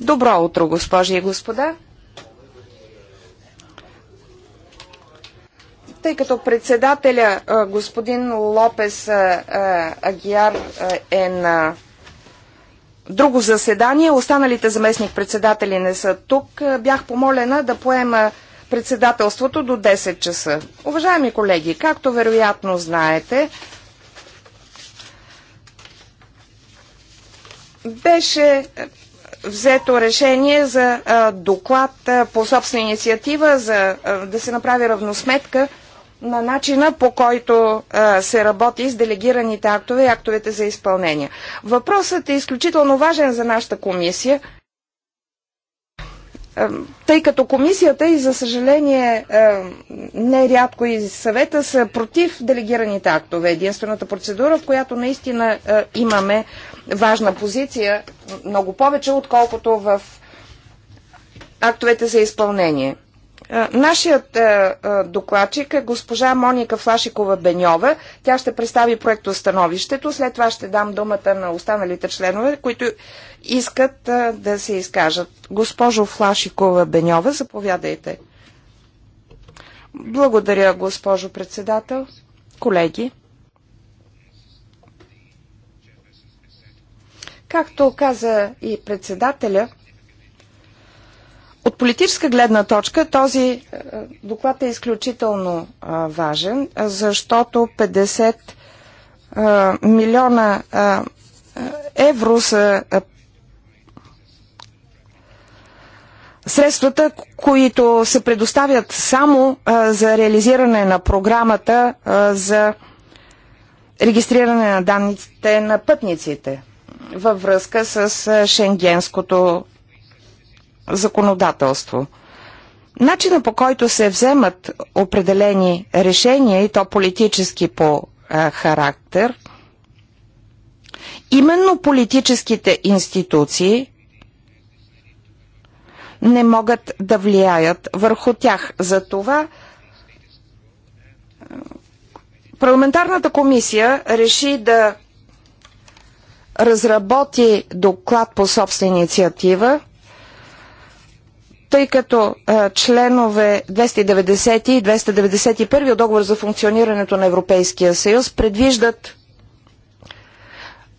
Добро утро, госпожи и господа! Тъй като председателя господин Лопес Агиар е на друго заседание, останалите заместник-председатели не са тук, бях помолена да поема председателството до 10 часа. Уважаеми колеги, както вероятно знаете, беше е, взето решение за е, доклад е, по собствена инициатива, за да се направи равносметка на начина по който а, се работи с делегираните актове и актовете за изпълнение. Въпросът е изключително важен за нашата комисия – тъй като комисията и за съжаление нерядко и съвета са против делегираните актове. Единствената процедура, в която наистина имаме важна позиция, много повече, отколкото в актовете за изпълнение. Е, нашият е, е, докладчик е госпожа Моника Флашикова-Беньова. Тя ще представи проекто становището. След това ще дам думата на останалите членове, които искат да се изкажат. Госпожо Флашикова-Беньова, заповядайте. Благодаря, госпожо председател. Колеги, както каза и председателя, от политическа гледна точка този е, доклад е изключително важен, защото 50 милиона евро са средствата, които се предоставят само за реализиране на програмата за регистриране на данните на пътниците във връзка с шенгенското законодателство. Начина по който се вземат определени решения и то политически по а, е, характер, именно политическите институции не могат да влияят върху тях. Затова е, парламентарната комисия реши да разработи доклад по собствена инициатива тъй като а, членове 290 и 291 от договор за функционирането на Европейския съюз предвиждат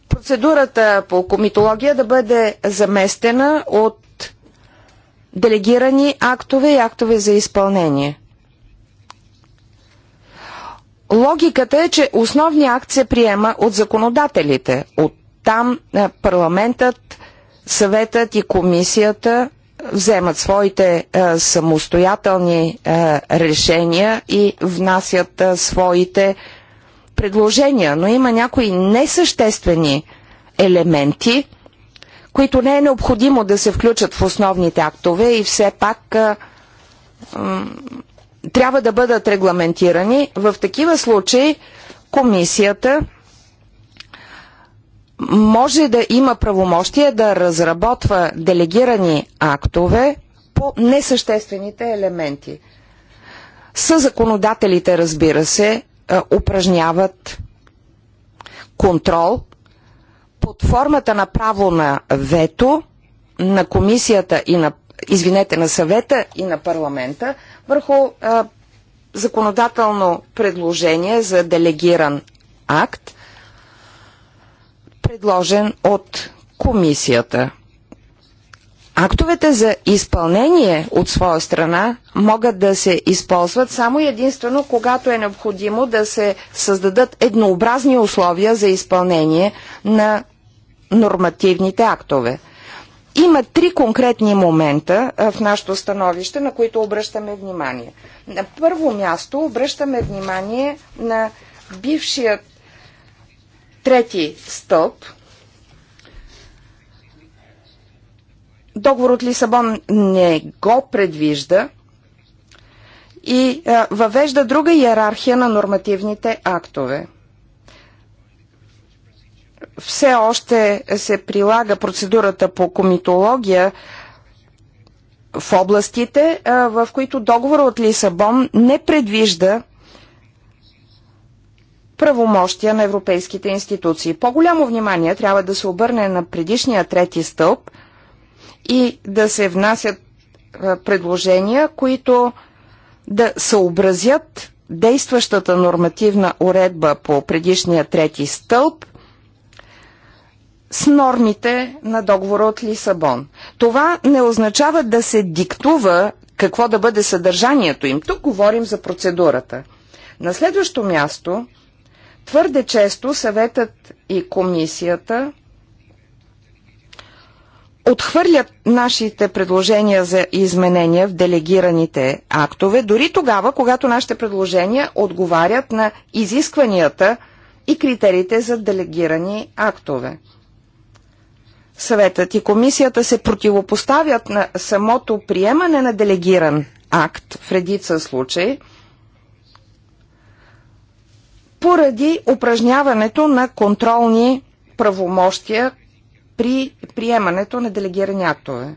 процедурата по комитология да бъде заместена от делегирани актове и актове за изпълнение. Логиката е, че основният акт се приема от законодателите. От там парламентът, съветът и комисията – вземат своите а, е, самостоятелни а, е, решения и внасят а, е, своите предложения. Но има някои несъществени елементи, които не е необходимо да се включат в основните актове и все пак а, а, трябва да бъдат регламентирани. В такива случаи комисията може да има правомощие да разработва делегирани актове по несъществените елементи. Със законодателите, разбира се, е, упражняват контрол под формата на право на вето на комисията и на извинете, на съвета и на парламента върху а, е, законодателно предложение за делегиран акт – предложен от комисията. Актовете за изпълнение от своя страна могат да се използват само единствено, когато е необходимо да се създадат еднообразни условия за изпълнение на нормативните актове. Има три конкретни момента в нашето становище, на които обръщаме внимание. На първо място обръщаме внимание на бившият трети стълб. Договор от Лисабон не го предвижда и а, въвежда друга иерархия на нормативните актове. Все още се прилага процедурата по комитология в областите, а, в които договор от Лисабон не предвижда правомощия на европейските институции. По-голямо внимание трябва да се обърне на предишния трети стълб и да се внасят предложения, които да съобразят действащата нормативна уредба по предишния трети стълб с нормите на договора от Лисабон. Това не означава да се диктува какво да бъде съдържанието им. Тук говорим за процедурата. На следващо място – Твърде често съветът и комисията отхвърлят нашите предложения за изменения в делегираните актове, дори тогава, когато нашите предложения отговарят на изискванията и критериите за делегирани актове. Съветът и комисията се противопоставят на самото приемане на делегиран акт в редица случаи – поради упражняването на контролни правомощия при приемането на делегирани актове.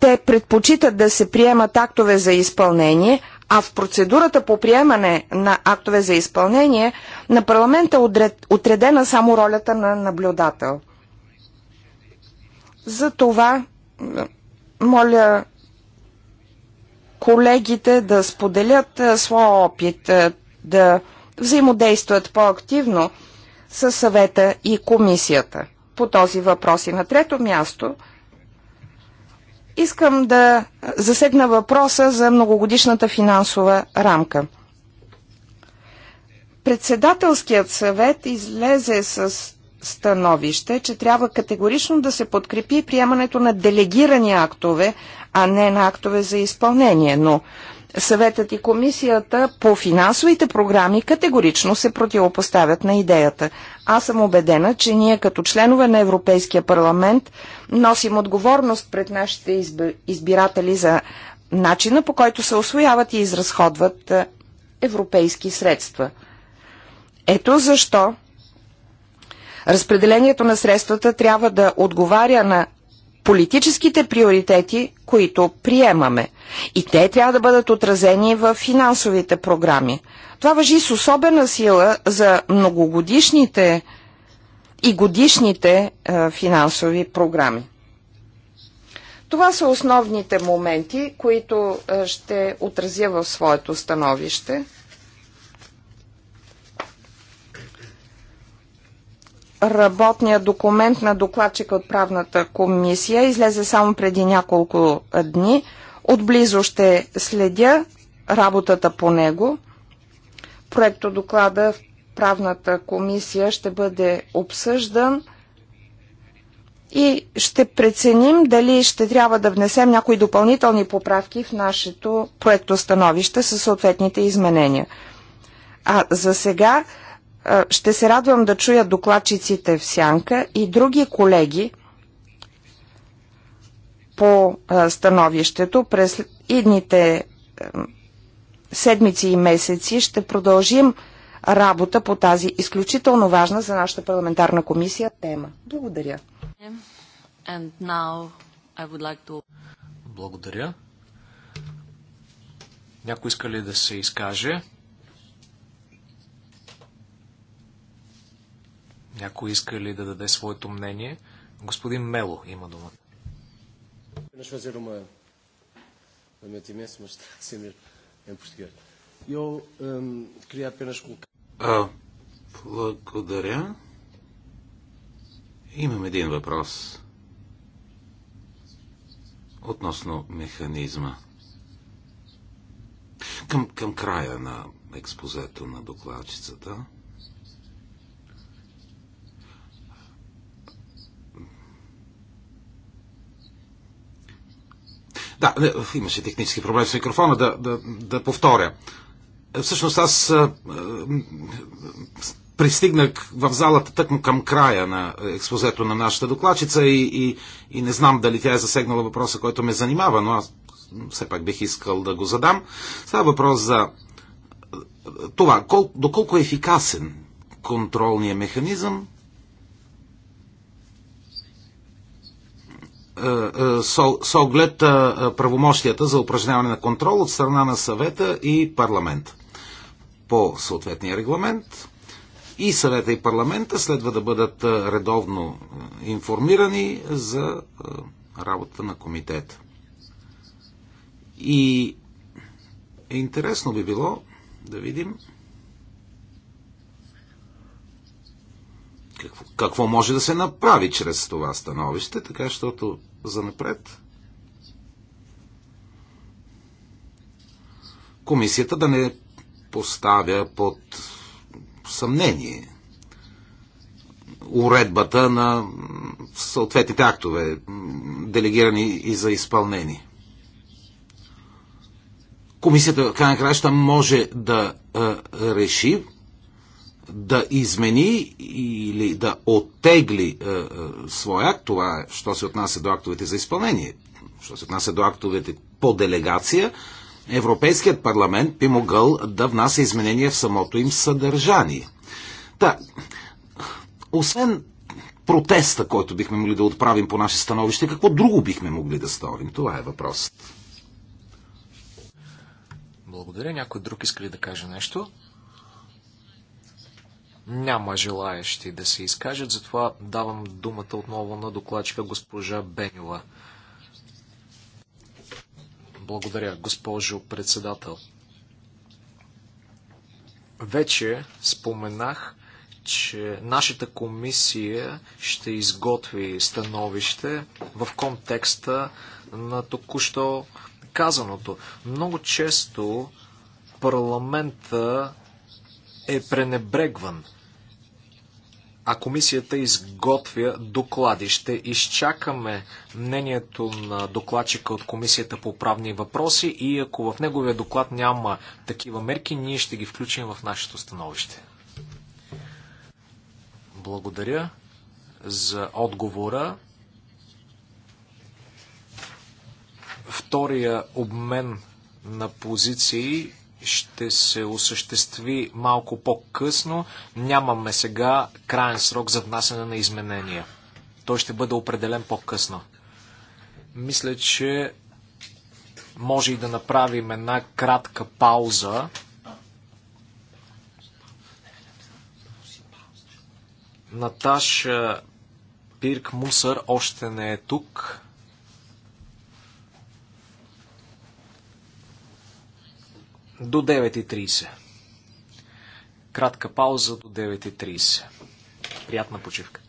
Те предпочитат да се приемат актове за изпълнение, а в процедурата по приемане на актове за изпълнение на парламента е отредена само ролята на наблюдател. За това моля колегите да споделят е, своя опит, е, да взаимодействат по-активно с съвета и комисията по този въпрос. И на трето място искам да засегна въпроса за многогодишната финансова рамка. Председателският съвет излезе с становище, че трябва категорично да се подкрепи приемането на делегирани актове, а не на актове за изпълнение. Но съветът и комисията по финансовите програми категорично се противопоставят на идеята. Аз съм убедена, че ние като членове на Европейския парламент носим отговорност пред нашите избиратели за начина по който се освояват и изразходват е, европейски средства. Ето защо Разпределението на средствата трябва да отговаря на политическите приоритети, които приемаме. И те трябва да бъдат отразени в финансовите програми. Това въжи с особена сила за многогодишните и годишните е, финансови програми. Това са основните моменти, които е, ще отразя в своето становище. работния документ на докладчика от правната комисия излезе само преди няколко дни. Отблизо ще следя работата по него. Проекто доклада в правната комисия ще бъде обсъждан и ще преценим дали ще трябва да внесем някои допълнителни поправки в нашето проекто становище със съответните изменения. А за сега ще се радвам да чуя докладчиците в Сянка и други колеги по становището през идните седмици и месеци ще продължим работа по тази изключително важна за нашата парламентарна комисия тема. Благодаря. Like to... Благодаря. Някой иска ли да се изкаже? Някой иска ли да даде своето мнение? Господин Мело има думата. благодаря. Имам един въпрос относно механизма. Към, към края на експозето на докладчицата. Да, имаше технически проблем с микрофона, да, да, да повторя. Е, всъщност аз а, е, е, пристигнах в залата тъкмо към края на експозето на нашата докладчица и, и, и не знам дали тя е засегнала въпроса, който ме занимава, но аз все пак бих искал да го задам. Става въпрос за това, кол, доколко е ефикасен контролния механизъм Е, е, с оглед е, правомощията за упражняване на контрол от страна на съвета и парламент по съответния регламент. И съвета и парламента следва да бъдат редовно информирани за работата на комитета. И интересно би било да видим какво, какво може да се направи чрез това становище, така защото за напред. Комисията да не поставя под съмнение уредбата на съответните актове, делегирани и за изпълнение. Комисията, край крайна краща, може да а, реши да измени или да оттегли е, е, своя акт, това е, що се отнася до актовете за изпълнение, що се отнася до актовете по делегация, Европейският парламент би могъл да внася изменения в самото им съдържание. Та, освен протеста, който бихме могли да отправим по наше становище, какво друго бихме могли да сторим? Това е въпросът. Благодаря. Някой друг иска ли да каже нещо? Няма желаящи да се изкажат, затова давам думата отново на докладчика госпожа Бенюва. Благодаря, госпожо председател. Вече споменах, че нашата комисия ще изготви становище в контекста на току-що казаното. Много често парламента е пренебрегван а комисията изготвя доклади. Ще изчакаме мнението на докладчика от комисията по правни въпроси и ако в неговия доклад няма такива мерки, ние ще ги включим в нашето становище. Благодаря за отговора. Втория обмен на позиции ще се осъществи малко по-късно. Нямаме сега крайен срок за внасяне на изменения. Той ще бъде определен по-късно. Мисля, че може и да направим една кратка пауза. Наташа Пирк Мусър още не е тук. До 9.30. Кратка пауза до 9.30. Приятна почивка.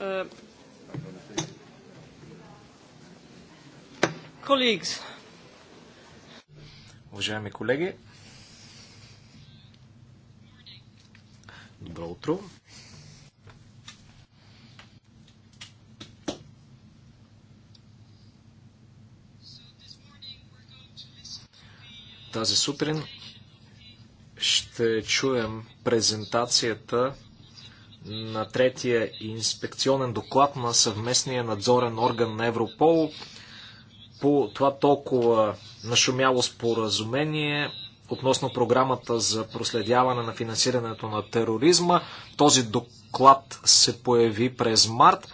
Е, colleagues. Уважаеми колеги, добро утро. Тази сутрин ще чуем презентацията на третия инспекционен доклад на съвместния надзорен орган на Европол по това толкова нашумяло споразумение относно програмата за проследяване на финансирането на тероризма. Този доклад се появи през март.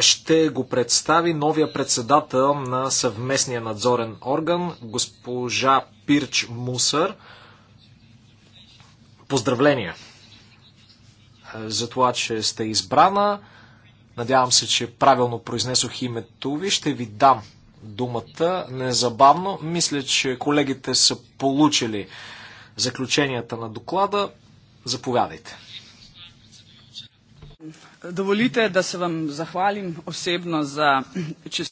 Ще го представи новия председател на съвместния надзорен орган, госпожа Пирч Мусър. Поздравления е, за това, че сте избрана. Надявам се, че правилно произнесох името ви. Ще ви дам думата незабавно. Мисля, че колегите са получили заключенията на доклада. Заповядайте. Доволите е да се вам захвалим особено за...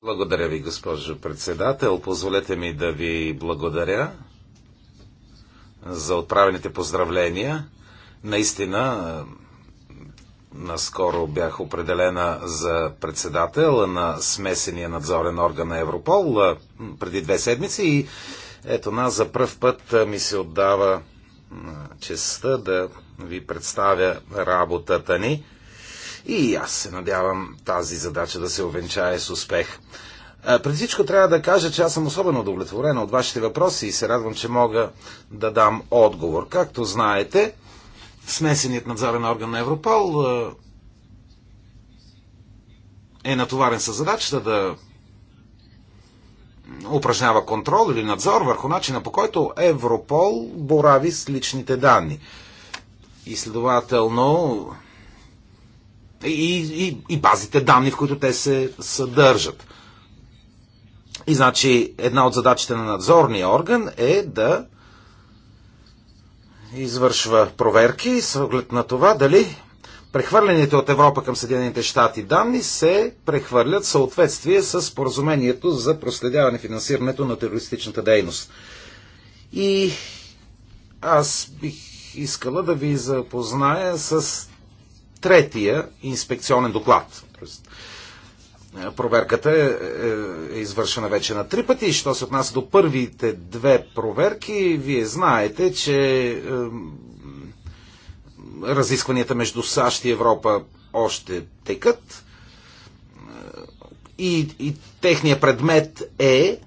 Благодаря ви, госпожо председател. Позволете ми да ви благодаря за отправените поздравления. Наистина, наскоро бях определена за председател на смесения надзорен орган на Европол преди две седмици и ето нас за пръв път ми се отдава честа да ви представя работата ни. И аз се надявам тази задача да се овенчае с успех. Преди всичко трябва да кажа, че аз съм особено удовлетворена от вашите въпроси и се радвам, че мога да дам отговор. Както знаете, смесеният надзорен орган на Европол е натоварен с задачата да упражнява контрол или надзор върху начина по който Европол борави с личните данни. И следователно и, и, и базите данни, в които те се съдържат. И значи една от задачите на надзорния орган е да извършва проверки с оглед на това дали прехвърлените от Европа към Съединените щати данни се прехвърлят в съответствие с споразумението за проследяване и финансирането на терористичната дейност. И аз бих искала да ви запозная с третия инспекционен доклад. Е, проверката е, е, е извършена вече на три пъти. Що се отнася до първите две проверки, вие знаете, че е, разискванията между САЩ и Европа още текат. Е, и, и техният предмет е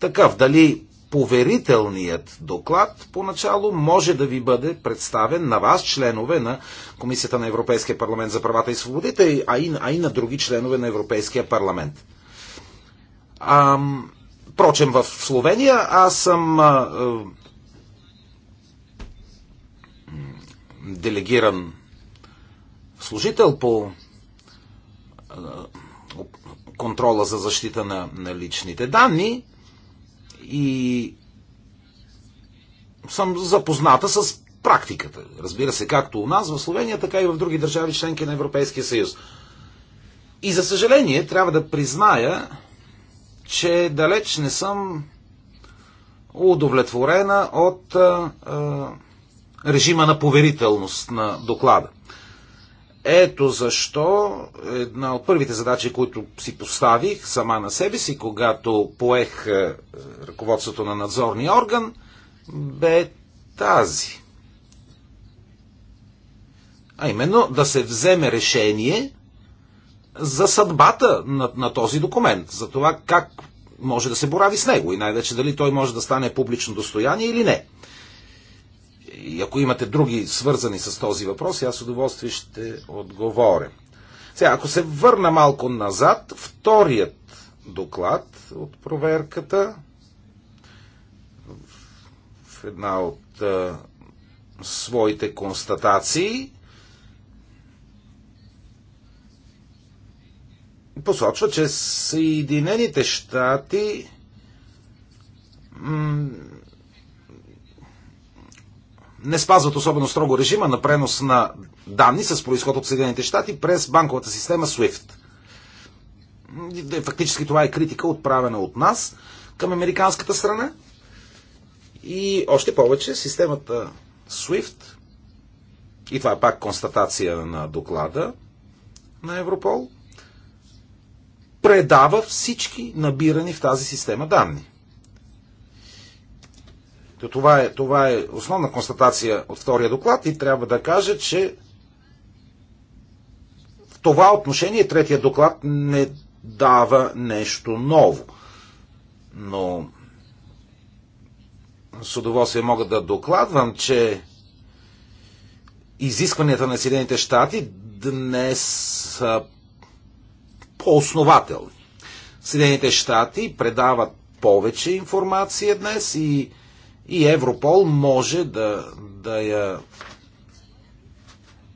такъв. Дали поверителният доклад поначало може да ви бъде представен на вас, членове на Комисията на Европейския парламент за правата и свободите, а и, а и на други членове на Европейския парламент. Ам, впрочем, в Словения аз съм а, а, делегиран служител по а, контрола за защита на, на личните данни и съм запозната с практиката. Разбира се, както у нас в Словения, така и в други държави, членки на Европейския съюз. И за съжаление, трябва да призная, че далеч не съм удовлетворена от а, а, режима на поверителност на доклада. Ето защо една от първите задачи, които си поставих сама на себе си, когато поех е, ръководството на надзорния орган, бе тази. А именно да се вземе решение за съдбата на, на този документ, за това как може да се борави с него и най-вече дали той може да стане публично достояние или не. И ако имате други свързани с този въпрос, аз с удоволствие ще отговоря. Сега, ако се върна малко назад, вторият доклад от проверката в една от а, своите констатации посочва, че Съединените щати не спазват особено строго режима на пренос на данни с происход от Съединените щати през банковата система SWIFT. Е, фактически това е критика, отправена от нас към американската страна. И още повече, системата SWIFT, и това е пак констатация на доклада на Европол, предава всички набирани в тази система данни. Това е, това е основна констатация от втория доклад и трябва да кажа, че в това отношение третия доклад не дава нещо ново. Но с удоволствие мога да докладвам, че изискванията на Съединените щати днес са по-основателни. Съединените щати предават повече информация днес и и Европол може да, да я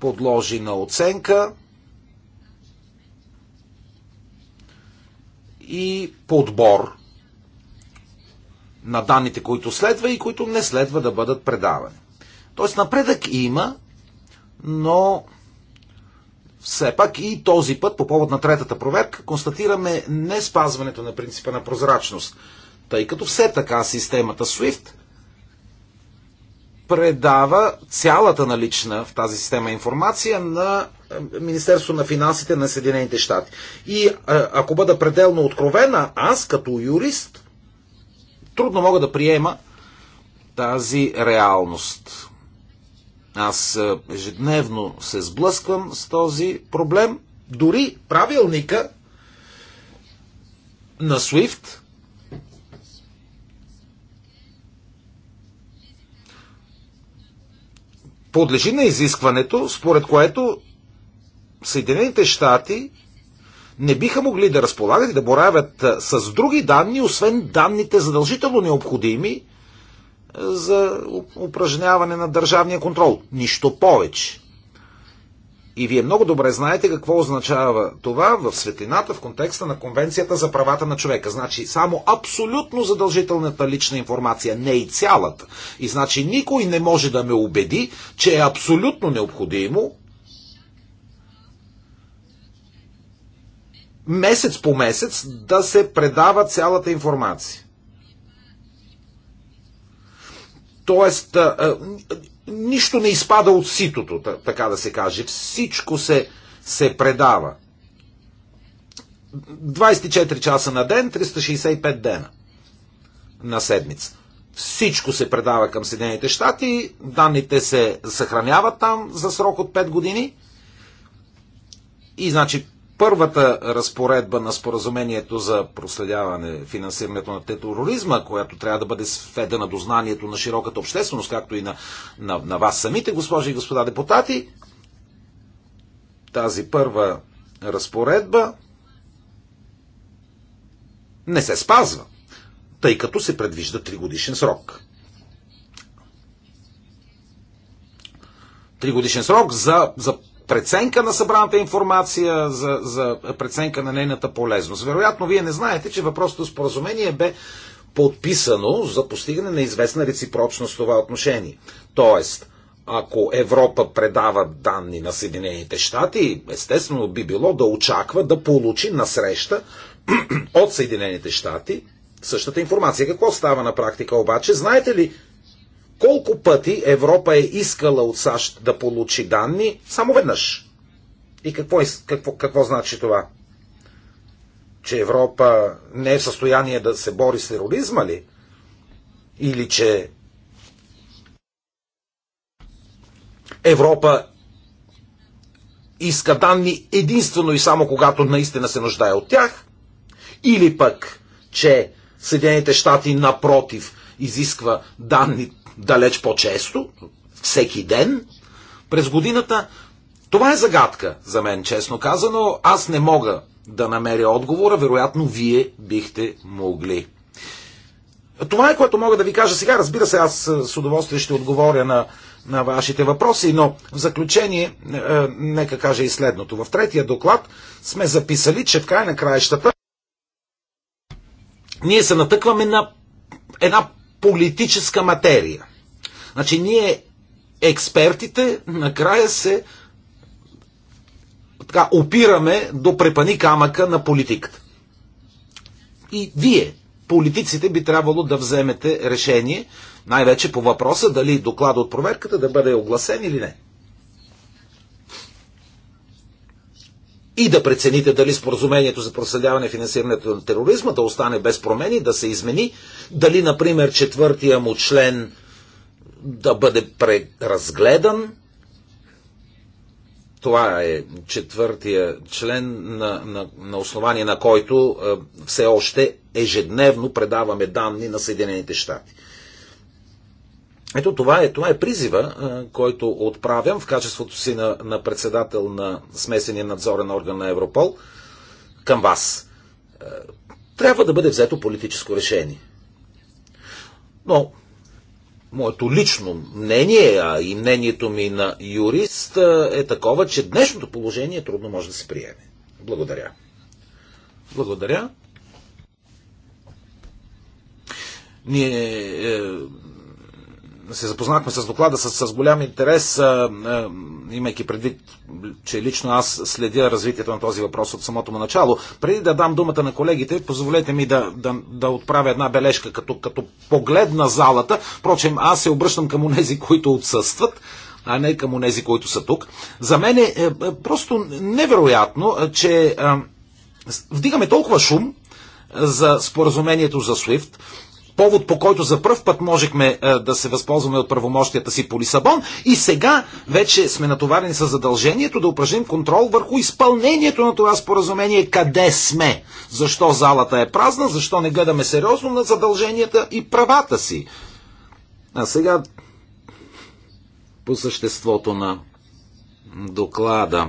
подложи на оценка и подбор на данните, които следва и които не следва да бъдат предавани. Тоест напредък има, но все пак и този път, по повод на третата проверка, констатираме не спазването на принципа на прозрачност, тъй като все така системата SWIFT предава цялата налична в тази система информация на е, Министерство на финансите на Съединените щати. И е, ако бъда пределно откровена, аз като юрист трудно мога да приема тази реалност. Аз е, ежедневно се сблъсквам с този проблем. Дори правилника на SWIFT подлежи на изискването, според което Съединените щати не биха могли да разполагат и да боравят с други данни, освен данните задължително необходими за упражняване на държавния контрол. Нищо повече. И вие много добре знаете какво означава това в светлината, в контекста на Конвенцията за правата на човека. Значи само абсолютно задължителната лична информация, не и цялата. И значи никой не може да ме убеди, че е абсолютно необходимо месец по месец да се предава цялата информация. Тоест, нищо не изпада от ситото, така да се каже. Всичко се, се предава. 24 часа на ден, 365 дена на седмица. Всичко се предава към Съединените щати, данните се съхраняват там за срок от 5 години и значи първата разпоредба на споразумението за проследяване финансирането на тероризма, която трябва да бъде сведена до знанието на широката общественост, както и на, на, на вас самите, госпожи и господа депутати, тази първа разпоредба не се спазва, тъй като се предвижда тригодишен срок. Тригодишен срок за, за преценка на събраната информация, за, за преценка на нейната полезност. Вероятно, вие не знаете, че въпросното споразумение бе подписано за постигане на известна реципрочност в това отношение. Тоест, ако Европа предава данни на Съединените щати, естествено би било да очаква да получи насреща от Съединените щати същата информация. Какво става на практика обаче? Знаете ли колко пъти Европа е искала от САЩ да получи данни? Само веднъж. И какво, какво, какво значи това? Че Европа не е в състояние да се бори с тероризма ли? Или че Европа иска данни единствено и само когато наистина се нуждае от тях? Или пък, че Съединените щати напротив изисква данни далеч по-често, всеки ден, през годината. Това е загадка за мен, честно казано. Аз не мога да намеря отговора, вероятно вие бихте могли. Това е което мога да ви кажа сега. Разбира се, аз с удоволствие ще отговоря на, на вашите въпроси, но в заключение, е, нека кажа и следното. В третия доклад сме записали, че в край на краищата ние се натъкваме на една политическа материя. Значи ние, експертите, накрая се така, опираме до препани камъка на политиката. И вие, политиците, би трябвало да вземете решение, най-вече по въпроса дали доклад от проверката да бъде огласен или не. И да прецените дали споразумението за проследяване и финансирането на тероризма да остане без промени, да се измени, дали, например, четвъртия му член да бъде преразгледан. Това е четвъртия член, на, на, на основание на който е, все още ежедневно предаваме данни на Съединените щати. Ето това е, това е призива, е, който отправям в качеството си на, на председател на смесения надзорен орган на Европол към вас. Е, трябва да бъде взето политическо решение. Но моето лично мнение, а и мнението ми на юрист е такова, че днешното положение трудно може да се приеме. Благодаря. Благодаря. Ние е, се запознахме с доклада с, с голям интерес, а, а, имайки предвид, че лично аз следя развитието на този въпрос от самото му начало. Преди да дам думата на колегите, позволете ми да, да, да отправя една бележка, като, като поглед на залата. Впрочем, аз се обръщам към онези, които отсъстват а не към онези, които са тук. За мен е, е просто невероятно, че вдигаме толкова шум за споразумението за SWIFT, повод по който за първ път можехме е, да се възползваме от правомощията си по Лисабон и сега вече сме натоварени с задължението да упражним контрол върху изпълнението на това споразумение, къде сме, защо залата е празна, защо не гледаме сериозно на задълженията и правата си. А сега по съществото на доклада.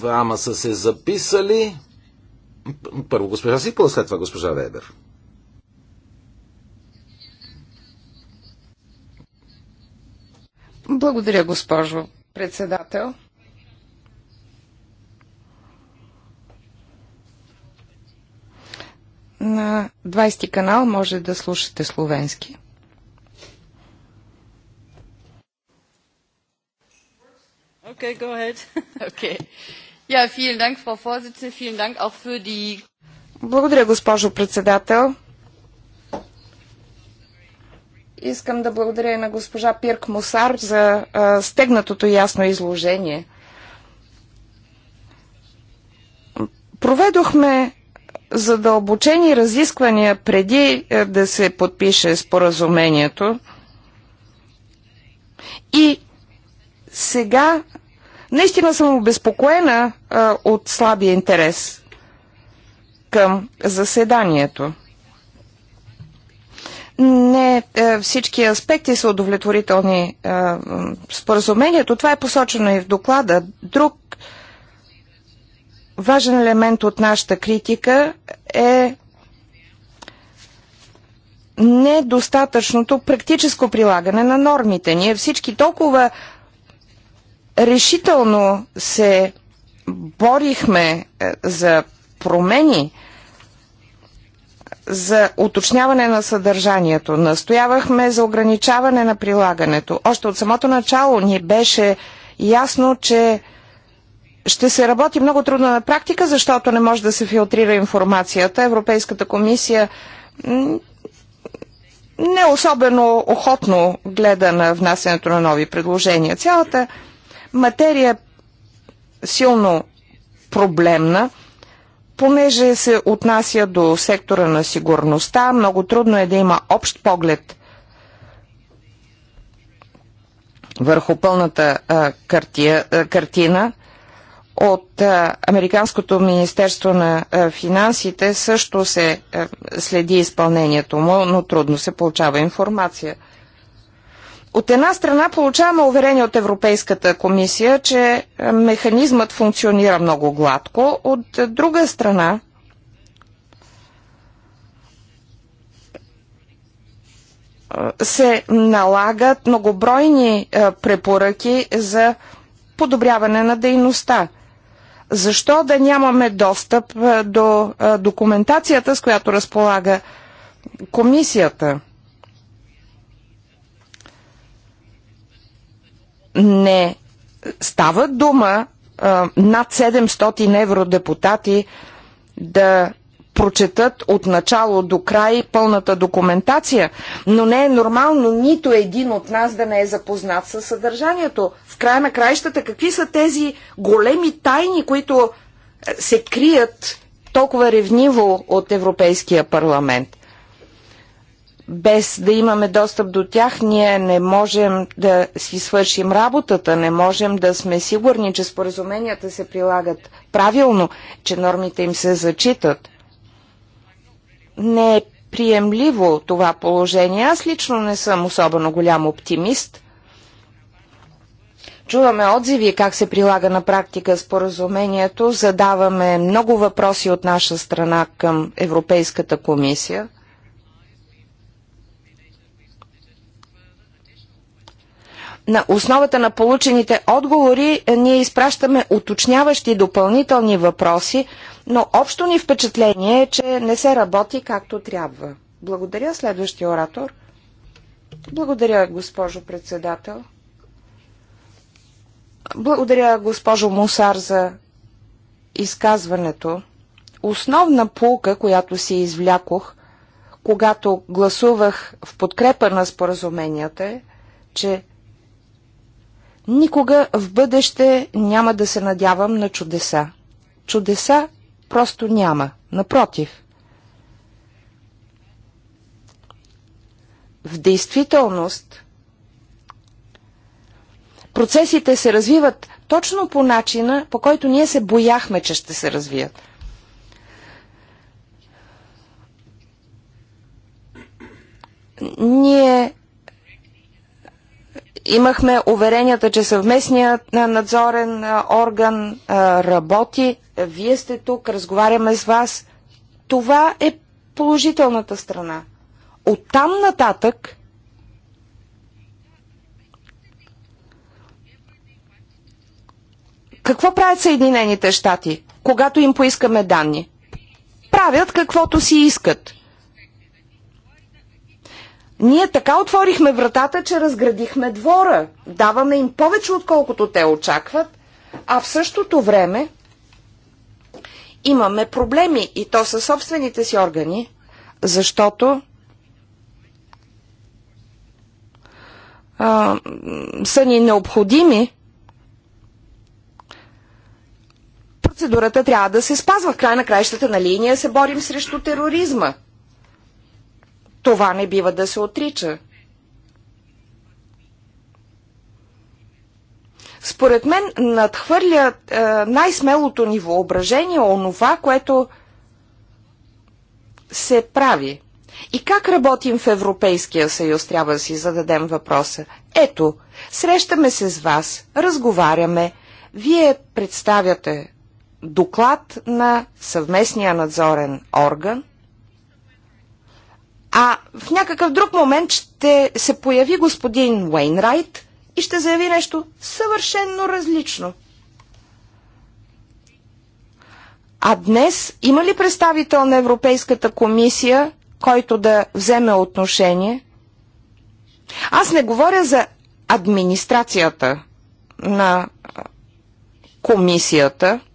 Двама са се записали. Първо госпожа Сипала, след това госпожа Вебер. Благодаря, госпожо председател. На 20 ти канал може да слушате словенски. Okay, go ahead. Okay. Yeah, vielen Dank, Frau Vorsitzende. Vielen Dank auch für die... Благодаря, госпожо председател. Искам да благодаря на госпожа Пирк Мусар за а, стегнатото ясно изложение. Проведохме задълбочени разисквания преди е, да се подпише споразумението и сега наистина съм обезпокоена а, е, от слабия интерес към заседанието не е, всички аспекти са удовлетворителни е, споразумението. Това е посочено и в доклада. Друг важен елемент от нашата критика е недостатъчното практическо прилагане на нормите. Ние всички толкова решително се борихме е, за промени за уточняване на съдържанието. Настоявахме за ограничаване на прилагането. Още от самото начало ни беше ясно, че ще се работи много трудно на практика, защото не може да се филтрира информацията. Европейската комисия не особено охотно гледа на внасянето на нови предложения. Цялата материя е силно проблемна – Понеже се отнася до сектора на сигурността, много трудно е да има общ поглед върху пълната а, картия, а, картина. От а, Американското министерство на а, финансите също се а, следи изпълнението му, но трудно се получава информация. От една страна получаваме уверение от Европейската комисия, че е, механизмът функционира много гладко. От е, друга страна е, се налагат многобройни препоръки за подобряване на дейността. Защо да нямаме достъп до документацията, с която разполага комисията? не става дума а, над 700 евродепутати да прочетат от начало до край пълната документация, но не е нормално нито един от нас да не е запознат със съдържанието. В края на краищата, какви са тези големи тайни, които се крият толкова ревниво от Европейския парламент? без да имаме достъп до тях, ние не можем да си свършим работата, не можем да сме сигурни, че споразуменията се прилагат правилно, че нормите им се зачитат. Не е приемливо това положение. Аз лично не съм особено голям оптимист. Чуваме отзиви как се прилага на практика споразумението, задаваме много въпроси от наша страна към Европейската комисия – на основата на получените отговори е, ние изпращаме уточняващи допълнителни въпроси, но общо ни впечатление е, че не се работи както трябва. Благодаря, следващия оратор. Благодаря, госпожо председател. Благодаря, госпожо Мусар, за изказването. Основна полка, която си извлякох, когато гласувах в подкрепа на споразуменията е, че Никога в бъдеще няма да се надявам на чудеса. Чудеса просто няма. Напротив. В действителност процесите се развиват точно по начина, по който ние се бояхме, че ще се развият – Имахме уверенията, че съвместният надзорен орган работи. Вие сте тук, разговаряме с вас. Това е положителната страна. От там нататък какво правят Съединените щати, когато им поискаме данни? Правят каквото си искат – ние така отворихме вратата, че разградихме двора. Даваме им повече, отколкото те очакват, а в същото време имаме проблеми и то със собствените си органи, защото а, са ни необходими, процедурата трябва да се спазва. В край на краищата на линия се борим срещу тероризма. Това не бива да се отрича. Според мен надхвърля е, най-смелото ни въображение онова, което се прави. И как работим в Европейския съюз, трябва да си зададем въпроса. Ето, срещаме се с вас, разговаряме, вие представяте доклад на съвместния надзорен орган, а в някакъв друг момент ще се появи господин Уейнрайт и ще заяви нещо съвършенно различно. А днес има ли представител на Европейската комисия, който да вземе отношение? Аз не говоря за администрацията на комисията –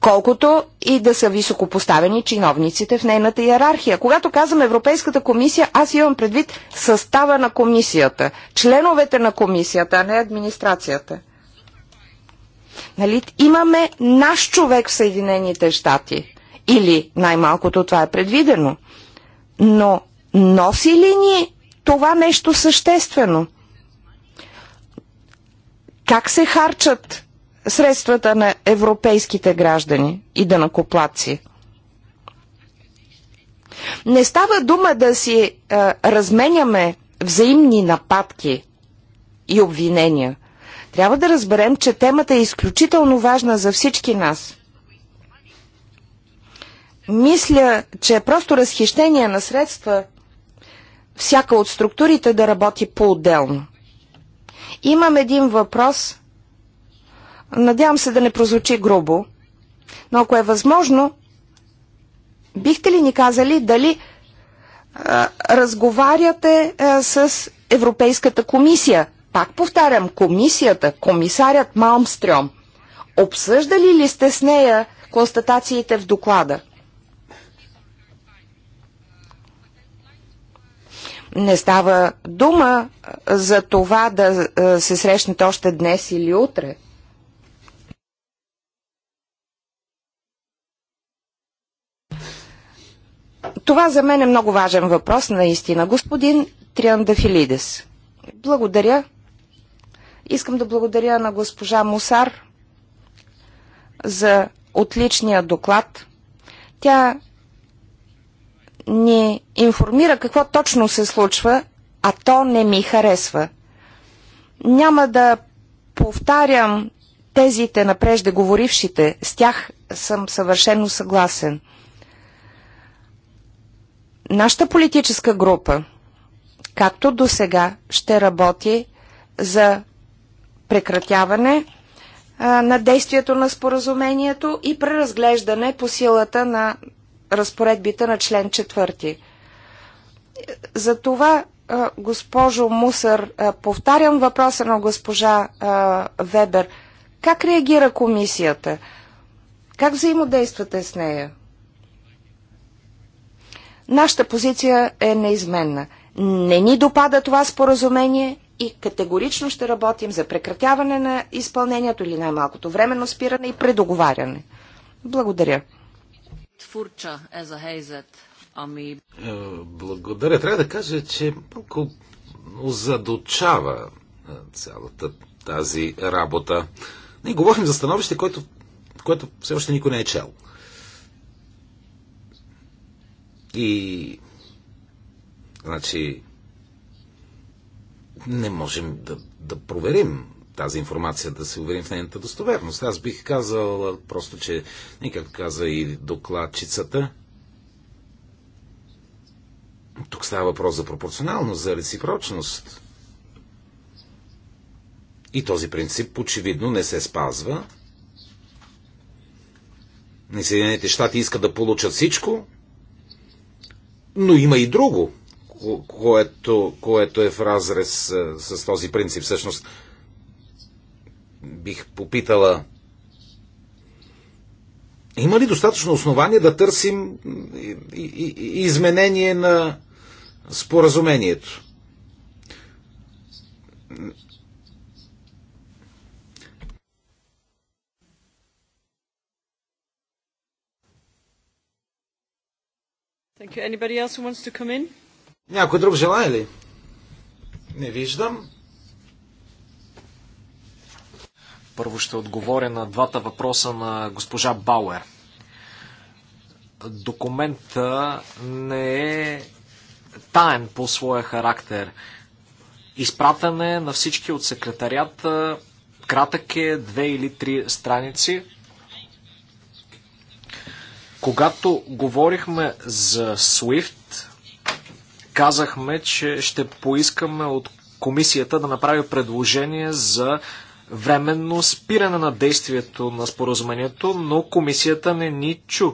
колкото и да са високопоставени чиновниците в нейната иерархия. Когато казвам Европейската комисия, аз имам предвид състава на комисията, членовете на комисията, а не администрацията. Нали? Имаме наш човек в Съединените щати. Или най-малкото това е предвидено. Но носи ли ни това нещо съществено? Как се харчат средствата на европейските граждани и данакоплаци. Не става дума да си а, е, разменяме взаимни нападки и обвинения. Трябва да разберем, че темата е изключително важна за всички нас. Мисля, че е просто разхищение на средства всяка от структурите да работи по-отделно. Имам един въпрос – Надявам се да не прозвучи грубо, но ако е възможно, бихте ли ни казали дали а, разговаряте а, с Европейската комисия? Пак повтарям, комисията, комисарят Малмстрём. Обсъждали ли сте с нея констатациите в доклада? Не става дума за това да се срещнете още днес или утре. Това за мен е много важен въпрос, наистина. Господин Триандафилидес, благодаря. Искам да благодаря на госпожа Мусар за отличния доклад. Тя ни информира какво точно се случва, а то не ми харесва. Няма да повтарям тезите на преждеговорившите, с тях съм съвършено съгласен – Нашата политическа група, както до сега, ще работи за прекратяване на действието на споразумението и преразглеждане по силата на разпоредбите на член 4. За това, госпожо Мусър, повтарям въпроса на госпожа Вебер. Как реагира комисията? Как взаимодействате с нея? Нашата позиция е неизменна. Не ни допада това споразумение и категорично ще работим за прекратяване на изпълнението или най-малкото временно спиране и предоговаряне. Благодаря. Творча е за хейзет. Ами... Е, благодаря. Трябва да кажа, че малко озадочава е, цялата тази работа. Ние говорим за становище, което, което все още никой не е чел. И значи не можем да, да проверим тази информация, да се уверим в нейната достоверност. Аз бих казал просто, че, както каза и докладчицата, тук става въпрос за пропорционалност, за реципрочност. И този принцип очевидно не се спазва. И Съединените щати искат да получат всичко, но има и друго, което, което е в разрез с, с този принцип. Всъщност, бих попитала, има ли достатъчно основание да търсим изменение на споразумението? Thank you. Anybody else who wants to come in? Някой друг желая ли? Не виждам. Първо ще отговоря на двата въпроса на госпожа Бауер. Документа не е таен по своя характер. Изпратен е на всички от секретарията. Кратък е две или три страници. Когато говорихме за SWIFT, казахме, че ще поискаме от комисията да направи предложение за временно спиране на действието на споразумението, но комисията не ни чу.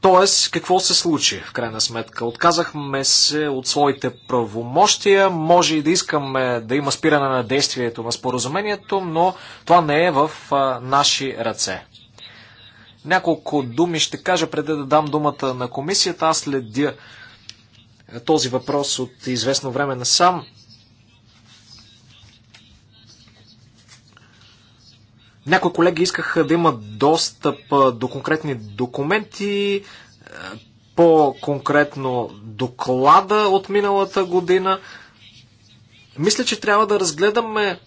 Тоест, какво се случи в крайна сметка? Отказахме се от своите правомощия, може и да искаме да има спиране на действието на споразумението, но това не е в а, наши ръце. Няколко думи ще кажа преди да дам думата на комисията. Аз следя е, този въпрос от известно време на сам. Някои колеги искаха да имат достъп е, до конкретни документи, е, по-конкретно доклада от миналата година. Мисля, че трябва да разгледаме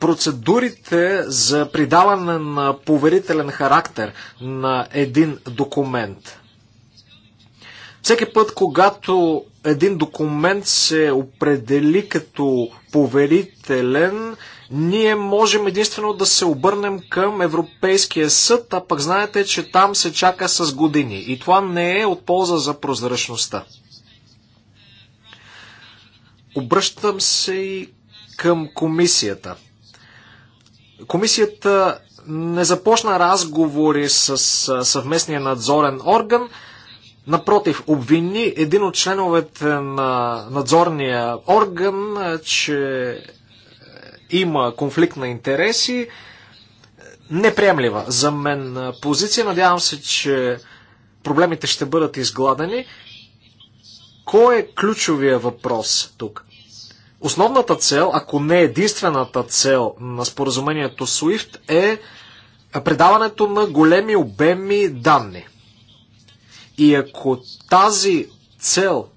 процедурите за придаване на поверителен характер на един документ. Всеки път, когато един документ се определи като поверителен, ние можем единствено да се обърнем към Европейския съд, а пък знаете, че там се чака с години. И това не е от полза за прозрачността. Обръщам се и към комисията – Комисията не започна разговори с съвместния надзорен орган. Напротив, обвини един от членовете на надзорния орган, че е, има конфликт на интереси. Неприемлива за мен позиция. Надявам се, че проблемите ще бъдат изгладени. Кой е ключовия въпрос тук? Основната цел, ако не единствената цел на споразумението SWIFT е предаването на големи обеми данни. И ако тази цел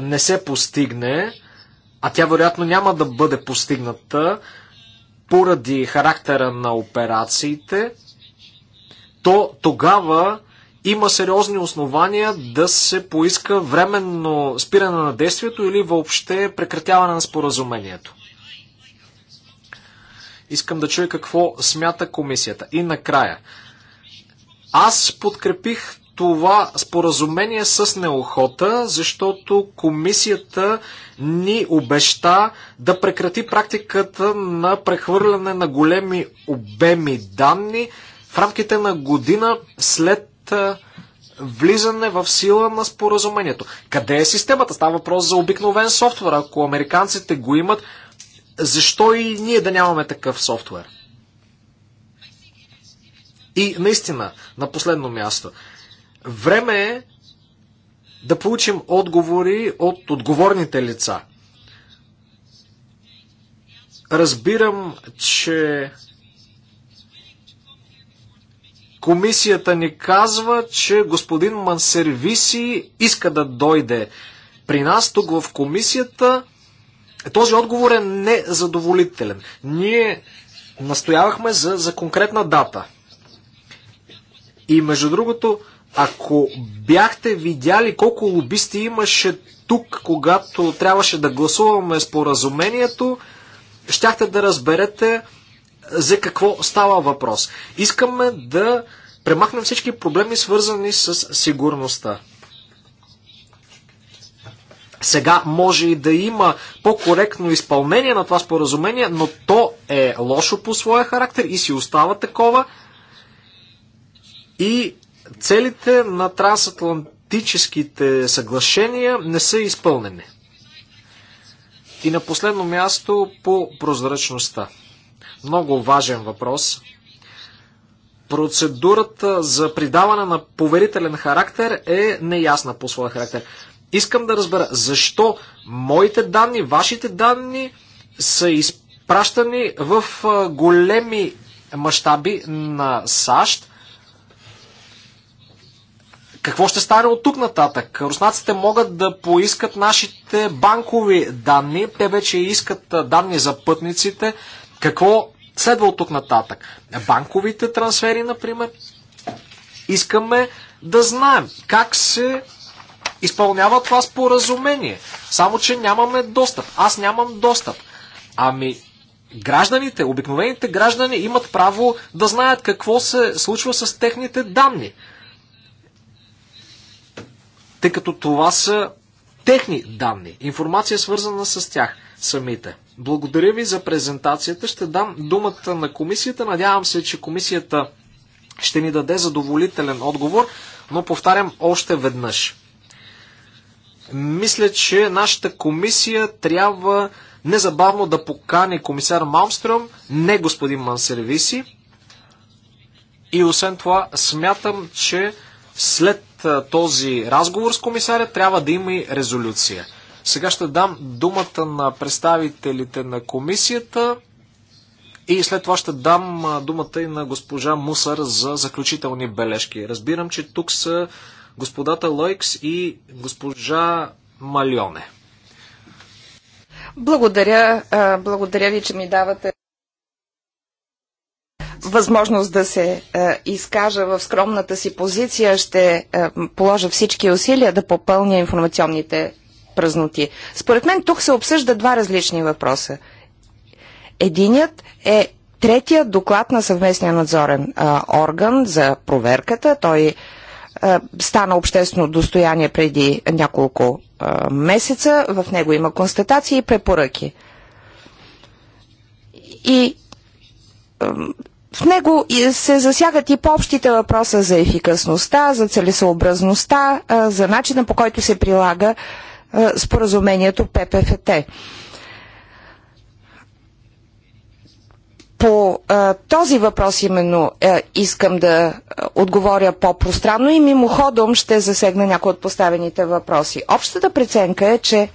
не се постигне, а тя вероятно няма да бъде постигната поради характера на операциите, то тогава има сериозни основания да се поиска временно спиране на действието или въобще прекратяване на споразумението. Искам да чуя какво смята комисията. И накрая. Аз подкрепих това споразумение с неохота, защото комисията ни обеща да прекрати практиката на прехвърляне на големи обеми данни в рамките на година след влизане в сила на споразумението. Къде е системата? Става въпрос за обикновен софтуер. Ако американците го имат, защо и ние да нямаме такъв софтуер? И наистина, на последно място, време е да получим отговори от отговорните лица. Разбирам, че Комисията ни казва, че господин Мансервиси иска да дойде при нас тук в комисията. Този отговор е незадоволителен. Ние настоявахме за, за конкретна дата. И между другото, ако бяхте видяли колко лобисти имаше тук, когато трябваше да гласуваме споразумението, щяхте да разберете, за какво става въпрос. Искаме да премахнем всички проблеми, свързани с сигурността. Сега може и да има по-коректно изпълнение на това споразумение, но то е лошо по своя характер и си остава такова. И целите на трансатлантическите съглашения не са изпълнени. И на последно място по прозрачността. Много важен въпрос. Процедурата за придаване на поверителен характер е неясна по своя характер. Искам да разбера защо моите данни, вашите данни са изпращани в големи мащаби на САЩ. Какво ще стане от тук нататък? Руснаците могат да поискат нашите банкови данни. Те вече искат данни за пътниците. Какво Следва от тук нататък. Банковите трансфери, например, искаме да знаем как се изпълнява това споразумение. Само, че нямаме достъп. Аз нямам достъп. Ами, гражданите, обикновените граждани имат право да знаят какво се случва с техните данни. Тъй като това са техни данни, информация свързана с тях самите. Благодаря ви за презентацията. Ще дам думата на комисията. Надявам се, че комисията ще ни даде задоволителен отговор, но повтарям още веднъж. Мисля, че нашата комисия трябва незабавно да покани комисар Малмстрöм, не господин Мансервиси. И освен това, смятам, че след този разговор с комисаря трябва да има и резолюция. Сега ще дам думата на представителите на комисията и след това ще дам думата и на госпожа Мусър за заключителни бележки. Разбирам, че тук са господата Лойкс и госпожа Малионе. Благодаря, благодаря ви, че ми давате възможност да се е, изкажа в скромната си позиция, ще е, положа всички усилия да попълня информационните празноти. Според мен тук се обсъжда два различни въпроса. Единият е третия доклад на съвместния надзорен а, орган за проверката. Той а, стана обществено достояние преди няколко а, месеца. В него има констатации и препоръки. И а, в него се засягат и по-общите въпроса за ефикасността, за целесообразността, а, за начина по който се прилага споразумението ППФТ. По а, този въпрос именно а, искам да отговоря по-пространно и мимоходом ще засегна някои от поставените въпроси. Общата преценка е, че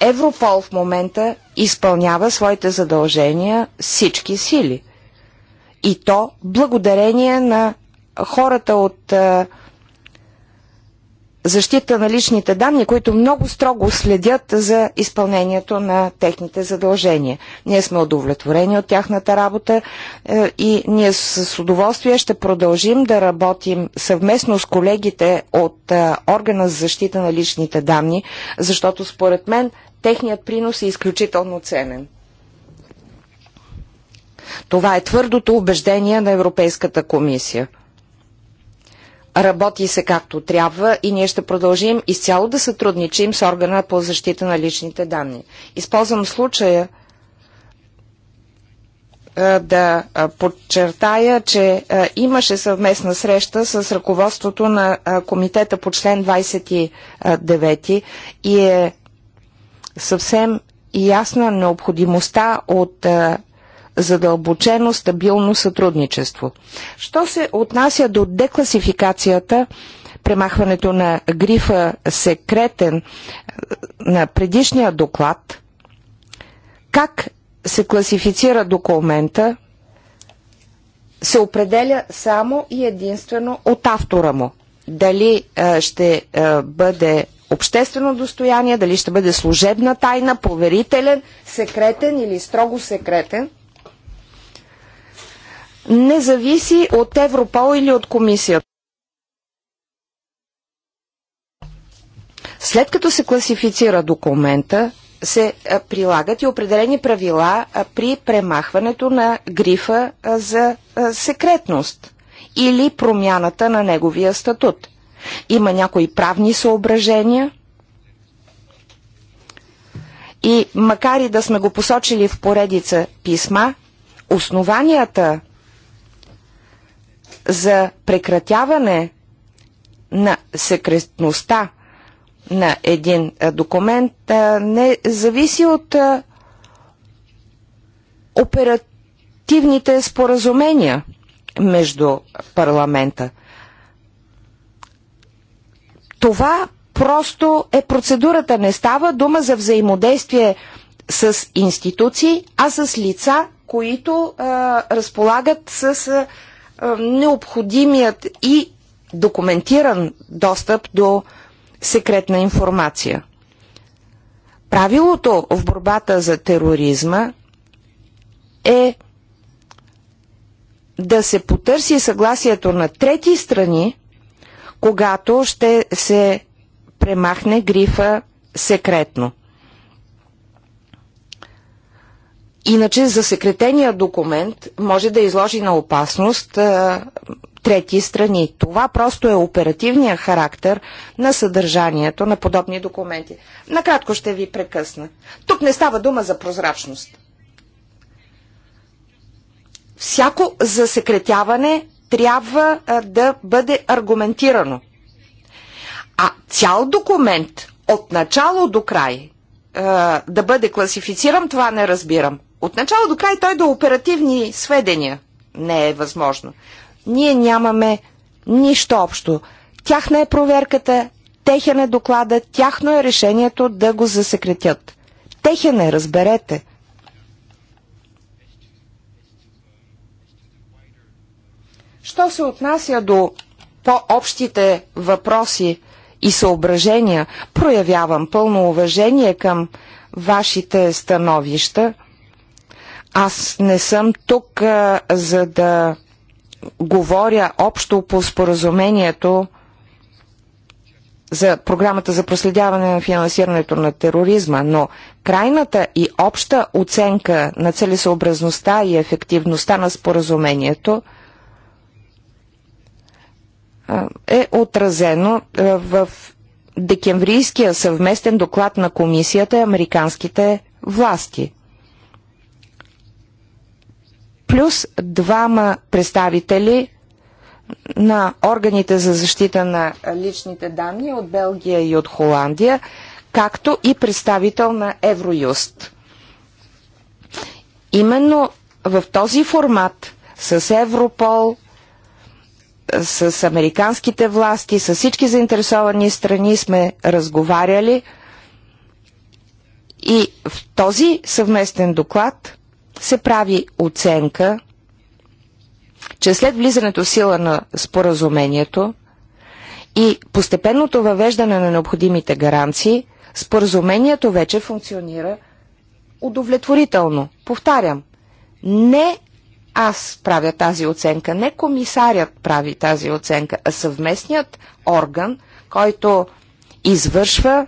Европол в момента изпълнява своите задължения всички сили. И то благодарение на хората от а, защита на личните данни, които много строго следят за изпълнението на техните задължения. Ние сме удовлетворени от тяхната работа е, и ние с удоволствие ще продължим да работим съвместно с колегите от е, органа за защита на личните данни, защото според мен техният принос е изключително ценен. Това е твърдото убеждение на Европейската комисия – Работи се както трябва и ние ще продължим изцяло да сътрудничим с органа по защита на личните данни. Използвам случая да подчертая, че имаше съвместна среща с ръководството на комитета по член 29 и е съвсем ясна необходимостта от задълбочено, стабилно сътрудничество. Що се отнася до декласификацията, премахването на грифа секретен на предишния доклад, как се класифицира документа, се определя само и единствено от автора му. Дали а, е, ще а, е, бъде обществено достояние, дали ще бъде служебна тайна, поверителен, секретен или строго секретен не зависи от Европол или от комисията. След като се класифицира документа, се прилагат и определени правила при премахването на грифа за секретност или промяната на неговия статут. Има някои правни съображения и макар и да сме го посочили в поредица писма, основанията за прекратяване на секретността на един документ не зависи от оперативните споразумения между парламента. Това просто е процедурата. Не става дума за взаимодействие с институции, а с лица, които а, разполагат с а, е, необходимият и документиран достъп до секретна информация. Правилото в борбата за тероризма е да се потърси съгласието на трети страни, когато ще се премахне грифа секретно. Иначе засекретения документ може да изложи на опасност а, трети страни. Това просто е оперативният характер на съдържанието на подобни документи. Накратко ще ви прекъсна. Тук не става дума за прозрачност. Всяко засекретяване трябва а, да бъде аргументирано. А цял документ от начало до край да бъде класифициран, това не разбирам от начало до край той до оперативни сведения не е възможно. Ние нямаме нищо общо. Тяхна е проверката, техен е доклада, тяхно е решението да го засекретят. Техен е, разберете. Що се отнася до по-общите въпроси и съображения, проявявам пълно уважение към вашите становища – аз не съм тук, а, за да говоря общо по споразумението за програмата за проследяване на финансирането на тероризма, но крайната и обща оценка на целесообразността и ефективността на споразумението е отразено в декемврийския съвместен доклад на комисията и американските власти – плюс двама представители на органите за защита на личните данни от Белгия и от Холандия, както и представител на Евроюст. Именно в този формат с Европол, с американските власти, с всички заинтересовани страни сме разговаряли и в този съвместен доклад се прави оценка, че след влизането в сила на споразумението и постепенното въвеждане на необходимите гаранции, споразумението вече функционира удовлетворително. Повтарям, не аз правя тази оценка, не комисарят прави тази оценка, а съвместният орган, който извършва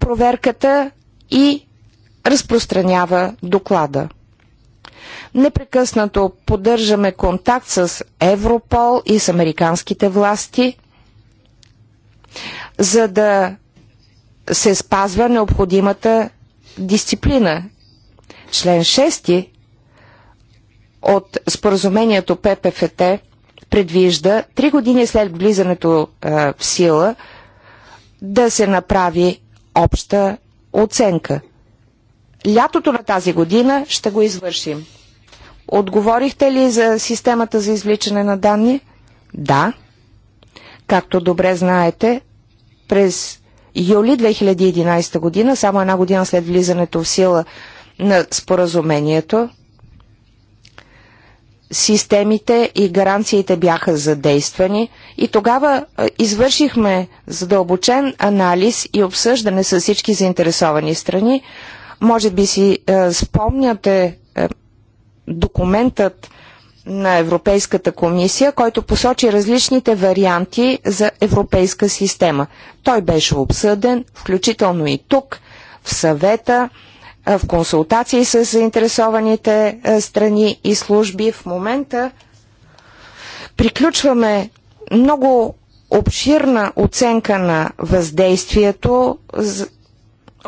проверката и разпространява доклада. Непрекъснато поддържаме контакт с Европол и с американските власти, за да се спазва необходимата дисциплина. Член 6 от споразумението ППФТ предвижда 3 години след влизането в сила да се направи обща оценка – лятото на тази година ще го извършим. Отговорихте ли за системата за извличане на данни? Да. Както добре знаете, през юли 2011 година, само една година след влизането в сила на споразумението, системите и гаранциите бяха задействани и тогава извършихме задълбочен анализ и обсъждане с всички заинтересовани страни може би си е, спомняте е, документът на Европейската комисия, който посочи различните варианти за европейска система. Той беше обсъден, включително и тук, в съвета, е, в консултации с заинтересованите е, страни и служби. В момента приключваме много обширна оценка на въздействието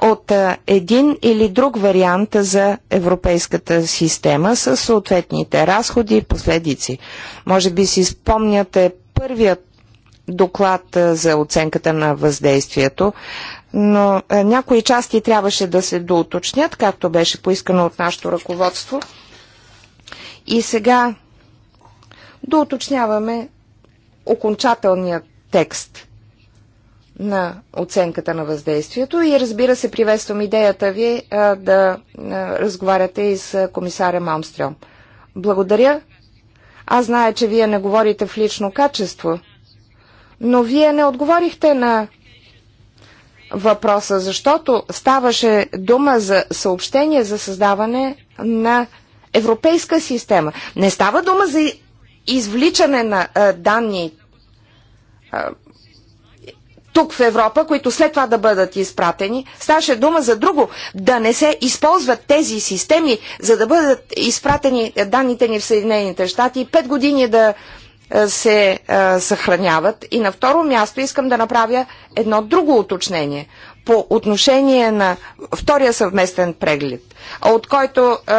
от един или друг вариант за европейската система с съответните разходи и последици. Може би си спомняте първият доклад за оценката на въздействието, но някои части трябваше да се доуточнят, както беше поискано от нашето ръководство. И сега доуточняваме окончателният текст – на оценката на въздействието и разбира се приветствам идеята ви а, да а, разговаряте и с комисаря Малмстрём. Благодаря. Аз зная, че вие не говорите в лично качество, но вие не отговорихте на въпроса, защото ставаше дума за съобщение за създаване на европейска система. Не става дума за извличане на а, данни тук в Европа, които след това да бъдат изпратени. Ставаше дума за друго, да не се използват тези системи, за да бъдат изпратени данните ни в Съединените щати и пет години да е, се е, съхраняват. И на второ място искам да направя едно друго уточнение по отношение на втория съвместен преглед, от който е,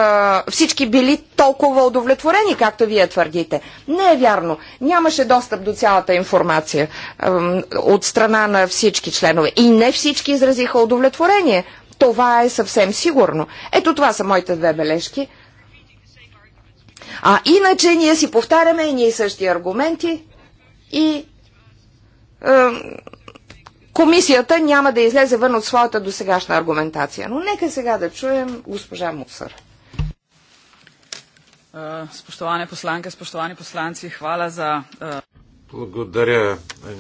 всички били толкова удовлетворени, както вие твърдите. Не е вярно. Нямаше достъп до цялата информация е, от страна на всички членове. И не всички изразиха удовлетворение. Това е съвсем сигурно. Ето това са моите две бележки. А иначе ние си повтаряме и ние същи аргументи и е, комисията няма да излезе вън от своята досегашна аргументация. Но нека сега да чуем госпожа Мусър. Е, Спощоване посланка, спощовани посланци, хвала за... Е. Благодаря,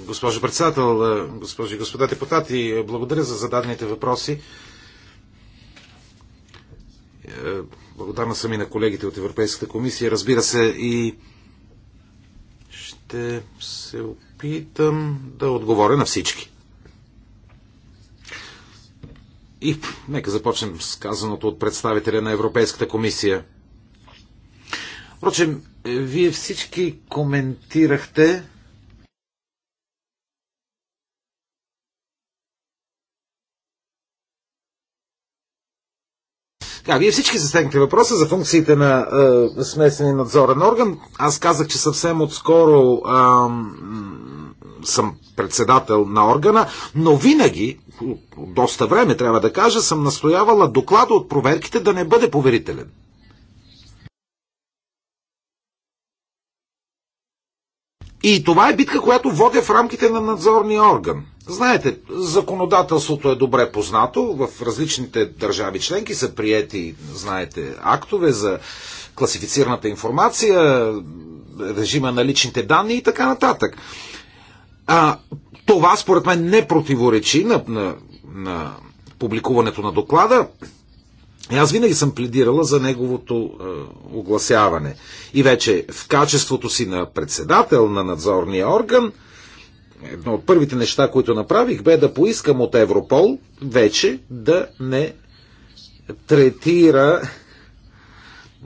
госпожо председател, е, госпожи и господа депутати. Благодаря за зададените въпроси. Благодарна съм и на колегите от Европейската комисия. Разбира се, и ще се опитам да отговоря на всички. И нека започнем с казаното от представителя на Европейската комисия. Впрочем, е, вие всички коментирахте Да, вие всички застегнахте въпроса за функциите на е, смесения надзорен орган. Аз казах, че съвсем отскоро съм председател на органа, но винаги, доста време трябва да кажа, съм настоявала доклада от проверките да не бъде поверителен. И това е битка, която водя в рамките на надзорния орган. Знаете, законодателството е добре познато. В различните държави членки са приети, знаете, актове за класифицираната информация, режима на личните данни и така нататък. А, това според мен не противоречи на, на, на публикуването на доклада. Аз винаги съм пледирала за неговото е, огласяване. И вече в качеството си на председател на надзорния орган, едно от първите неща, които направих, бе да поискам от Европол вече да не третира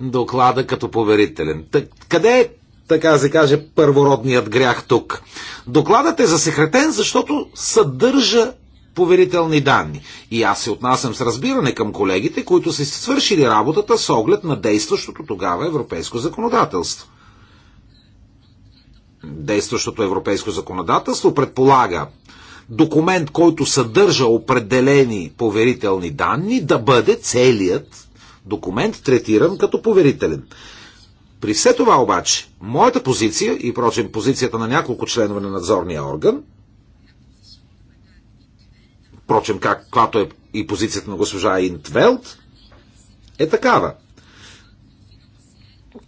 доклада като поверителен. Так, къде е така да се каже, първородният грях тук. Докладът е засекретен, защото съдържа поверителни данни. И аз се отнасям с разбиране към колегите, които са свършили работата с оглед на действащото тогава европейско законодателство. Действащото европейско законодателство предполага документ, който съдържа определени поверителни данни, да бъде целият документ третиран като поверителен. При все това обаче, моята позиция и прочим позицията на няколко членове на надзорния орган, прочим каквато е и позицията на госпожа Интвелт, е такава.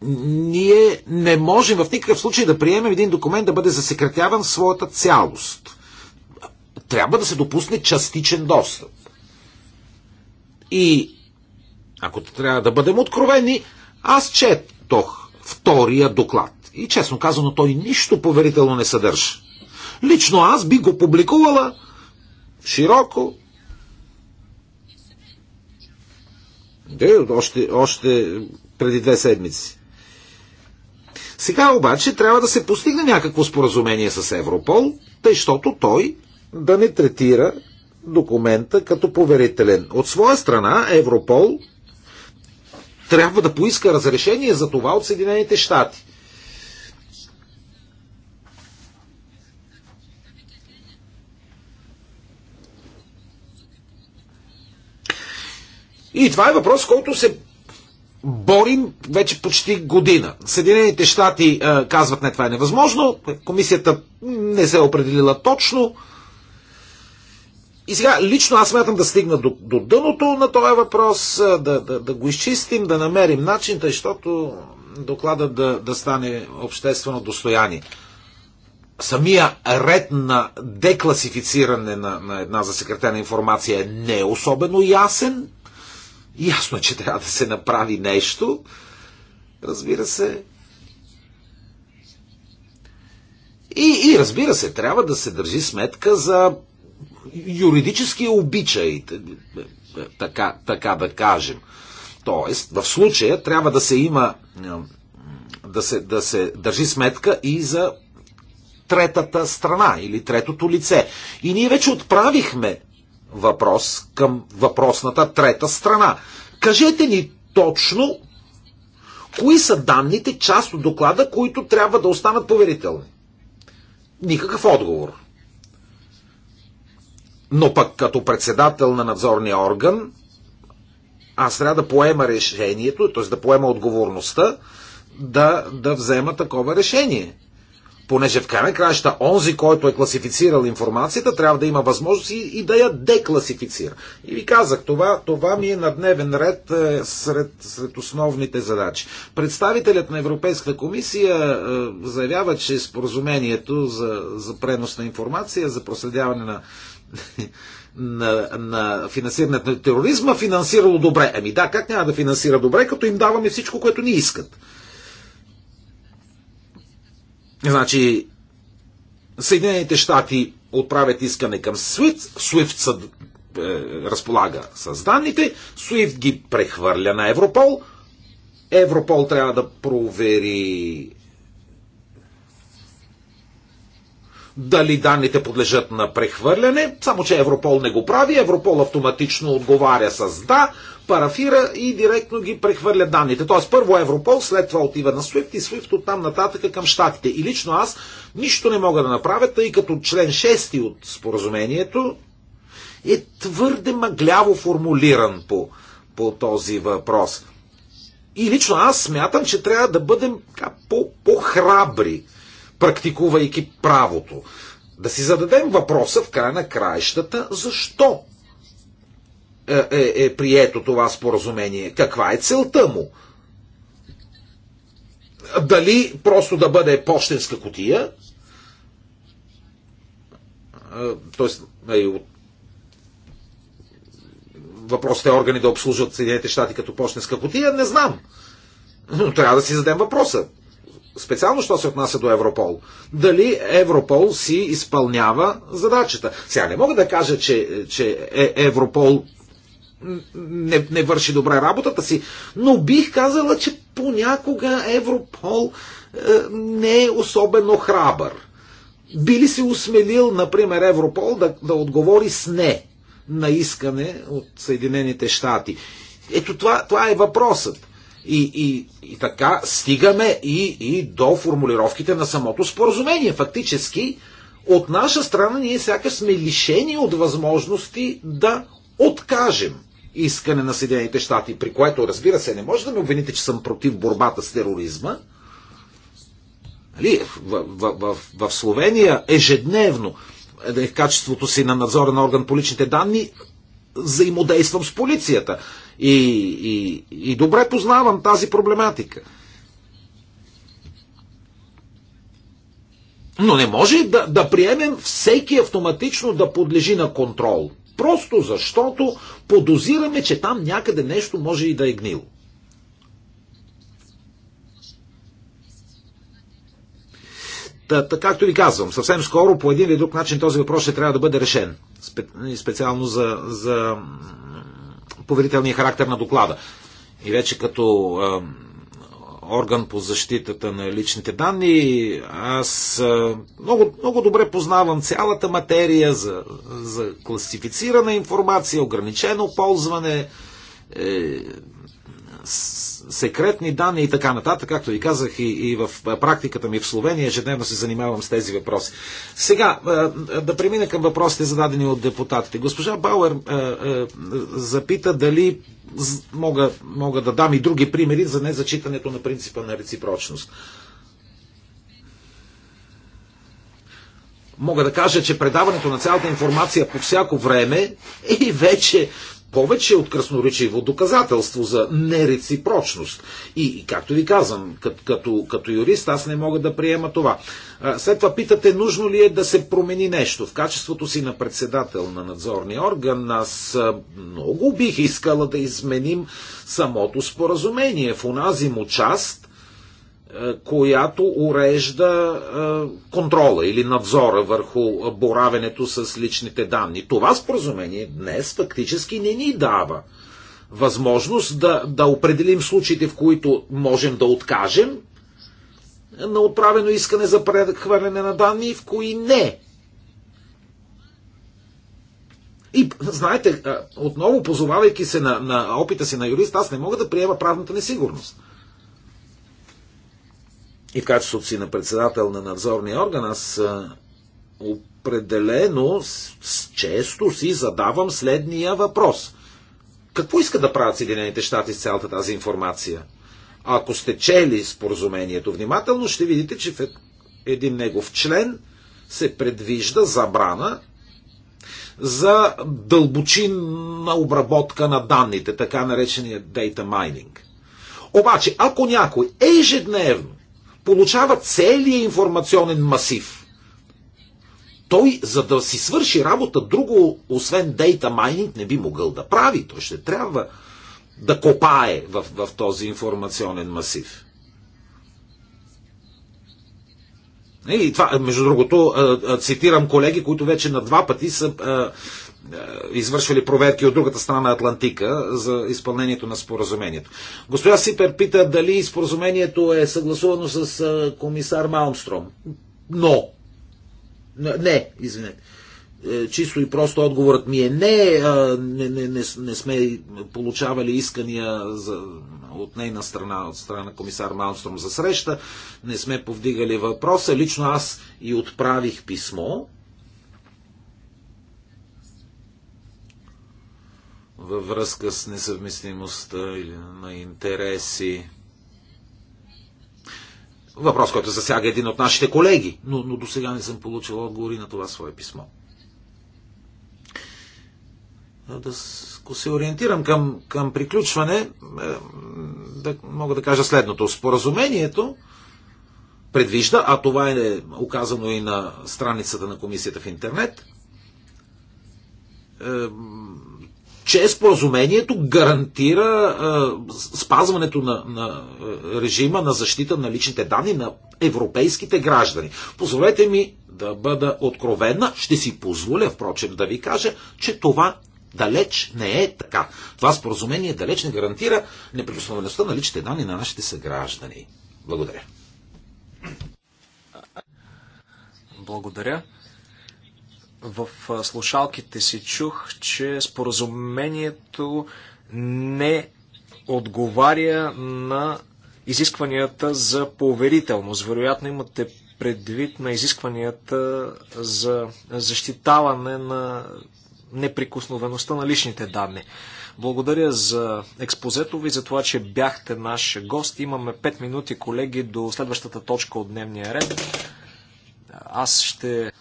Ние не можем в никакъв случай да приемем един документ да бъде засекретяван в своята цялост. Трябва да се допусне частичен достъп. И ако трябва да бъдем откровени, аз четох втория доклад. И честно казано, той нищо поверително не съдържа. Лично аз би го публикувала широко. Де, още, още преди две седмици. Сега обаче трябва да се постигне някакво споразумение с Европол, тъй щото той да не третира документа като поверителен. От своя страна Европол трябва да поиска разрешение за това от Съединените щати. И това е въпрос, който се борим вече почти година. Съединените щати е, казват не, това е невъзможно, комисията не се е определила точно, и сега лично аз смятам да стигна до, до дъното на този въпрос, да, да, да го изчистим, да намерим начин, тъй защото доклада да, да стане обществено достояние. Самия ред на декласифициране на, на една засекретена информация е не е особено ясен. Ясно е, че трябва да се направи нещо. Разбира се, И, и разбира се, трябва да се държи сметка за юридически е обичай, така, така да кажем. Тоест, в случая трябва да се има, да се, да се държи сметка и за третата страна или третото лице. И ние вече отправихме въпрос към въпросната трета страна. Кажете ни точно кои са данните, част от доклада, които трябва да останат поверителни. Никакъв отговор. Но пък като председател на надзорния орган, аз трябва да поема решението, т.е. да поема отговорността да, да взема такова решение. Понеже в крайна краща онзи, който е класифицирал информацията, трябва да има възможност и, и да я декласифицира. И ви казах, това, това ми е на дневен ред е, сред, сред основните задачи. Представителят на Европейската комисия е, заявява, че споразумението за, за пренос на информация, за проследяване на на, на финансирането на тероризма финансирало добре. Ами да, как няма да финансира добре, като им даваме всичко, което ни искат? Значи, Съединените щати отправят искане към SWIFT, SWIFT са, е, разполага с данните, SWIFT ги прехвърля на Европол, Европол трябва да провери дали данните подлежат на прехвърляне, само че Европол не го прави, Европол автоматично отговаря с да, парафира и директно ги прехвърля данните. Тоест първо Европол, след това отива на SWIFT и SWIFT оттам нататък към щатите. И лично аз нищо не мога да направя, тъй като член 6 от споразумението е твърде мъгляво формулиран по, по този въпрос. И лично аз смятам, че трябва да бъдем по, по-храбри. -по практикувайки правото. Да си зададем въпроса в края на краищата, защо е, е, е прието това споразумение? Каква е целта му? Дали просто да бъде почтенска котия? Е, тоест, е, въпросите органи да обслужват Съединените щати като почтенска котия, не знам. Но трябва да си зададем въпроса специално, що се отнася до Европол. Дали Европол си изпълнява задачата. Сега не мога да кажа, че, че е, Европол не, не върши добре работата си, но бих казала, че понякога Европол е, не е особено храбър. Би ли се усмелил, например, Европол да, да отговори с не на искане от Съединените щати? Ето това, това е въпросът. И, и, и така стигаме и, и до формулировките на самото споразумение. Фактически, от наша страна ние сякаш сме лишени от възможности да откажем искане на Съединените щати, при което, разбира се, не може да ме обвините, че съм против борбата с тероризма. Нали? В, в, в, в Словения ежедневно, в е, качеството си на надзорен орган по личните данни, взаимодействам с полицията. И, и, и добре познавам тази проблематика. Но не може да, да приемем всеки автоматично да подлежи на контрол. Просто защото подозираме, че там някъде нещо може и да е гнило. Та, та, както ви казвам, съвсем скоро по един или друг начин този въпрос ще трябва да бъде решен. специално за, за поверителния характер на доклада. И вече като а, орган по защитата на личните данни, аз а, много, много добре познавам цялата материя за, за класифицирана информация, ограничено ползване, е, секретни данни и така нататък. Както ви казах и, и в практиката ми в Словения, ежедневно се занимавам с тези въпроси. Сега, да премина към въпросите, зададени от депутатите. Госпожа Бауер запита дали мога, мога да дам и други примери за незачитането на принципа на реципрочност. мога да кажа, че предаването на цялата информация по всяко време е вече повече от красноречиво доказателство за нереципрочност. И, както ви казвам, като, като, като юрист аз не мога да приема това. След това питате, нужно ли е да се промени нещо. В качеството си на председател на надзорния орган, аз много бих искала да изменим самото споразумение в онази му част, е, която урежда е, контрола или надзора върху боравенето с личните данни. Това споразумение днес фактически не ни дава възможност да, да определим случаите, в които можем да откажем на отправено искане за прехвърляне на данни в кои не. И, знаете, е, отново позовавайки се на, на опита си на юрист, аз не мога да приема правната несигурност и в качеството си на председател на надзорния орган, аз определено често си задавам следния въпрос. Какво иска да правят Съединените щати с цялата тази информация? Ако сте чели споразумението внимателно, ще видите, че в един негов член се предвижда забрана за дълбочинна обработка на данните, така наречения data mining. Обаче, ако някой ежедневно получава целия информационен масив. Той, за да си свърши работа, друго, освен дейта майнинг, не би могъл да прави. Той ще трябва да копае в, в този информационен масив. И това, между другото, цитирам колеги, които вече на два пъти са е, извършвали проверки от другата страна на Атлантика за изпълнението на споразумението. Госпожа Сипер пита дали споразумението е съгласувано с е, комисар Малмстром. Но. Не, извинете. Е, чисто и просто отговорът ми е не, не, не, не, не сме получавали искания за, от нейна страна, от страна на комисар Малмстром за среща, не сме повдигали въпроса. Лично аз и отправих писмо във връзка с несъвместимостта или на интереси. Въпрос, който засяга един от нашите колеги, но, но до сега не съм получил отговори на това свое писмо. Да се ориентирам към, към приключване, е, да, мога да кажа следното. Споразумението предвижда, а това е оказано и на страницата на комисията в интернет, е, че споразумението гарантира е, спазването на, на режима на защита на личните данни на европейските граждани. Позволете ми да бъда откровена, ще си позволя, впрочем, да ви кажа, че това далеч не е така. Това споразумение далеч не гарантира неприкосновеността на личните данни на нашите съграждани. Благодаря. Благодаря в слушалките си чух, че споразумението не отговаря на изискванията за поверителност. Вероятно имате предвид на изискванията за защитаване на неприкосновеността на личните данни. Благодаря за експозето ви, за това, че бяхте наш гост. Имаме 5 минути, колеги, до следващата точка от дневния ред. Аз ще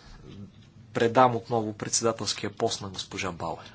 предам отново председателския пост на госпожа Бауер.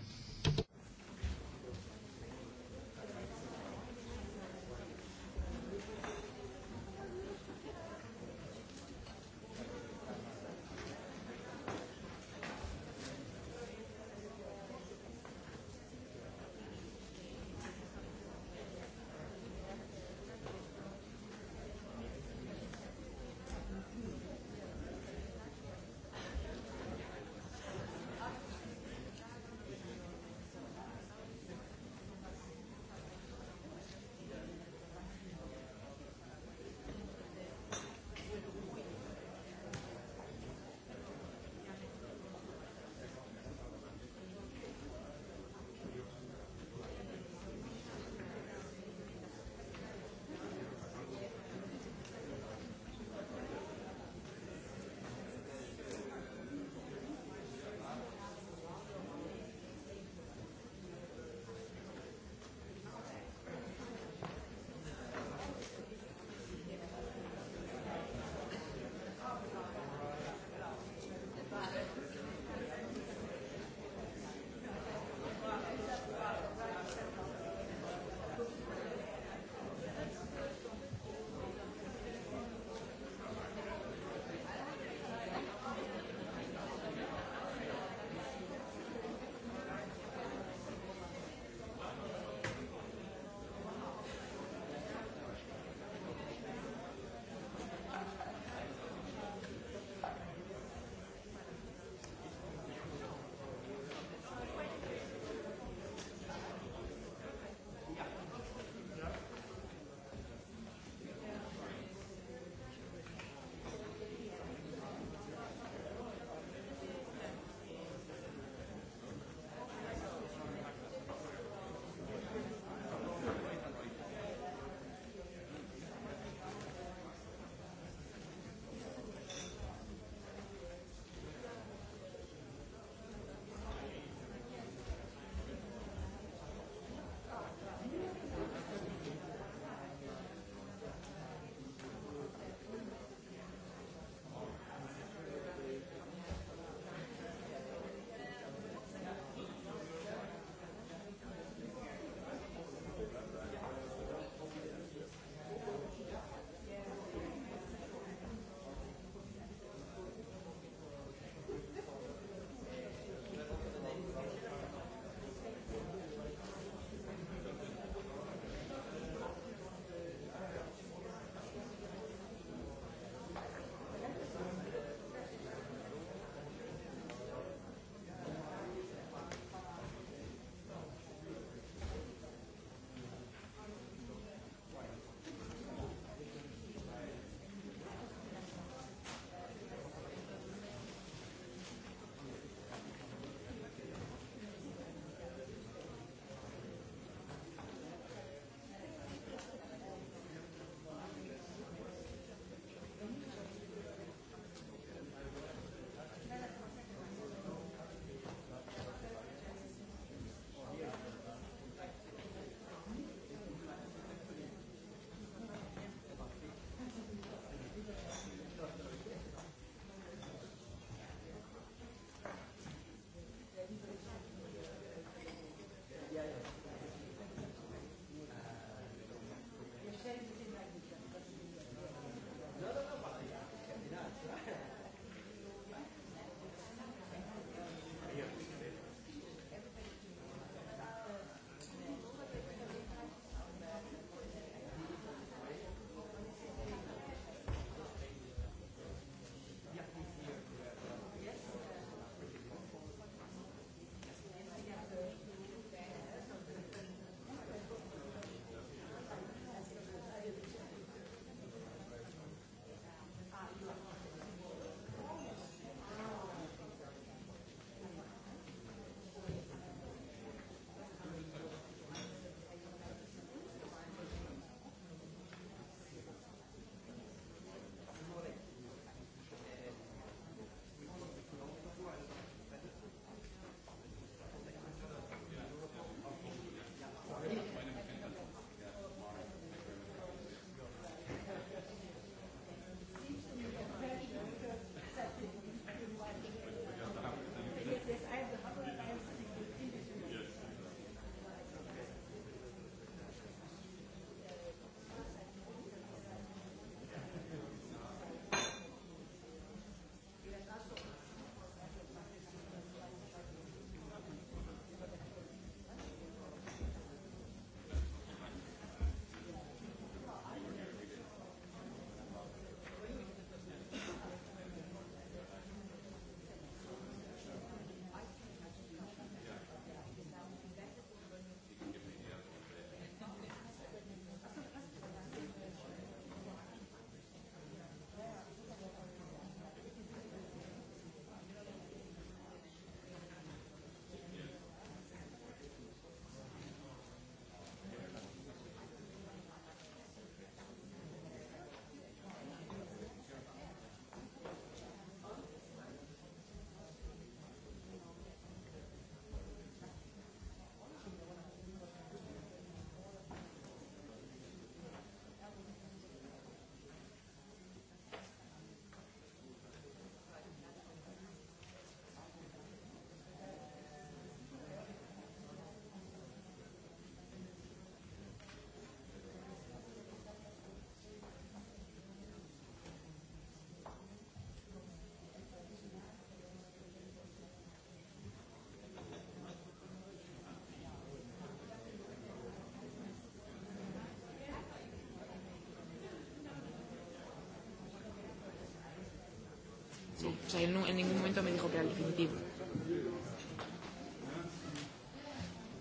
Sí, o sea, él no, en ningún momento me dijo que era el definitivo.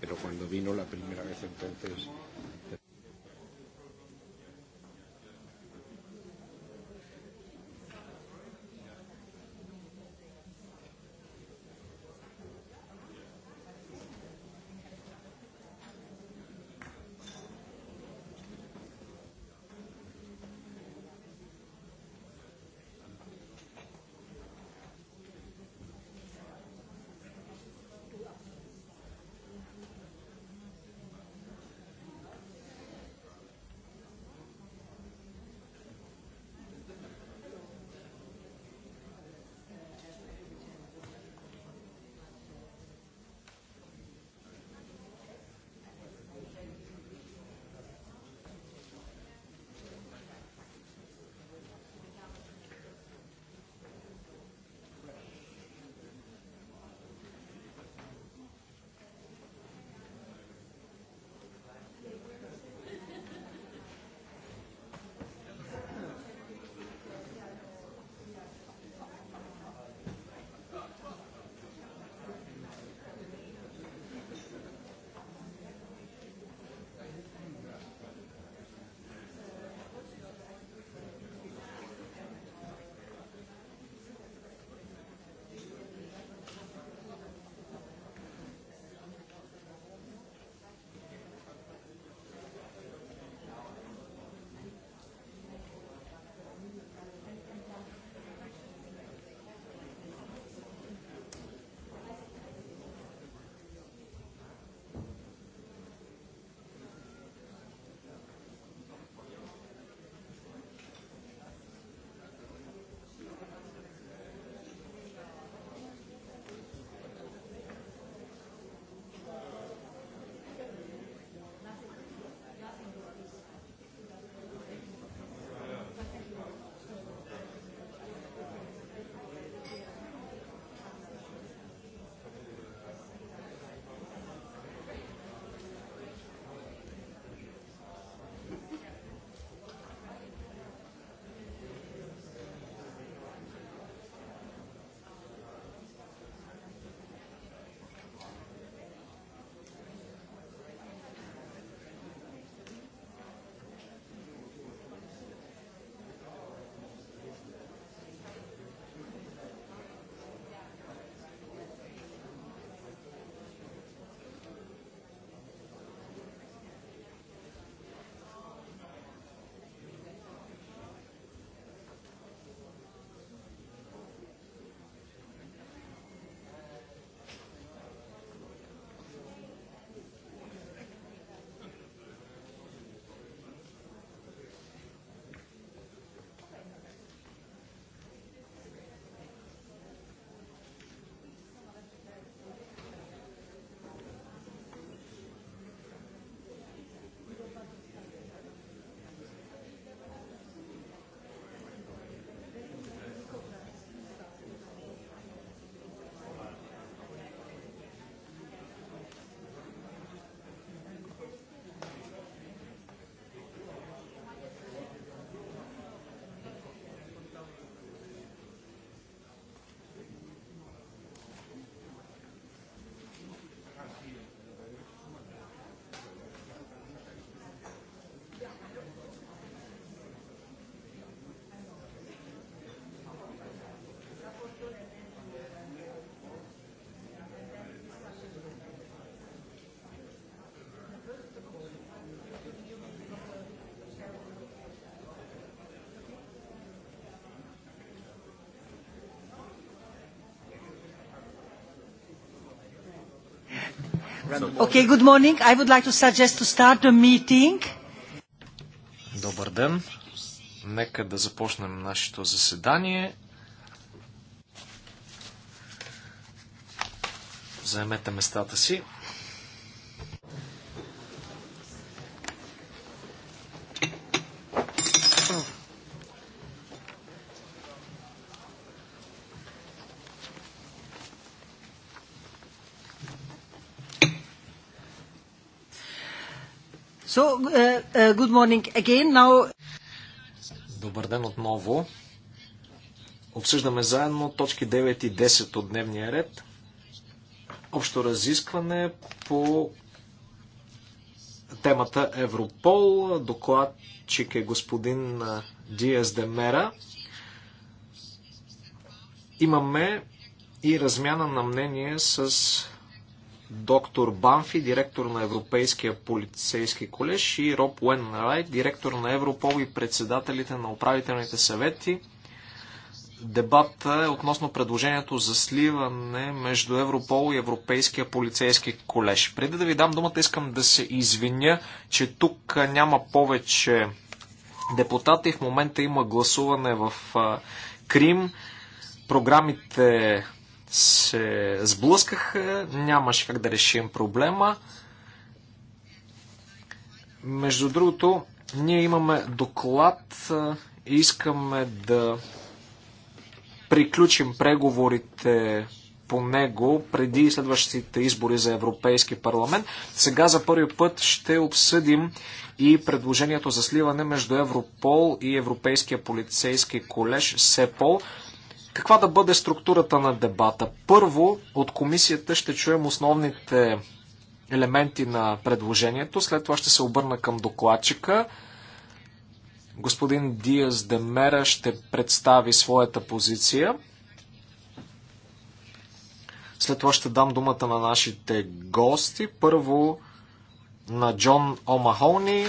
Pero cuando vino la primera vez entonces Okay, good morning. I would like to suggest to start the meeting. Добър ден. Нека да започнем нашето заседание. Заемете местата си. So, uh, uh, good morning again. Now... Добър ден отново. Обсъждаме заедно точки 9 и 10 от дневния ред. Общо разискване по темата Европол. Докладчик е господин Диас Демера. Имаме и размяна на мнение с доктор Банфи, директор на Европейския полицейски колеж и Роб Уенрай, директор на Европол и председателите на управителните съвети. Дебат е относно предложението за сливане между Европол и Европейския полицейски колеж. Преди да ви дам думата, искам да се извиня, че тук няма повече депутати. В момента има гласуване в Крим. Програмите се сблъскаха, нямаше как да решим проблема. Между другото, ние имаме доклад и искаме да приключим преговорите по него преди следващите избори за Европейски парламент. Сега за първи път ще обсъдим и предложението за сливане между Европол и Европейския полицейски колеж СЕПОЛ. Каква да бъде структурата на дебата? Първо, от комисията ще чуем основните елементи на предложението. След това ще се обърна към докладчика. Господин Диас Демера ще представи своята позиция. След това ще дам думата на нашите гости. Първо на Джон Омахони,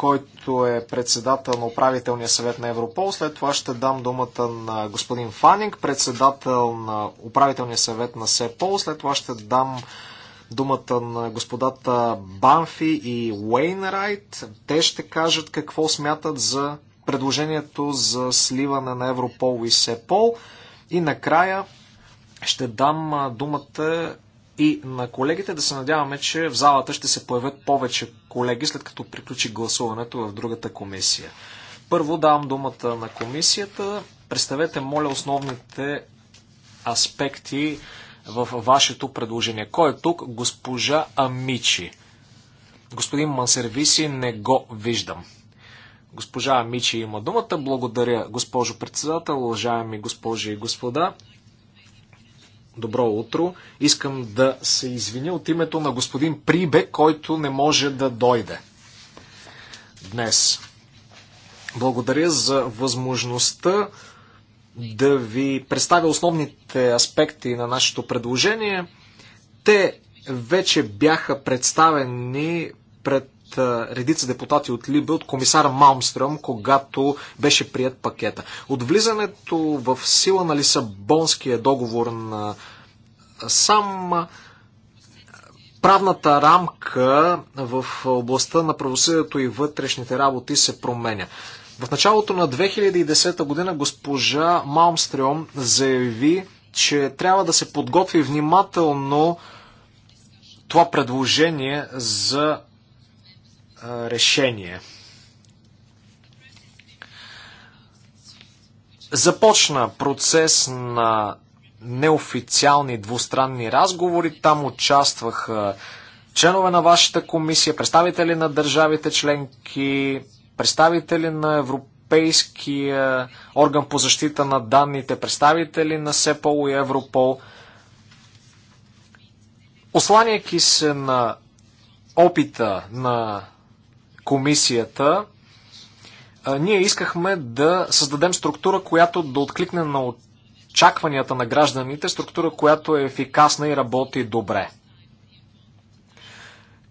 който е председател на управителния съвет на Европол. След това ще дам думата на господин Фанинг, председател на управителния съвет на СЕПОЛ. След това ще дам думата на господата Банфи и Уейнрайт. Те ще кажат какво смятат за предложението за сливане на Европол и СЕПОЛ. И накрая ще дам думата и на колегите. Да се надяваме, че в залата ще се появят повече колеги, след като приключи гласуването в другата комисия. Първо давам думата на комисията. Представете, моля, основните аспекти в вашето предложение. Кой е тук? Госпожа Амичи. Господин Мансервиси, не го виждам. Госпожа Амичи има думата. Благодаря, госпожо председател, уважаеми госпожи и господа. Добро утро. Искам да се извиня от името на господин Прибе, който не може да дойде днес. Благодаря за възможността да ви представя основните аспекти на нашето предложение. Те вече бяха представени пред редица депутати от Либе, от комисара Малмстръм, когато беше прият пакета. От влизането в сила на Лисабонския договор на сам правната рамка в областта на правосъдието и вътрешните работи се променя. В началото на 2010 година госпожа Малмстрём заяви, че трябва да се подготви внимателно това предложение за решение. Започна процес на неофициални двустранни разговори. Там участваха членове на вашата комисия, представители на държавите членки, представители на Европейския орган по защита на данните, представители на СЕПОЛ и Европол. Осланяйки се на опита на комисията, ние искахме да създадем структура, която да откликне на очакванията на гражданите, структура, която е ефикасна и работи добре.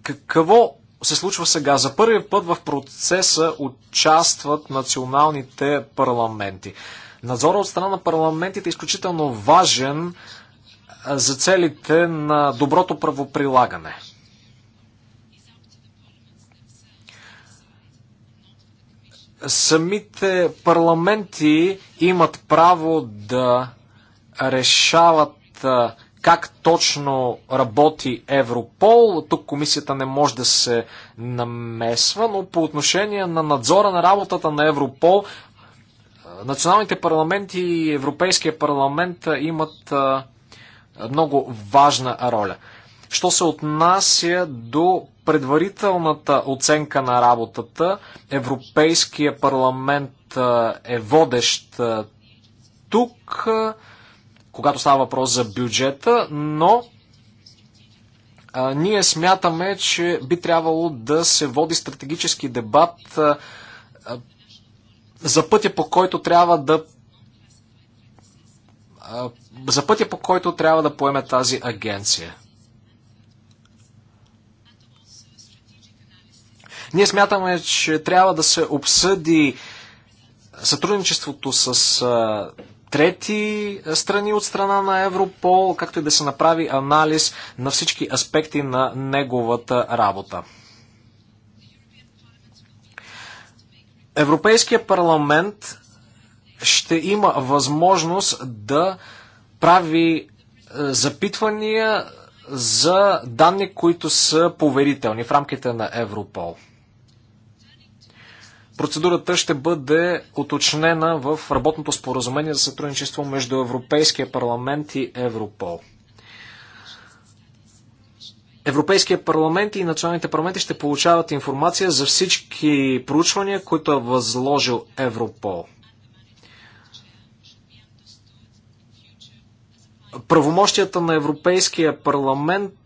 Какво се случва сега? За първи път в процеса участват националните парламенти. Надзора от страна на парламентите е изключително важен за целите на доброто правоприлагане самите парламенти имат право да решават как точно работи Европол. Тук комисията не може да се намесва, но по отношение на надзора на работата на Европол, националните парламенти и Европейския парламент имат много важна роля. Що се отнася до предварителната оценка на работата. Европейския парламент е водещ тук, когато става въпрос за бюджета, но а, ние смятаме, че би трябвало да се води стратегически дебат а, а, за пътя по който трябва да а, за пътя по който трябва да поеме тази агенция. Ние смятаме, че трябва да се обсъди сътрудничеството с а, трети страни от страна на Европол, както и да се направи анализ на всички аспекти на неговата работа. Европейския парламент ще има възможност да прави запитвания за данни, които са поверителни в рамките на Европол. Процедурата ще бъде уточнена в работното споразумение за сътрудничество между Европейския парламент и Европол. Европейския парламент и националните парламенти ще получават информация за всички проучвания, които е възложил Европол. Правомощията на Европейския парламент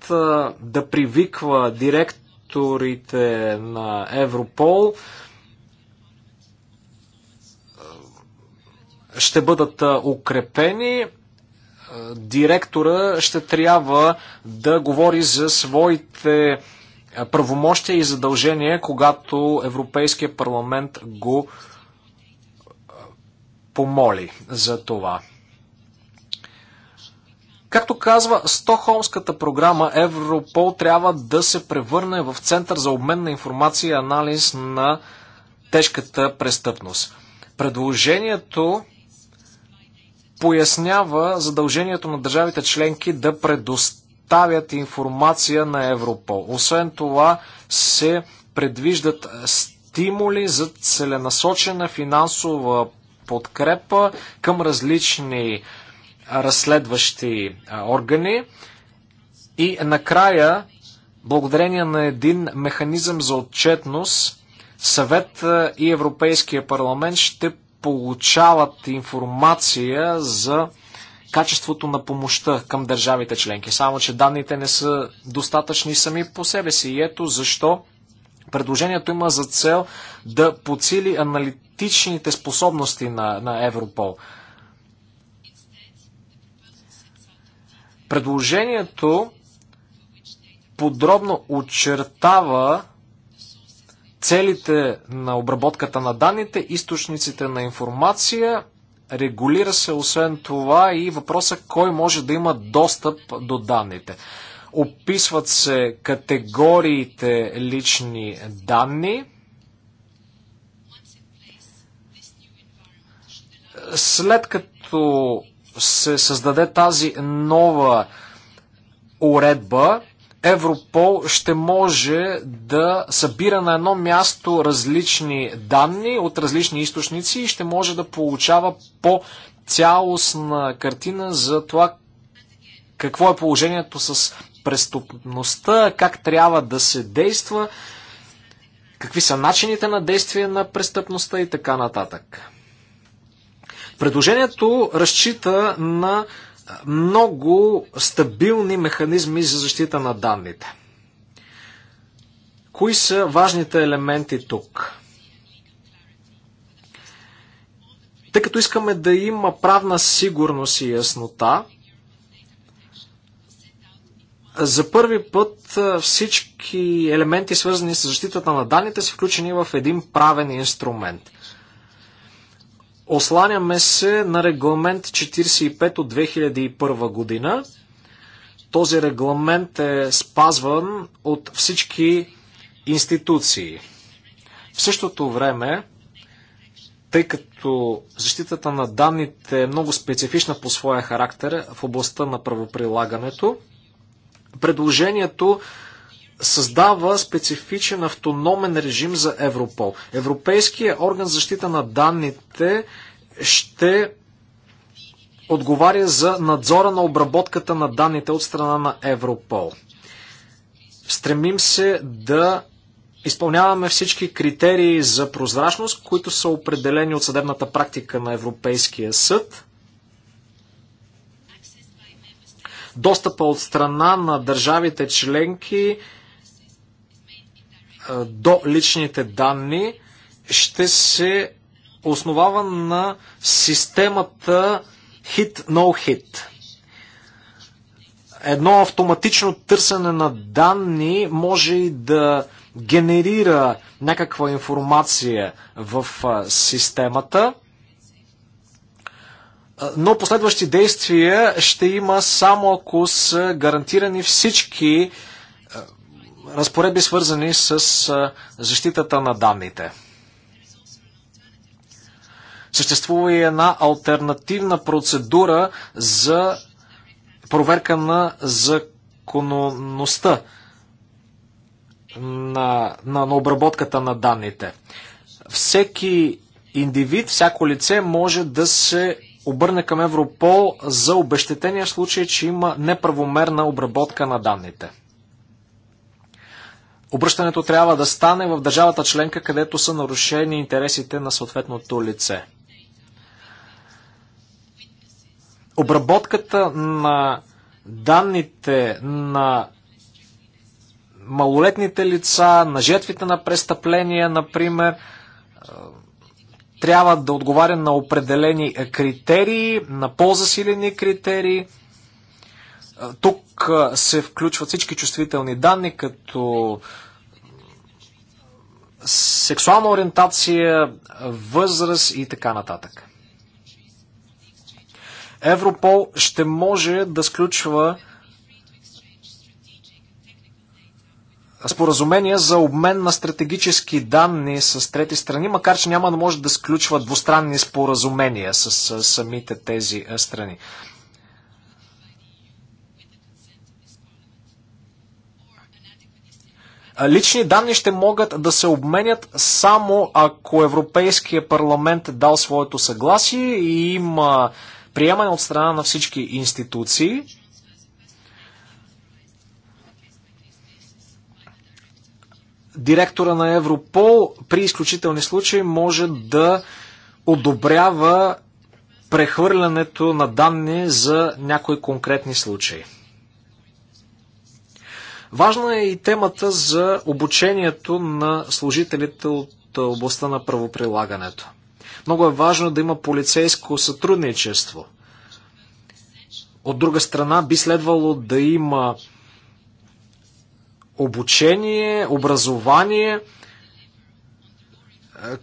да привиква директорите на Европол ще бъдат укрепени. Директора ще трябва да говори за своите правомощия и задължения, когато Европейския парламент го помоли за това. Както казва Стохолмската програма, Европол трябва да се превърне в център за обмен на информация и анализ на тежката престъпност. Предложението пояснява задължението на държавите членки да предоставят информация на Европол. Освен това се предвиждат стимули за целенасочена финансова подкрепа към различни разследващи органи. И накрая, благодарение на един механизъм за отчетност, Съвет и Европейския парламент ще получават информация за качеството на помощта към държавите членки. Само, че данните не са достатъчни сами по себе си. И ето защо предложението има за цел да подсили аналитичните способности на, на Европол. Предложението подробно очертава целите на обработката на данните, източниците на информация. Регулира се освен това и въпроса кой може да има достъп до данните. Описват се категориите лични данни. След като се създаде тази нова уредба, Европол ще може да събира на едно място различни данни от различни източници и ще може да получава по цялостна картина за това какво е положението с престъпността, как трябва да се действа, какви са начините на действие на престъпността и така нататък. Предложението разчита на много стабилни механизми за защита на данните. Кои са важните елементи тук? Тъй като искаме да има правна сигурност и яснота, за първи път всички елементи, свързани с защитата на данните, са включени в един правен инструмент – Осланяме се на регламент 45 от 2001 година. Този регламент е спазван от всички институции. В същото време, тъй като защитата на данните е много специфична по своя характер в областта на правоприлагането, предложението създава специфичен автономен режим за Европол. Европейския орган защита на данните ще отговаря за надзора на обработката на данните от страна на Европол. Стремим се да изпълняваме всички критерии за прозрачност, които са определени от съдебната практика на Европейския съд. Достъпа от страна на държавите членки до личните данни ще се основава на системата hit-no-hit. -hit. Едно автоматично търсене на данни може и да генерира някаква информация в системата, но последващи действия ще има само ако са гарантирани всички разпоредби свързани с защитата на данните. Съществува и една альтернативна процедура за проверка на законността на, на, на обработката на данните. Всеки индивид, всяко лице може да се обърне към Европол за обещетение в случай, че има неправомерна обработка на данните. Обръщането трябва да стане в държавата членка, където са нарушени интересите на съответното лице. Обработката на данните на малолетните лица, на жертвите на престъпления, например, трябва да отговаря на определени критерии, на по-засилени критерии – тук се включват всички чувствителни данни, като сексуална ориентация, възраст и така нататък. Европол ще може да сключва споразумения за обмен на стратегически данни с трети страни, макар че няма да може да сключва двустранни споразумения с самите тези страни. Лични данни ще могат да се обменят само ако Европейския парламент е дал своето съгласие и има приемане от страна на всички институции. Директора на Европол при изключителни случаи може да одобрява прехвърлянето на данни за някои конкретни случаи. Важна е и темата за обучението на служителите от областта на правоприлагането. Много е важно да има полицейско сътрудничество. От друга страна, би следвало да има обучение, образование,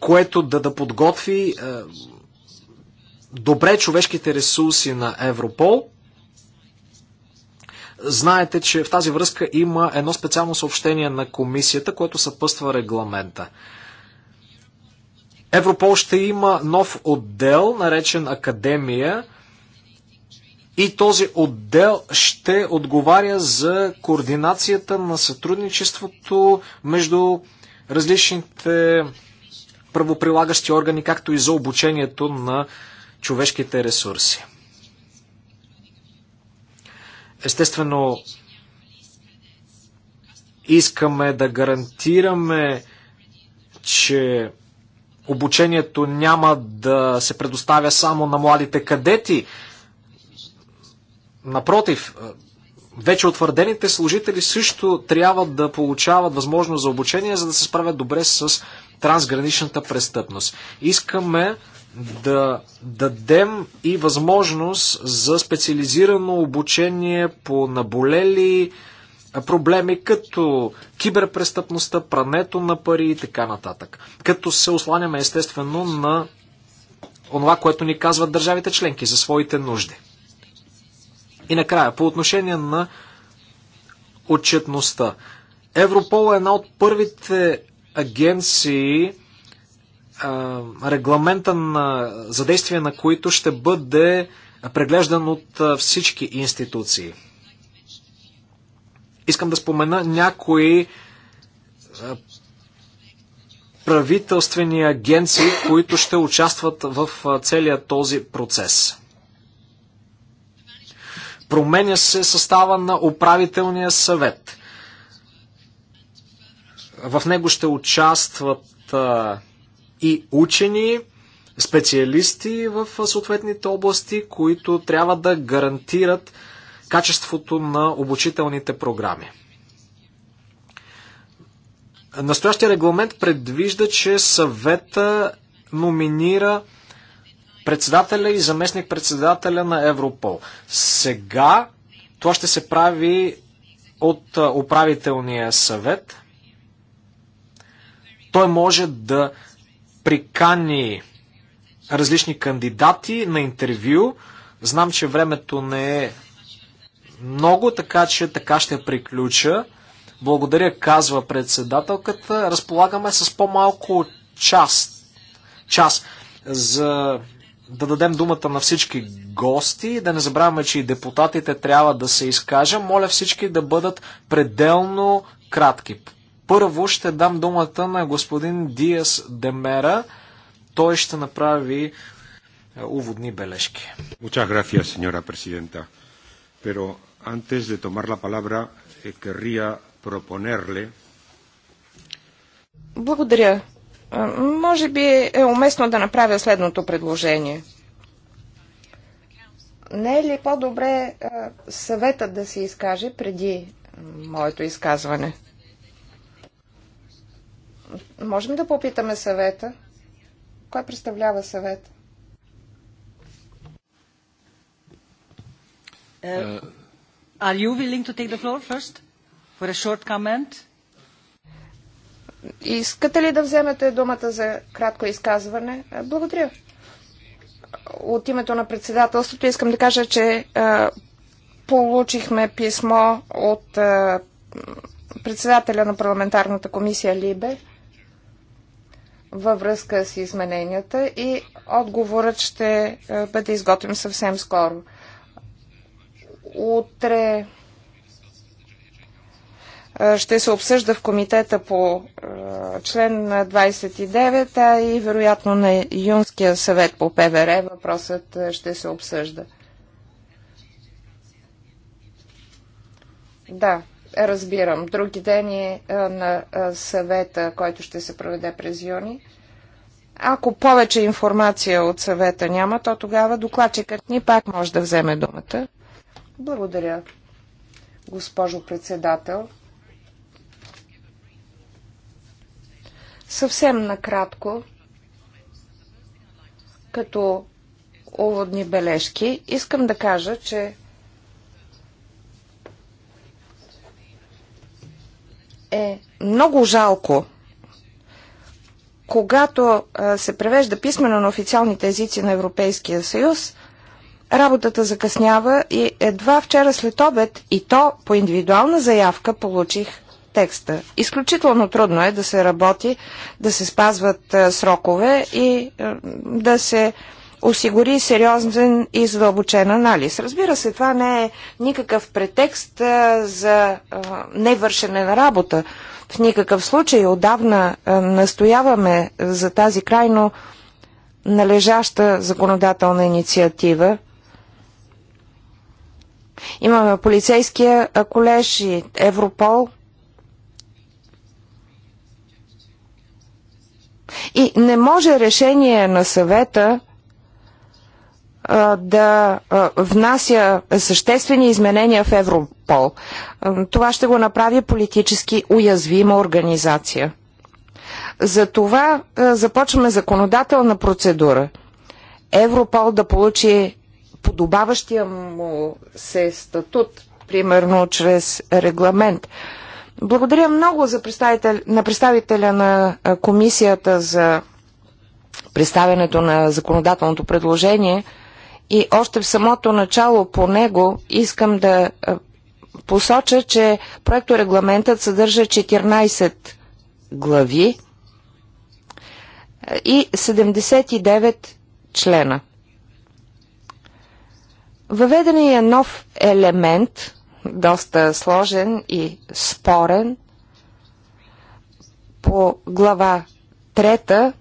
което да, да подготви добре човешките ресурси на Европол – Знаете, че в тази връзка има едно специално съобщение на комисията, което съпъства регламента. Европол ще има нов отдел, наречен Академия, и този отдел ще отговаря за координацията на сътрудничеството между различните правоприлагащи органи, както и за обучението на човешките ресурси. Естествено, искаме да гарантираме, че обучението няма да се предоставя само на младите кадети. Напротив, вече утвърдените служители също трябва да получават възможност за обучение, за да се справят добре с трансграничната престъпност. Искаме да дадем и възможност за специализирано обучение по наболели проблеми като киберпрестъпността, прането на пари и така нататък. Като се осланяме естествено на онова, което ни казват държавите членки за своите нужди. И накрая, по отношение на отчетността. Европол е една от първите агенции, регламента на, за действие на които ще бъде преглеждан от всички институции. Искам да спомена някои правителствени агенции, които ще участват в целия този процес. Променя се състава на управителния съвет. В него ще участват и учени, специалисти в съответните области, които трябва да гарантират качеството на обучителните програми. Настоящия регламент предвижда, че съвета номинира председателя и заместник-председателя на Европол. Сега това ще се прави от управителния съвет. Той може да прикани различни кандидати на интервю. Знам, че времето не е много, така че така ще приключа. Благодаря, казва председателката. Разполагаме с по-малко час, час за да дадем думата на всички гости. Да не забравяме, че и депутатите трябва да се изкажа. Моля всички да бъдат пределно кратки. Първо ще дам думата на господин Диас Демера. Той ще направи е, уводни бележки. Muchas gracias, señora presidenta. Pero antes de tomar la palabra, eh, querría proponerle... Благодаря. Е, може би е уместно да направя следното предложение. Не е ли по-добре е, съветът да се изкаже преди моето изказване? Можем да попитаме съвета. Кой представлява съвет? Uh, are you willing to take the floor first for a short comment? Искате ли да вземете думата за кратко изказване? Е, благодаря. От името на председателството искам да кажа, че е, получихме писмо от председателя на парламентарната комисия Либе във връзка с измененията и отговорът ще е, бъде изготвен съвсем скоро. Утре е, ще се обсъжда в комитета по е, член 29, а и вероятно на Юнския съвет по ПВР въпросът ще се обсъжда. Да, разбирам. Други ден е на съвета, който ще се проведе през юни. Ако повече информация от съвета няма, то тогава докладчикът ни пак може да вземе думата. Благодаря, госпожо председател. Съвсем накратко, като уводни бележки, искам да кажа, че е много жалко, когато се превежда писмено на официалните езици на Европейския съюз, работата закъснява и едва вчера след обед и то по индивидуална заявка получих текста. Изключително трудно е да се работи, да се спазват срокове и да се осигури сериозен и задълбочен анализ. Разбира се, това не е никакъв претекст а, за а, невършене на работа. В никакъв случай отдавна а, настояваме за тази крайно належаща законодателна инициатива. Имаме полицейския колеж и Европол. И не може решение на съвета да внася съществени изменения в Европол. Това ще го направи политически уязвима организация. За това започваме законодателна процедура. Европол да получи подобаващия му се статут, примерно чрез регламент. Благодаря много за представител, на представителя на комисията за представянето на законодателното предложение – и още в самото начало по него искам да е, посоча, че проекторегламентът съдържа 14 глави е, и 79 члена. Въведен е нов елемент, доста сложен и спорен, по глава трета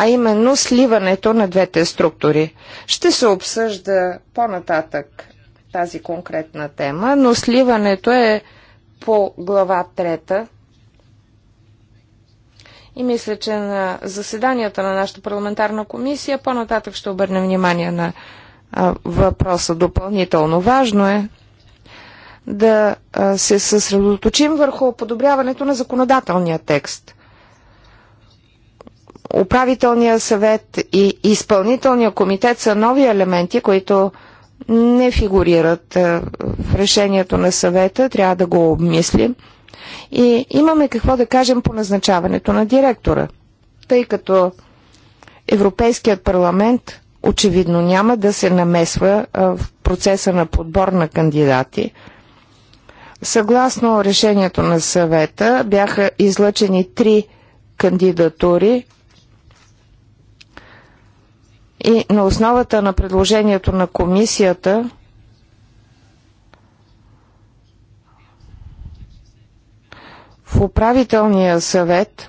а именно сливането на двете структури. Ще се обсъжда по-нататък тази конкретна тема, но сливането е по глава трета. И мисля, че на заседанията на нашата парламентарна комисия по-нататък ще обърнем внимание на въпроса допълнително. Важно е да се съсредоточим върху подобряването на законодателния текст – управителния съвет и изпълнителния комитет са нови елементи, които не фигурират е, в решението на съвета, трябва да го обмислим. И имаме какво да кажем по назначаването на директора, тъй като Европейският парламент очевидно няма да се намесва е, в процеса на подбор на кандидати. Съгласно решението на съвета бяха излъчени три кандидатури и на основата на предложението на комисията в управителния съвет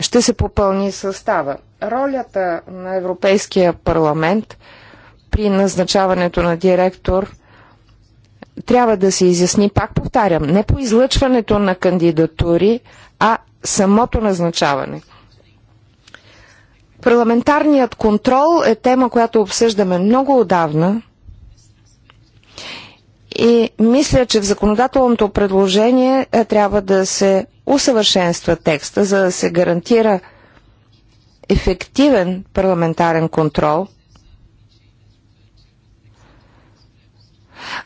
ще се попълни състава. Ролята на Европейския парламент при назначаването на директор трябва да се изясни, пак повтарям, не по излъчването на кандидатури, а самото назначаване. Парламентарният контрол е тема, която обсъждаме много отдавна. И мисля, че в законодателното предложение е, трябва да се усъвършенства текста, за да се гарантира ефективен парламентарен контрол.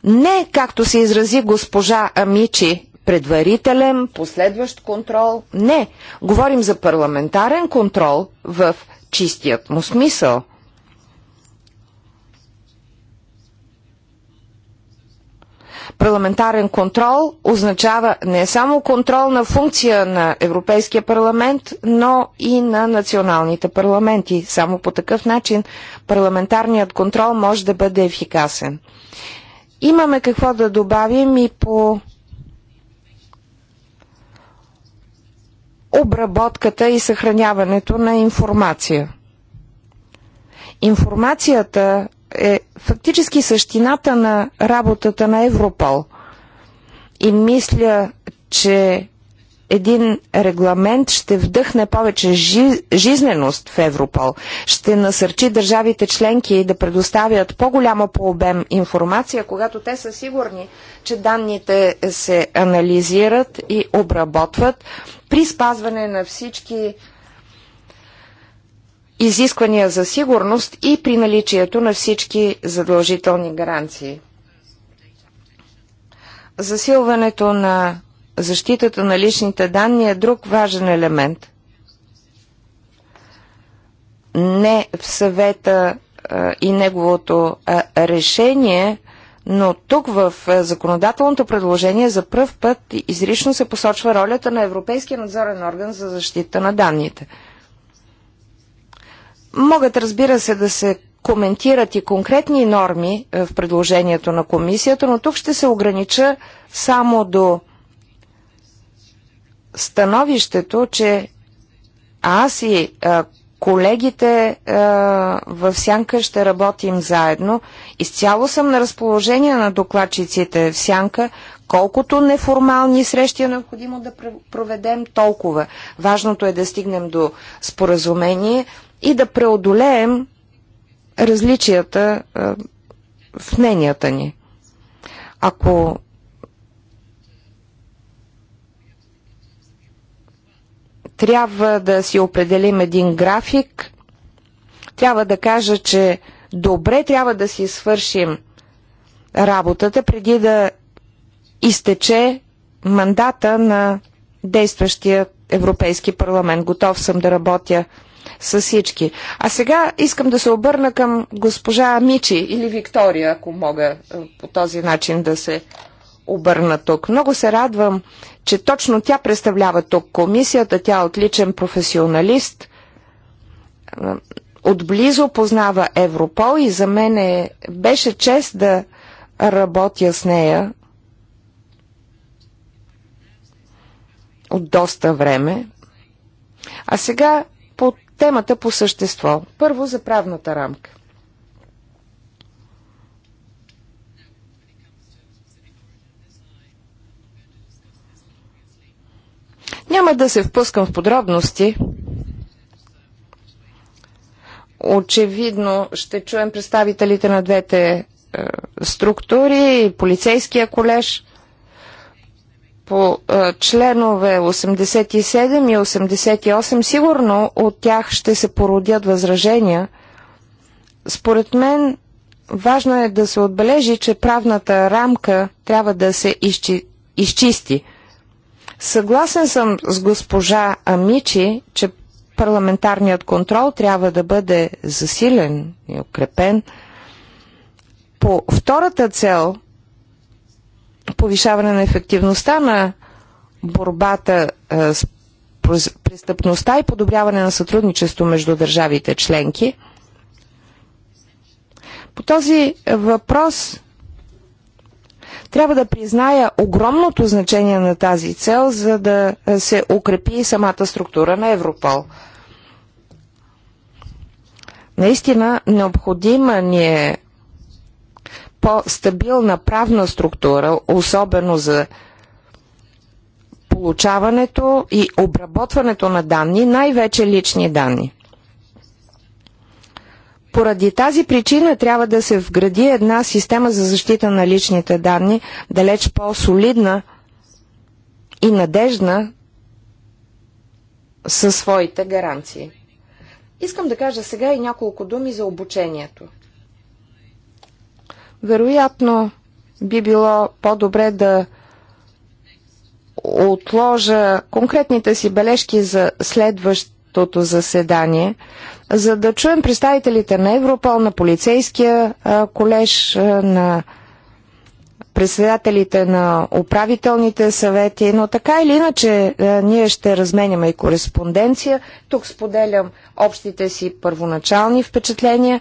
Не, както се изрази госпожа Амичи, предварителен, последващ контрол. Не, говорим за парламентарен контрол в чистият му смисъл. Парламентарен контрол означава не само контролна функция на Европейския парламент, но и на националните парламенти. Само по такъв начин парламентарният контрол може да бъде ефикасен. Имаме какво да добавим и по обработката и съхраняването на информация. Информацията е фактически същината на работата на Европол. И мисля, че един регламент ще вдъхне повече жи, жизненост в Европол, ще насърчи държавите членки да предоставят по-голяма по обем информация, когато те са сигурни, че данните се анализират и обработват при спазване на всички изисквания за сигурност и при наличието на всички задължителни гаранции. Засилването на защитата на личните данни е друг важен елемент. Не в съвета и неговото решение но тук в е, законодателното предложение за пръв път изрично се посочва ролята на Европейския надзорен орган за защита на данните. Могат, разбира се, да се коментират и конкретни норми е, в предложението на комисията, но тук ще се огранича само до становището, че аз и е, колегите в Сянка ще работим заедно Изцяло съм на разположение на докладчиците в Сянка. Колкото неформални срещи е необходимо да проведем, толкова. Важното е да стигнем до споразумение и да преодолеем различията в мненията ни. Ако трябва да си определим един график, трябва да кажа, че добре трябва да си свършим работата преди да изтече мандата на действащия Европейски парламент. Готов съм да работя с всички. А сега искам да се обърна към госпожа Мичи или Виктория, ако мога е, по този начин да се обърна тук. Много се радвам, че точно тя представлява тук комисията. Тя е отличен професионалист. Е, отблизо познава Европол и за мен е, беше чест да работя с нея от доста време. А сега по темата по същество. Първо за правната рамка. Няма да се впускам в подробности, Очевидно ще чуем представителите на двете е, структури и полицейския колеж по е, членове 87 и 88, сигурно от тях ще се породят възражения. Според мен важно е да се отбележи, че правната рамка трябва да се изчи, изчисти. Съгласен съм с госпожа Амичи, че парламентарният контрол трябва да бъде засилен и укрепен. По втората цел повишаване на ефективността на борбата с престъпността и подобряване на сътрудничество между държавите членки. По този въпрос трябва да призная огромното значение на тази цел, за да се укрепи самата структура на Европол. Наистина, необходима ни е по-стабилна правна структура, особено за получаването и обработването на данни, най-вече лични данни. Поради тази причина трябва да се вгради една система за защита на личните данни, далеч по-солидна и надежна със своите гаранции. Искам да кажа сега и няколко думи за обучението. Вероятно би било по-добре да отложа конкретните си бележки за следващото заседание – за да чуем представителите на Европол, на полицейския колеж, на председателите на управителните съвети, но така или иначе ние ще разменяме и кореспонденция. Тук споделям общите си първоначални впечатления.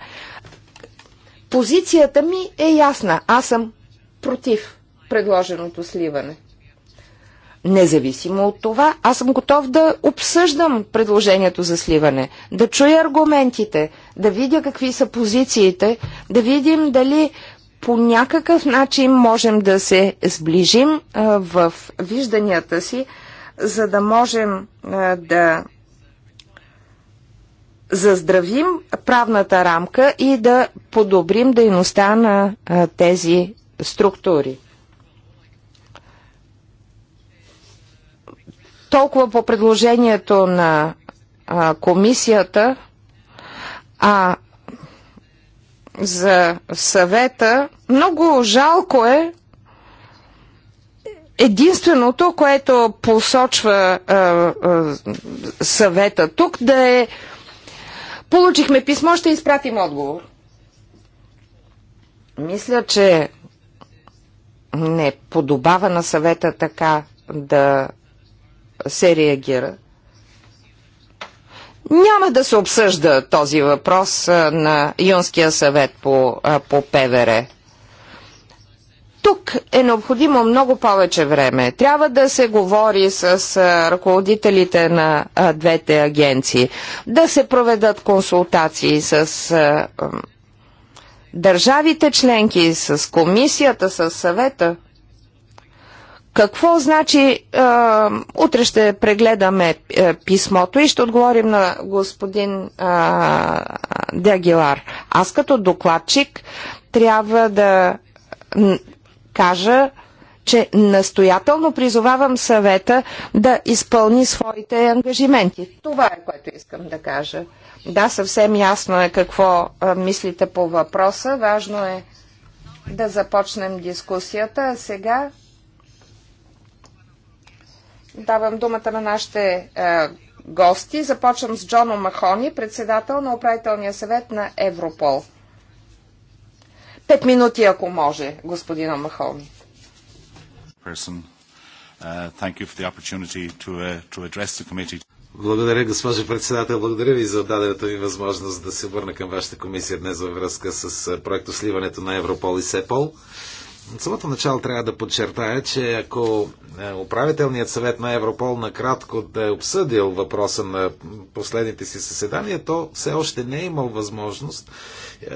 Позицията ми е ясна. Аз съм против предложеното сливане. Независимо от това, аз съм готов да обсъждам предложението за сливане, да чуя аргументите, да видя какви са позициите, да видим дали по някакъв начин можем да се сближим в вижданията си, за да можем да заздравим правната рамка и да подобрим дейността на тези структури. Толкова по предложението на а, комисията, а за съвета много жалко е единственото, което посочва а, а, съвета тук да е получихме писмо, ще изпратим отговор. Мисля, че не подобава на съвета така да се реагира. Няма да се обсъжда този въпрос на Юнския съвет по, по ПВР. Тук е необходимо много повече време. Трябва да се говори с ръководителите на двете агенции, да се проведат консултации с държавите членки, с комисията, с съвета. Какво значи е, утре ще прегледаме е, писмото и ще отговорим на господин е, Дягилар. Аз като докладчик трябва да кажа, че настоятелно призовавам съвета да изпълни своите ангажименти. Това е което искам да кажа. Да, съвсем ясно е какво е, мислите по въпроса. Важно е да започнем дискусията. А сега давам думата на нашите е, гости. Започвам с Джоно Махони, председател на управителния съвет на Европол. Пет минути, ако може, господин Махони. Е, е, Благодаря, госпожо председател. Благодаря ви за дадената ми възможност да се върна към вашата комисия днес във връзка с е, проекто сливането на Европол и СЕПОЛ. От самото начало трябва да подчертая, че ако е, управителният съвет на Европол накратко да е обсъдил въпроса на последните си съседания, то все още не е имал възможност е,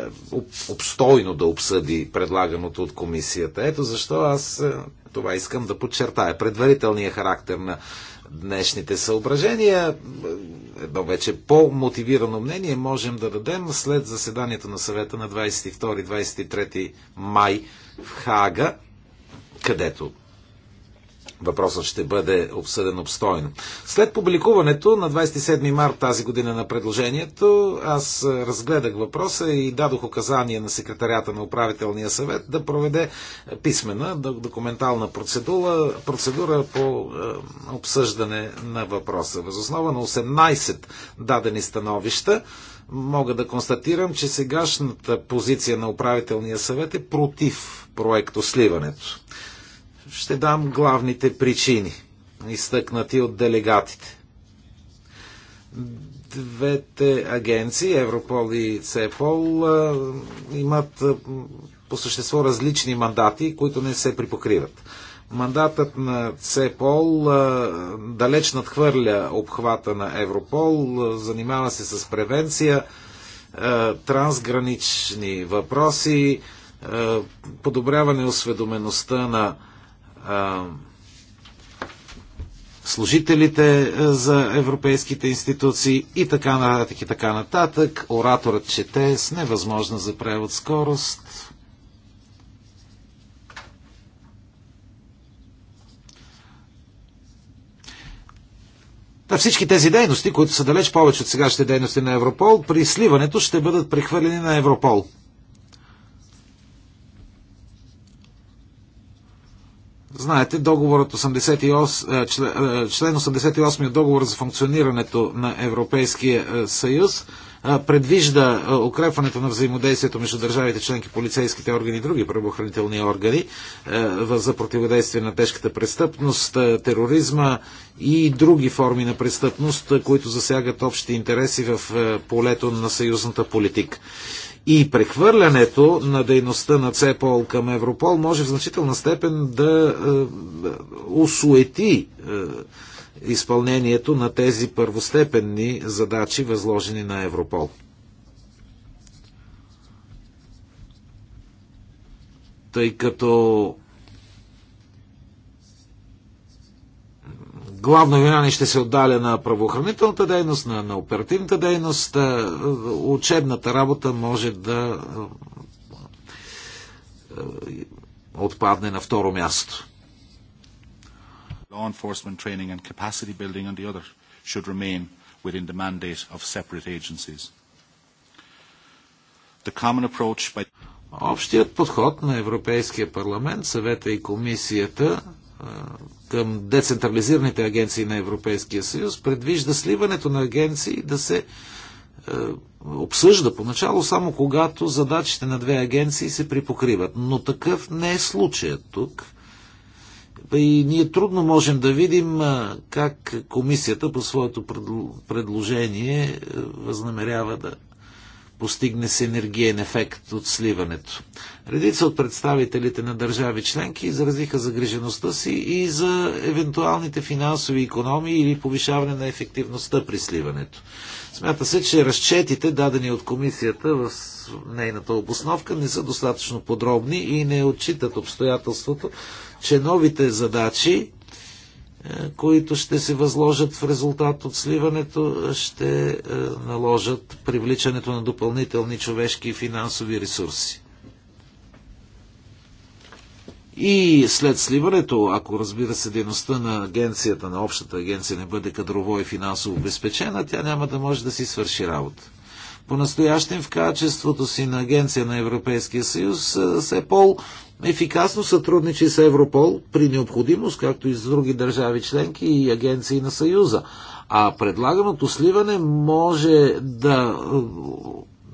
обстойно да обсъди предлаганото от комисията. Ето защо аз е, това искам да подчертая. Предварителният характер на днешните съображения. Едно вече по-мотивирано мнение можем да дадем след заседанието на съвета на 22-23 май в Хага, където въпросът ще бъде обсъден обстойно. След публикуването на 27 март тази година на предложението, аз разгледах въпроса и дадох указание на секретарята на управителния съвет да проведе писмена документална процедура, процедура по е, обсъждане на въпроса. Възоснова на 18 дадени становища, мога да констатирам, че сегашната позиция на управителния съвет е против проекто сливането. Ще дам главните причини, изтъкнати от делегатите. Двете агенции, Европол и Цепол, имат по същество различни мандати, които не се припокриват. Мандатът на ЦЕПОЛ далеч надхвърля обхвата на Европол, занимава се с превенция, трансгранични въпроси, подобряване осведомеността на служителите за европейските институции и така нататък и така нататък. Ораторът чете с невъзможна за превод скорост. Та всички тези дейности, които са далеч повече от сегашните дейности на Европол, при сливането ще бъдат прехвърлени на Европол. Знаете, договорът 88, е, е, член 88 от договор за функционирането на Европейския е, съюз предвижда укрепването на взаимодействието между държавите членки, полицейските органи и други правоохранителни органи за противодействие на тежката престъпност, тероризма и други форми на престъпност, които засягат общите интереси в полето на съюзната политика. И прехвърлянето на дейността на ЦЕПОЛ към Европол може в значителна степен да е, осуети е, изпълнението на тези първостепенни задачи, възложени на Европол. Тъй като главно внимание ще се отдаля на правоохранителната дейност, на, на оперативната дейност. Е, учебната работа може да е, е, отпадне на второ място. Law enforcement training and capacity building on the other should remain within the mandate of separate agencies. The common approach by... Общият подход на Европейския парламент, съвета и комисията към децентрализираните агенции на Европейския съюз предвижда сливането на агенции да се е, обсъжда поначало само когато задачите на две агенции се припокриват. Но такъв не е случая тук. И ние трудно можем да видим е, как комисията по своето предложение е, възнамерява да постигне с енергиен ефект от сливането. Редица от представителите на държави членки изразиха загрижеността си и за евентуалните финансови економии или повишаване на ефективността при сливането. Смята се, че разчетите, дадени от комисията в нейната обосновка, не са достатъчно подробни и не отчитат обстоятелството, че новите задачи които ще се възложат в резултат от сливането, ще е, наложат привличането на допълнителни човешки и финансови ресурси. И след сливането, ако разбира се дейността на агенцията, на общата агенция не бъде кадрово и финансово обезпечена, тя няма да може да си свърши работа. По-настоящем в качеството си на агенция на Европейския съюз, е, Сепол ефикасно сътрудничи с Европол при необходимост, както и с други държави членки и агенции на Съюза. А предлаганото сливане може да е,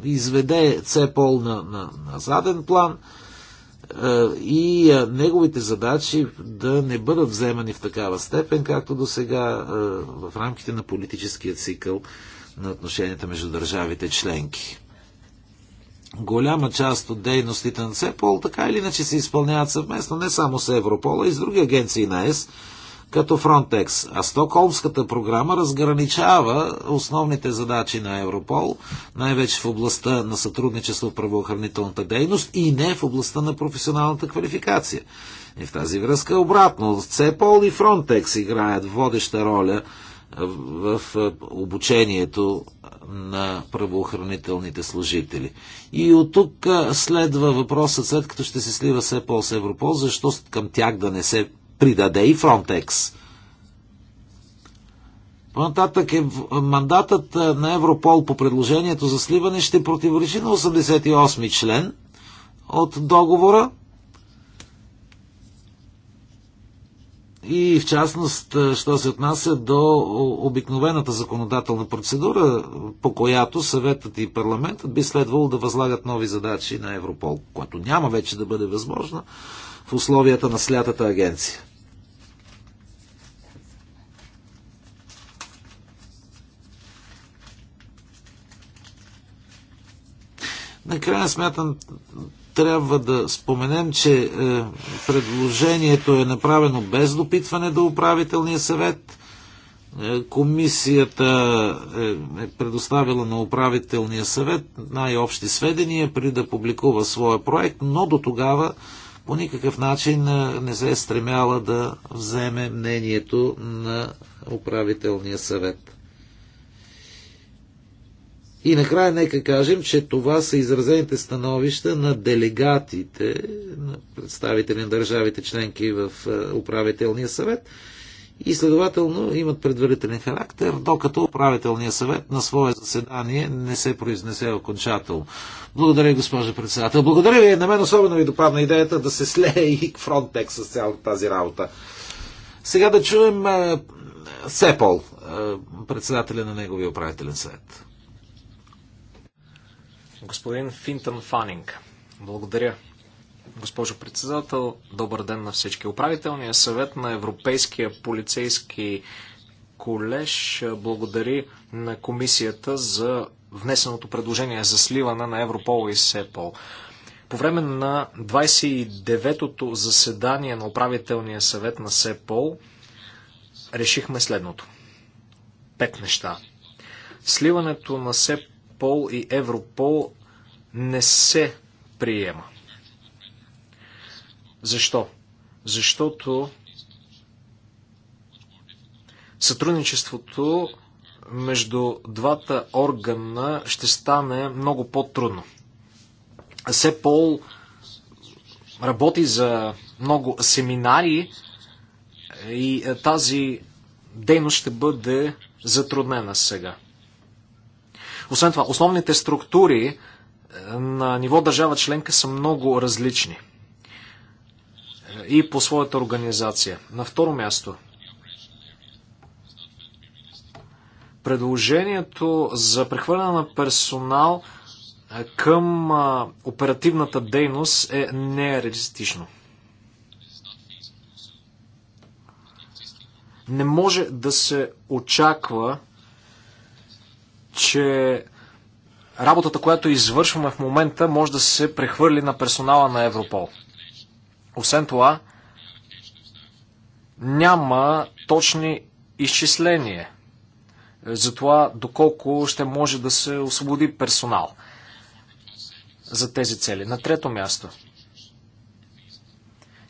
изведе ЦЕПОЛ на, на, на заден план е, и е, неговите задачи да не бъдат вземани в такава степен, както до сега в рамките на политическия цикъл на отношенията между държавите членки голяма част от дейностите на ЦЕПОЛ така или иначе се изпълняват съвместно не само с Европола и с други агенции на ЕС, като Фронтекс. А Стокхолмската програма разграничава основните задачи на Европол, най-вече в областта на сътрудничество в правоохранителната дейност и не в областта на професионалната квалификация. И в тази връзка обратно, ЦЕПОЛ и Фронтекс играят водеща роля в обучението на правоохранителните служители. И от тук следва въпросът, след като ще се слива все по с Европол, защо към тях да не се придаде и Фронтекс? Понататък е мандатът на Европол по предложението за сливане ще противоречи на 88 член от договора, и в частност, що се отнася до обикновената законодателна процедура, по която съветът и парламентът би следвало да възлагат нови задачи на Европол, което няма вече да бъде възможно в условията на слятата агенция. Накрая смятам трябва да споменем, че е, предложението е направено без допитване до управителния съвет. Е, комисията е, е предоставила на управителния съвет най-общи сведения при да публикува своя проект, но до тогава по никакъв начин не се е стремяла да вземе мнението на управителния съвет. И накрая нека кажем, че това са изразените становища на делегатите, на представители на държавите членки в е, управителния съвет и следователно имат предварителен характер, докато управителният съвет на свое заседание не се произнесе окончателно. Благодаря, госпожа председател. Благодаря ви. На мен особено ви допадна идеята да се слее и фронтек с цялата тази работа. Сега да чуем е, Сепол, е, председателя на неговия управителен съвет. Господин Финтън Фанинг. Благодаря. Госпожо председател, добър ден на всички. Управителният съвет на Европейския полицейски колеж благодари на комисията за внесеното предложение за сливане на Европол и СЕПОЛ. По време на 29-тото заседание на управителния съвет на СЕПОЛ решихме следното. Пет неща. Сливането на СЕПОЛ Интерпол и Европол не се приема. Защо? Защото сътрудничеството между двата органа ще стане много по-трудно. Сепол работи за много семинари и е, тази дейност ще бъде затруднена сега. Освен това, основните структури е, на ниво държава членка са много различни е, и по своята организация. На второ място, предложението за прехвърляне на персонал е, към оперативната дейност е нереалистично. Не може да се очаква че работата, която извършваме в момента, може да се прехвърли на персонала на Европол. Освен това, няма точни изчисления за това доколко ще може да се освободи персонал за тези цели. На трето място.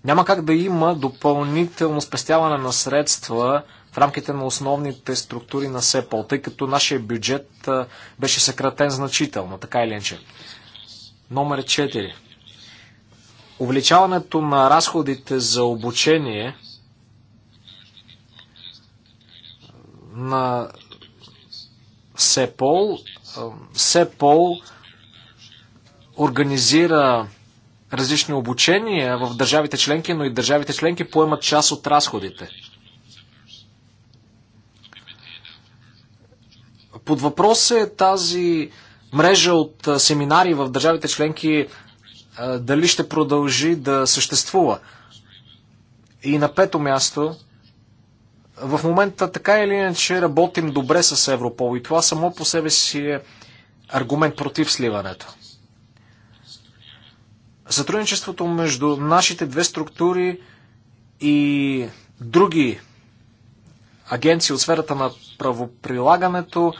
Няма как да има допълнително спестяване на средства в рамките на основните структури на СЕПОЛ, тъй като нашия бюджет беше съкратен значително, така или иначе. Номер 4. Увеличаването на разходите за обучение на СЕПОЛ. СЕПОЛ организира различни обучения в държавите членки, но и държавите членки поемат част от разходите. Под въпрос е тази мрежа от семинари в държавите членки дали ще продължи да съществува. И на пето място, в момента така или иначе работим добре с Европол и това само по себе си е аргумент против сливането. Сътрудничеството между нашите две структури и други агенции от сферата на правоприлагането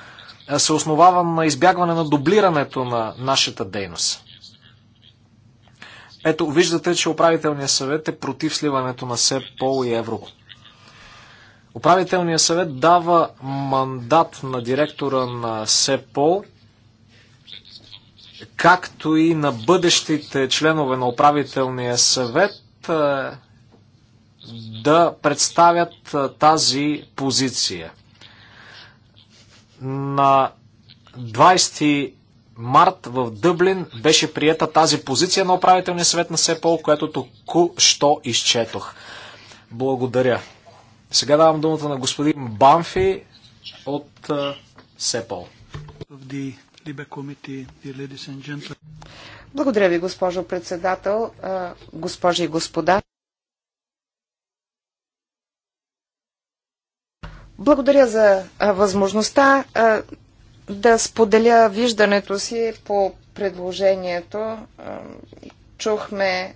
е, се основава на избягване на дублирането на нашата дейност. Ето, виждате, че управителният съвет е против сливането на СЕПОЛ и ЕВРО. Управителният съвет дава мандат на директора на СЕПОЛ, както и на бъдещите членове на управителния съвет е, да представят е, тази позиция на 20 март в Дъблин беше приета тази позиция на управителния съвет на СЕПОЛ, която току-що изчетох. Благодаря. Сега давам думата на господин Банфи от СЕПОЛ. Благодаря ви, госпожо председател, госпожи и господа. Благодаря за възможността да споделя виждането си по предложението. Чухме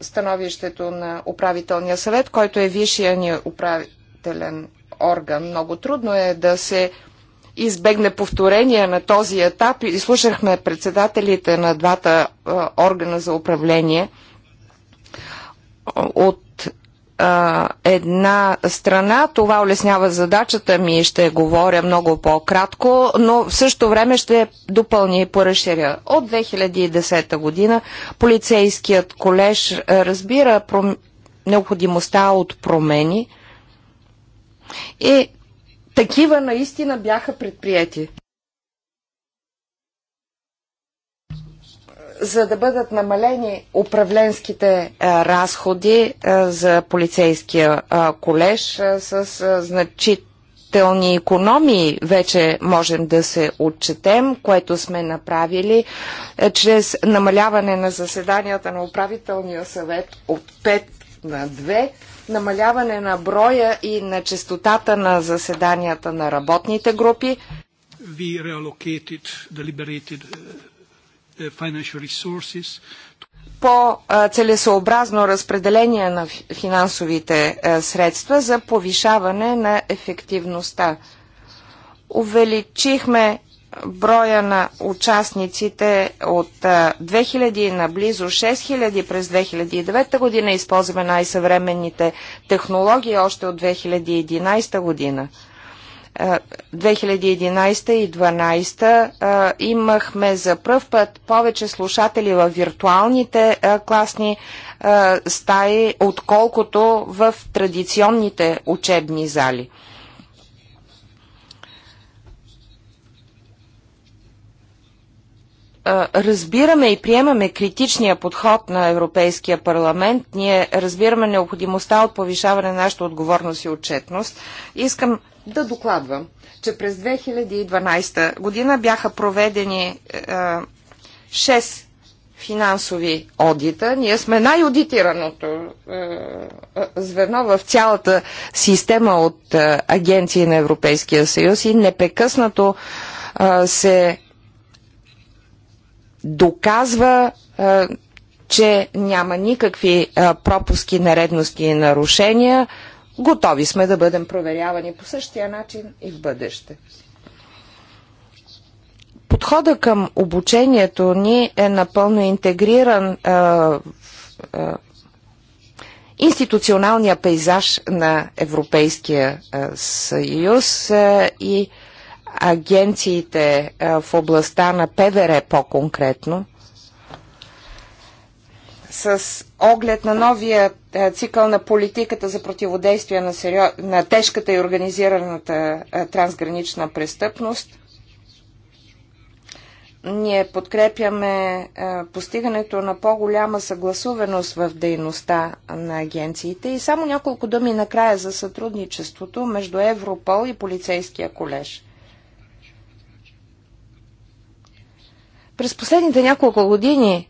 становището на управителния съвет, който е висшия ни управителен орган. Много трудно е да се избегне повторение на този етап и слушахме председателите на двата органа за управление от една страна. Това улеснява задачата ми и ще говоря много по-кратко, но в същото време ще допълня и поръширя. От 2010 година полицейският колеж разбира пром... необходимостта от промени и такива наистина бяха предприяти. за да бъдат намалени управленските е, разходи е, за полицейския е, колеж с значителни економии. Вече можем да се отчетем, което сме направили чрез намаляване на заседанията на управителния съвет от 5 на 2 намаляване на броя и на частотата на заседанията на работните групи. Е, financial resources по-целесообразно разпределение на финансовите е, средства за повишаване на ефективността. Увеличихме броя на участниците от 2000 е, на близо 6000 през 2009 година. Използваме най-съвременните технологии още от 2011 година. 2011 и 2012 имахме за пръв път повече слушатели в виртуалните класни стаи, отколкото в традиционните учебни зали. разбираме и приемаме критичния подход на Европейския парламент, ние разбираме необходимостта от повишаване на нашата отговорност и отчетност. Искам да докладвам, че през 2012 година бяха проведени е, 6 финансови одита. Ние сме най-одитираното е, е, звено в цялата система от е, агенции на Европейския съюз и непрекъснато е, се доказва, е, че няма никакви е, пропуски, нередности и нарушения. Готови сме да бъдем проверявани по същия начин и в бъдеще. Подхода към обучението ни е напълно интегриран а, в а, институционалния пейзаж на Европейския а, съюз а, и агенциите а, в областта на ПВР е по-конкретно с оглед на новия е, цикъл на политиката за противодействие на, сериоз... на тежката и организираната е, трансгранична престъпност, ние подкрепяме е, постигането на по-голяма съгласуваност в дейността на агенциите. И само няколко думи накрая за сътрудничеството между Европол и полицейския колеж. През последните няколко години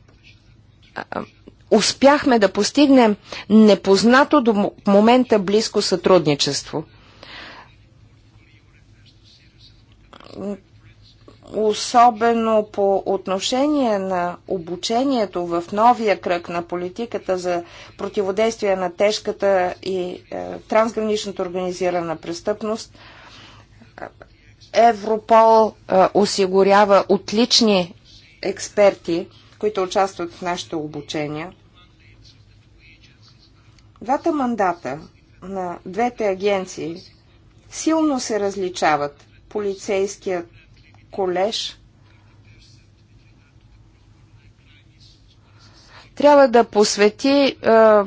успяхме да постигнем непознато до момента близко сътрудничество. Особено по отношение на обучението в новия кръг на политиката за противодействие на тежката и е, трансграничната организирана престъпност, Европол е, осигурява отлични експерти, които участват в нашите обучения. Двата мандата на двете агенции силно се различават. Полицейският колеж трябва да посвети е,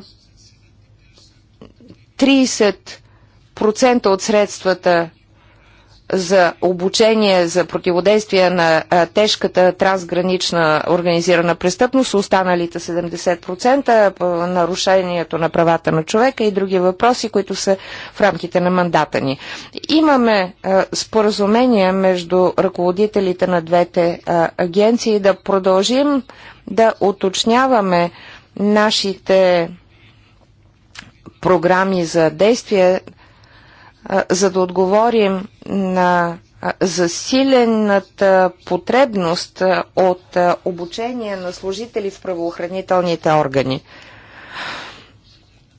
30% от средствата за обучение за противодействие на а, тежката трансгранична организирана престъпност, останалите 70% нарушението на правата на човека и други въпроси, които са в рамките на мандата ни. Имаме а, споразумение между ръководителите на двете а, агенции да продължим да уточняваме нашите програми за действие за да отговорим на засилената потребност от обучение на служители в правоохранителните органи.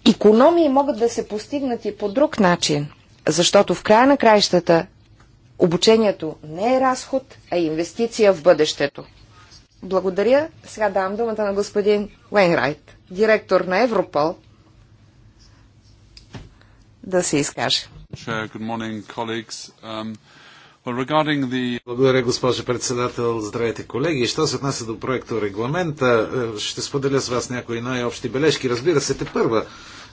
Икономии могат да се постигнат и по друг начин, защото в края на краищата обучението не е разход, а инвестиция в бъдещето. Благодаря. Сега давам думата на господин Уейнрайт, директор на Европол, да се изкаже. Um, Благодаря, госпожо председател. Здравейте, колеги. Що се отнася до проекта регламента, е, ще споделя с вас някои най-общи бележки. Разбира се, те първа.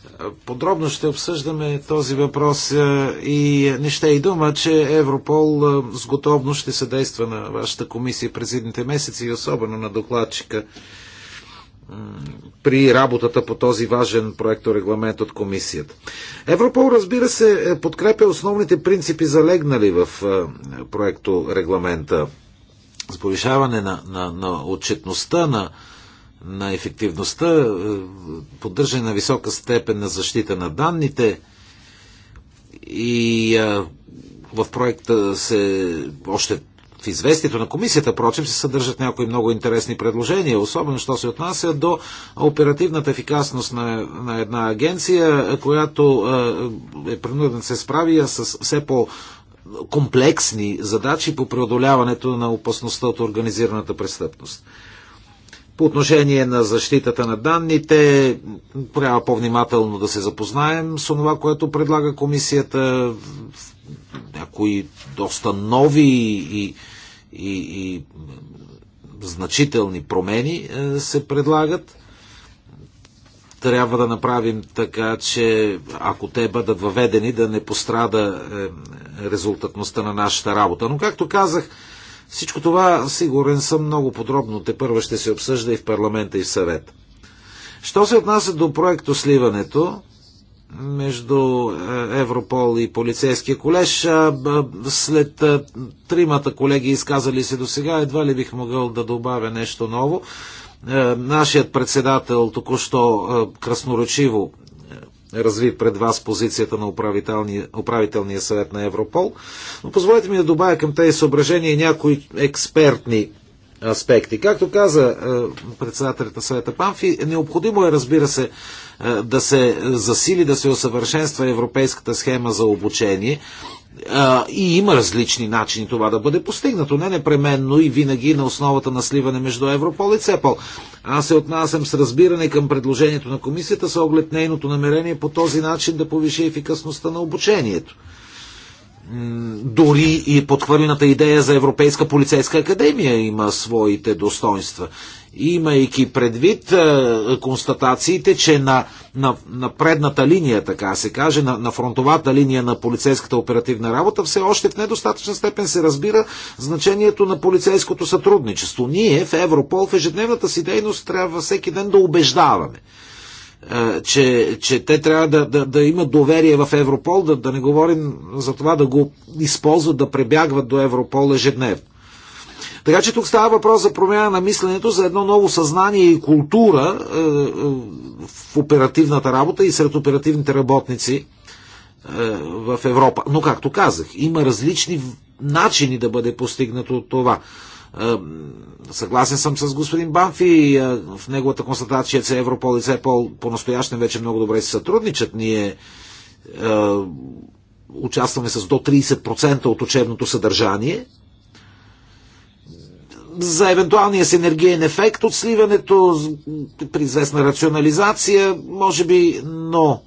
Е, подробно ще обсъждаме този въпрос е, и не ще и дума, че Европол с готовност ще се действа на вашата комисия през едните месеци и особено на докладчика при работата по този важен проекторегламент от комисията. Европол, разбира се, подкрепя основните принципи залегнали в е, проекторегламента с повишаване на, на, на отчетността, на, на ефективността, е, поддържане на висока степен на защита на данните и е, в проекта се още в известието на комисията, прочим, се съдържат някои много интересни предложения, особено що се отнася до оперативната ефикасност на, на една агенция, която е принуден да се справи с все по- комплексни задачи по преодоляването на опасността от организираната престъпност. По отношение на защитата на данните, трябва по-внимателно да се запознаем с това, което предлага комисията. Някои доста нови и и, и значителни промени е, се предлагат. Трябва да направим така, че ако те бъдат въведени, да не пострада е, резултатността на нашата работа. Но, както казах, всичко това, сигурен съм, много подробно те първа ще се обсъжда и в парламента и в съвет. Що се отнася до проекто сливането, между е, Европол и полицейския колеж. След тримата колеги изказали се до сега, едва ли бих могъл да добавя нещо ново. Е, нашият председател току-що е, красноречиво разви пред вас позицията на управителния, управителния съвет на Европол. Но позволете ми да добавя към тези съображения някои експертни аспекти. Както каза е, председателята Света Памфи, необходимо е, разбира се, е, да се засили, да се усъвършенства европейската схема за обучение. Е, и има различни начини това да бъде постигнато. Не непременно и винаги на основата на сливане между Европол и Цепол. Аз се отнасям с разбиране към предложението на комисията с оглед нейното намерение по този начин да повиши ефикасността на обучението дори и подхвърлената идея за Европейска полицейска академия има своите достоинства. Имайки предвид е, констатациите, че на, на, на предната линия, така се каже, на, на фронтовата линия на полицейската оперативна работа, все още в недостатъчна степен се разбира значението на полицейското сътрудничество. Ние в Европол в ежедневната си дейност трябва всеки ден да убеждаваме че, че те трябва да, да, да имат доверие в Европол, да, да не говорим за това да го използват, да пребягват до Европол ежедневно. Така че тук става въпрос за промяна на мисленето, за едно ново съзнание и култура е, е, в оперативната работа и сред оперативните работници е, в Европа. Но, както казах, има различни начини да бъде постигнато от това. Е, съгласен съм с господин Банфи е, в неговата констатация, че Европол и ЦЕПОЛ по настоящен вече много добре се сътрудничат. Ние е, участваме с до 30% от учебното съдържание. За евентуалния синергиен ефект от сливането при известна рационализация, може би, но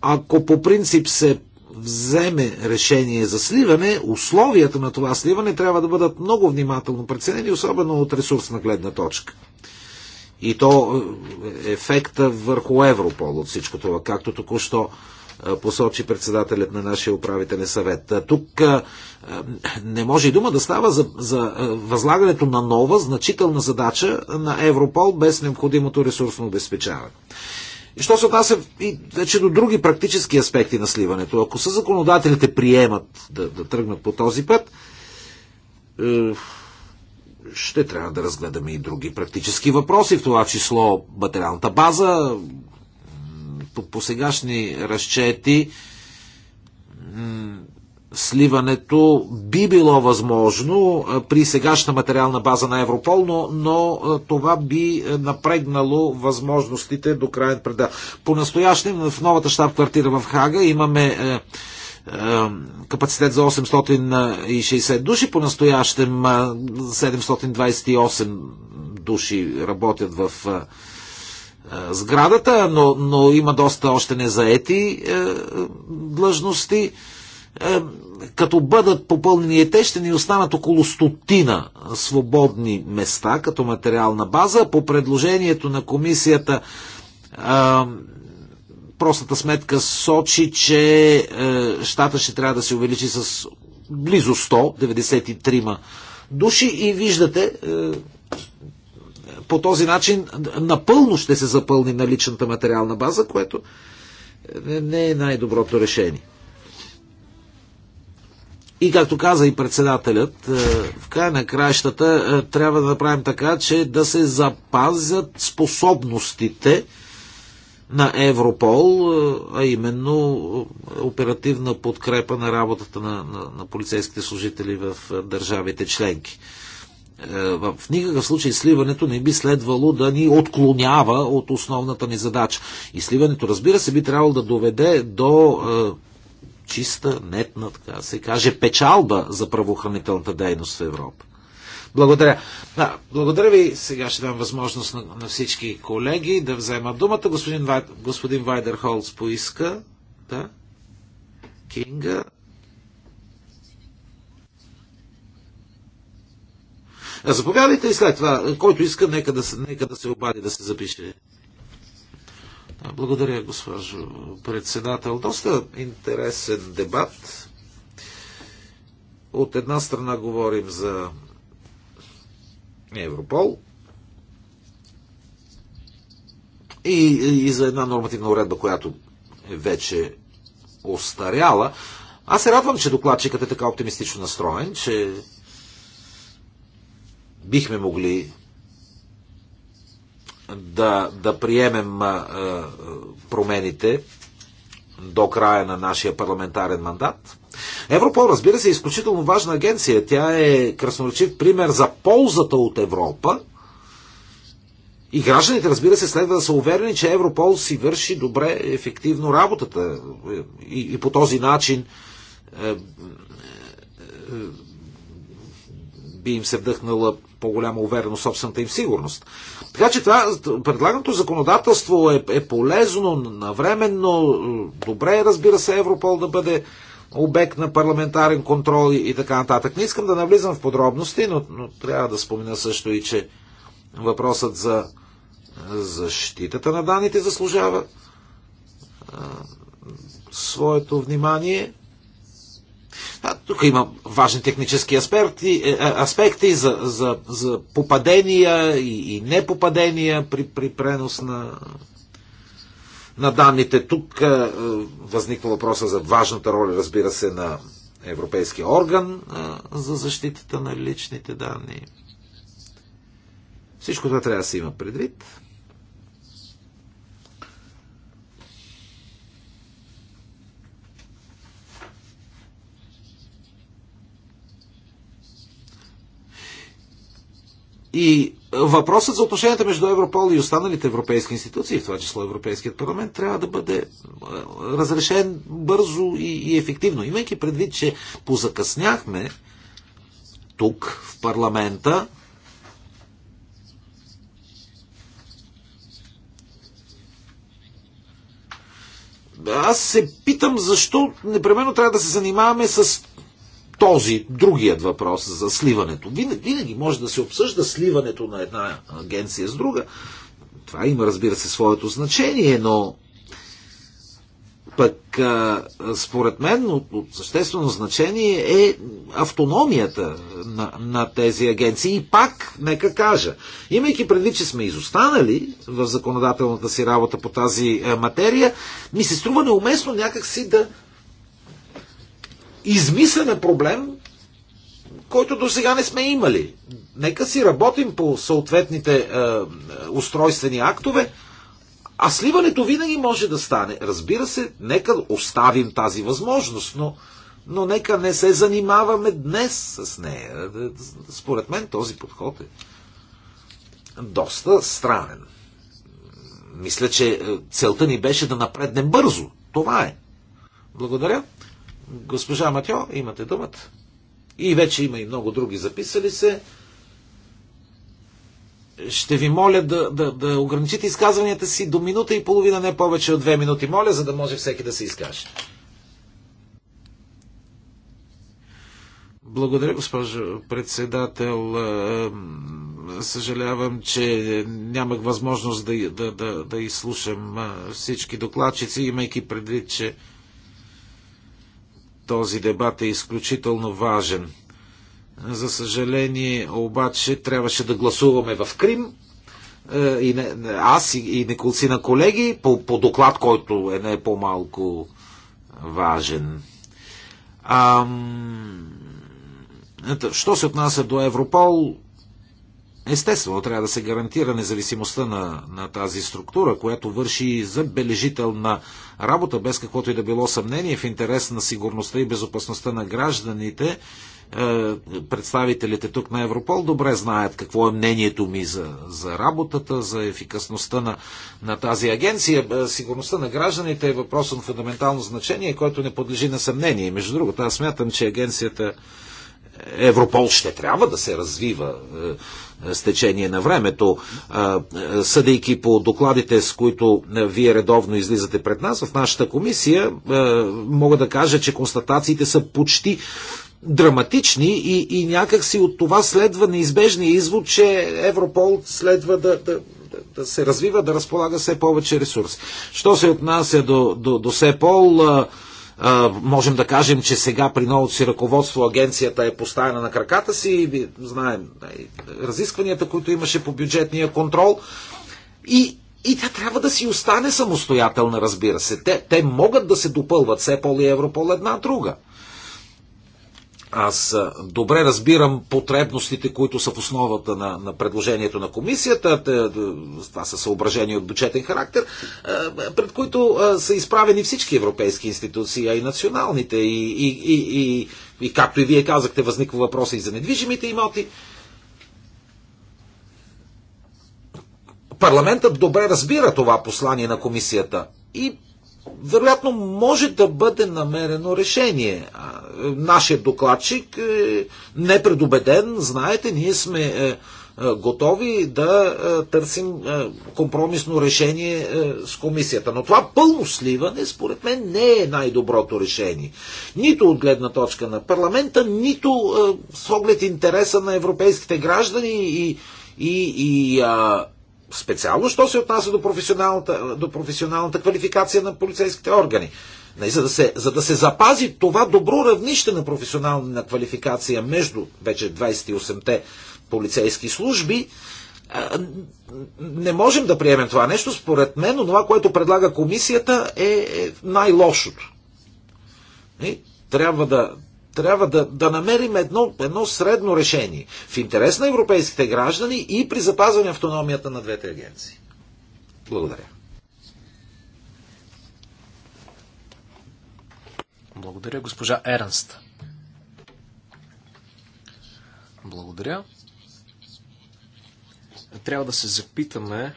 ако по принцип се вземе решение за сливане, условията на това сливане трябва да бъдат много внимателно преценени, особено от ресурсна гледна точка. И то е, ефекта върху Европол от всичко това, както току-що е, посочи председателят на нашия управителен съвет. Е, тук не може и дума да става за, за възлагането на нова, значителна задача на Европол без необходимото ресурсно обезпечаване. И що се отнася и вече до други практически аспекти на сливането, ако са законодателите приемат да, да тръгнат по този път, е, ще трябва да разгледаме и други практически въпроси, в това число материалната база, по, по сегашни разчети сливането би било възможно при сегашна материална база на Европол, но, но това би напрегнало възможностите до крайен предел. По-настоящем в новата штаб квартира в Хага имаме е, е, капацитет за 860 души, по-настоящем 728 души работят в е, сградата, но, но има доста още незаети длъжности. Е, като бъдат попълнени и те, ще ни останат около стотина свободни места като материална база. По предложението на комисията е, простата сметка сочи, че е, щата ще трябва да се увеличи с близо 193 души и виждате по този начин напълно ще се запълни наличната материална база, което не е най-доброто решение. И както каза и председателят, е, в края на краищата е, трябва да направим така, че да се запазят способностите на Европол, е, а именно оперативна подкрепа на работата на, на, на полицейските служители в държавите членки. В никакъв случай сливането не би следвало да ни отклонява от основната ни задача. И сливането, разбира се, би трябвало да доведе до чиста, нетна, така се каже, печалба за правоохранителната дейност в Европа. Благодаря. Да, благодаря ви. Сега ще дам възможност на, на всички колеги да вземат думата. Господин, господин Вайдер Холц поиска. Да. Кинга. А заповядайте и след това. Който иска, нека да, нека да се обади, да се запише. Благодаря, госпожо председател. Доста интересен дебат. От една страна говорим за Европол и, и за една нормативна уредба, която е вече остаряла. Аз се радвам, че докладчикът е така оптимистично настроен, че бихме могли да, да приемем а, промените до края на нашия парламентарен мандат. Европол, разбира се, е изключително важна агенция. Тя е красноречив пример за ползата от Европа. И гражданите, разбира се, следва да са уверени, че Европол си върши добре, ефективно работата. И, и по този начин е, е, е би им се вдъхнала по-голяма увереност в собствената им сигурност. Така че това предлаганото законодателство е, е полезно, навременно, добре е, разбира се, Европол да бъде обект на парламентарен контрол и, така нататък. Не искам да навлизам в подробности, но, но трябва да спомена също и, че въпросът за защитата на данните заслужава а, своето внимание тук има важни технически аспекти, е, е, аспекти за, за, за попадения и, и непопадения при, при пренос на, на данните. Тук е, възниква въпроса за важната роля, разбира се, на Европейския орган за защитата на личните данни. Всичко това трябва да се има предвид. И въпросът за отношенията между Европол и останалите европейски институции, в това число Европейският парламент, трябва да бъде е, разрешен бързо и, ефективно. Имайки предвид, че позакъсняхме тук, в парламента, аз се питам защо непременно трябва да се занимаваме с този, другият въпрос за сливането. Винаги, винаги може да се обсъжда сливането на една агенция с друга. Това има, разбира се, своето значение, но пък според мен от, от съществено значение е автономията на, на тези агенции. И пак, нека кажа, имайки предвид, че сме изостанали в законодателната си работа по тази материя, ми се струва неуместно някакси да измислен е проблем, който до сега не сме имали. Нека си работим по съответните е, е, устройствени актове, а сливането винаги може да стане. Разбира се, нека оставим тази възможност, но, но нека не се занимаваме днес с нея. Според мен този подход е доста странен. Мисля, че е, целта ни беше да напреднем бързо. Това е. Благодаря. Госпожа Матьо, имате думата. И вече има и много други записали се. Ще ви моля да, да, да ограничите изказванията си до минута и половина, не повече от две минути, моля, за да може всеки да се изкаже. Благодаря, госпожо председател. Съжалявам, че нямах възможност да, да, да, да изслушам всички докладчици, имайки предвид, че този дебат е изключително важен. За съжаление, обаче, трябваше да гласуваме в Крим. Е, и не, аз и, и неколци на колеги по, по доклад, който е не по-малко важен. Ам... Ето, що се отнася до Европол, Естествено, трябва да се гарантира независимостта на, на тази структура, която върши забележителна работа, без каквото и да било съмнение, в интерес на сигурността и безопасността на гражданите. Е, представителите тук на Европол добре знаят какво е мнението ми за, за работата, за ефикасността на, на тази агенция. Е, сигурността на гражданите е въпрос на фундаментално значение, който не подлежи на съмнение. Между другото, аз смятам, че агенцията Европол ще трябва да се развива е, с течение на времето. Съдейки по докладите, с които вие редовно излизате пред нас в нашата комисия, мога да кажа, че констатациите са почти драматични и, и някакси от това следва неизбежния извод, че Европол следва да, да, да се развива, да разполага все повече ресурси. Що се отнася до, до, до СЕПОЛ, а, можем да кажем, че сега при новото си ръководство агенцията е поставена на краката си, и, знаем разискванията, които имаше по бюджетния контрол. И, и тя трябва да си остане самостоятелна, разбира се. Те, те могат да се допълват все пол и Европол една друга. Аз добре разбирам потребностите, които са в основата на, на предложението на комисията. Това са съображения от бюджетен характер, пред които са изправени всички европейски институции, а и националните. И, и, и, и, и както и вие казахте, възниква въпроса и за недвижимите имоти. Парламентът добре разбира това послание на комисията и вероятно може да бъде намерено решение. Е, нашият докладчик е непредубеден, знаете, ние сме е, е, готови да търсим компромисно решение с комисията. Но това пълно сливане, според мен, не е най-доброто решение. Нито от гледна точка на парламента, нито с оглед интереса на европейските граждани и, и, и а, специално, що се отнася до професионалната, до професионалната квалификация на полицейските органи. За да, се, за да се запази това добро равнище на професионална квалификация между вече 28-те полицейски служби, не можем да приемем това нещо. Според мен, но това, което предлага комисията е, е най-лошото. Трябва да, трябва да, да намерим едно, едно средно решение в интерес на европейските граждани и при запазване автономията на двете агенции. Благодаря. Благодаря, госпожа Ернст. Благодаря. Трябва да се запитаме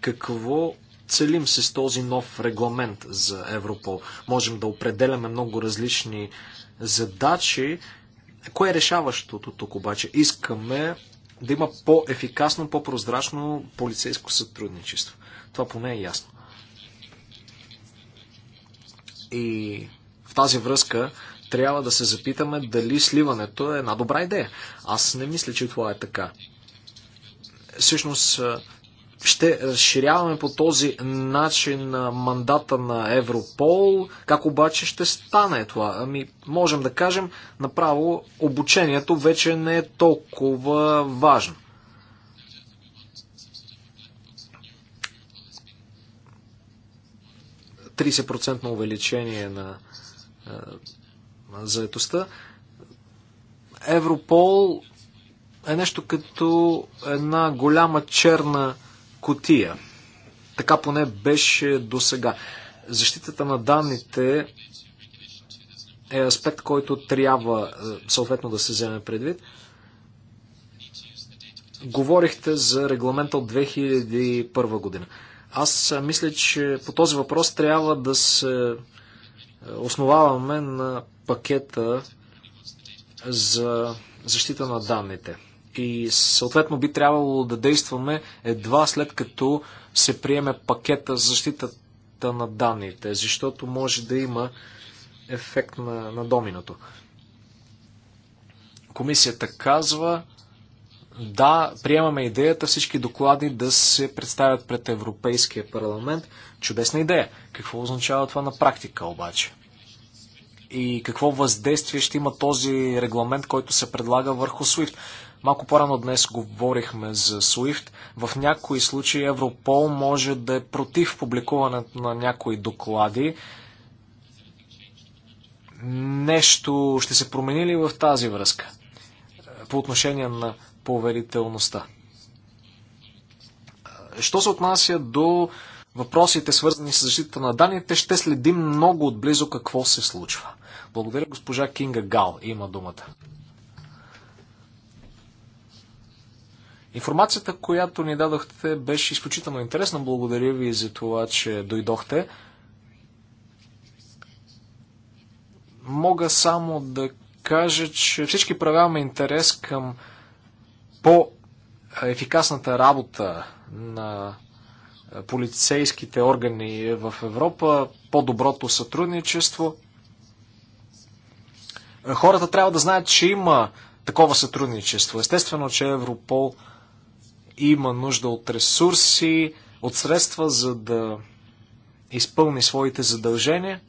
какво целим се с този нов регламент за Европол. Можем да определяме много различни задачи. Кое е решаващото тук обаче? Искаме да има по-ефикасно, по-прозрачно полицейско сътрудничество. Това поне е ясно. И в тази връзка трябва да се запитаме дали сливането е една добра идея. Аз не мисля, че това е така. Всъщност ще разширяваме по този начин мандата на Европол. Как обаче ще стане това? Ами, можем да кажем, направо обучението вече не е толкова важно. процентно увеличение на, на заетостта. Европол е нещо като една голяма черна котия. Така поне беше до сега. Защитата на данните е аспект, който трябва е, съответно да се вземе предвид. Говорихте за регламента от 2001 година. Аз е, мисля, че по този въпрос трябва да се е, основаваме на пакета за защита на данните. И съответно би трябвало да действаме едва след като се приеме пакета за защитата на данните, защото може да има ефект на, на доминото. Комисията казва, да, приемаме идеята всички доклади да се представят пред Европейския парламент. Чудесна идея. Какво означава това на практика обаче? И какво въздействие ще има този регламент, който се предлага върху SWIFT? Малко по-рано днес говорихме за SWIFT. В някои случаи Европол може да е против публикуването на някои доклади. Нещо ще се промени ли в тази връзка е, по отношение на поверителността? Що се отнася до въпросите, свързани с защита на данните, ще следим много отблизо какво се случва. Благодаря госпожа Кинга Гал. Има думата. Информацията, която ни дадохте, беше изключително интересна. Благодаря ви за това, че дойдохте. Мога само да кажа, че всички правяваме интерес към по-ефикасната работа на полицейските органи в Европа, по-доброто сътрудничество. Хората трябва да знаят, че има такова сътрудничество. Естествено, че Европол има нужда от ресурси, от средства, за да изпълни своите задължения.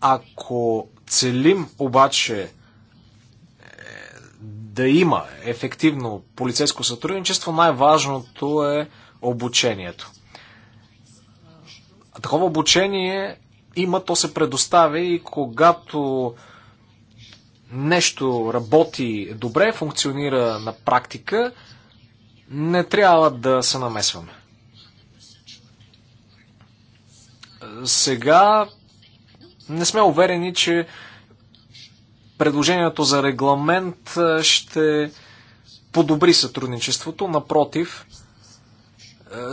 Ако целим обаче е, да има ефективно полицейско сътрудничество, най-важното е обучението. Такова обучение има, то се предоставя и когато нещо работи добре, функционира на практика, не трябва да се намесваме. Сега не сме уверени, че предложението за регламент ще подобри сътрудничеството. Напротив,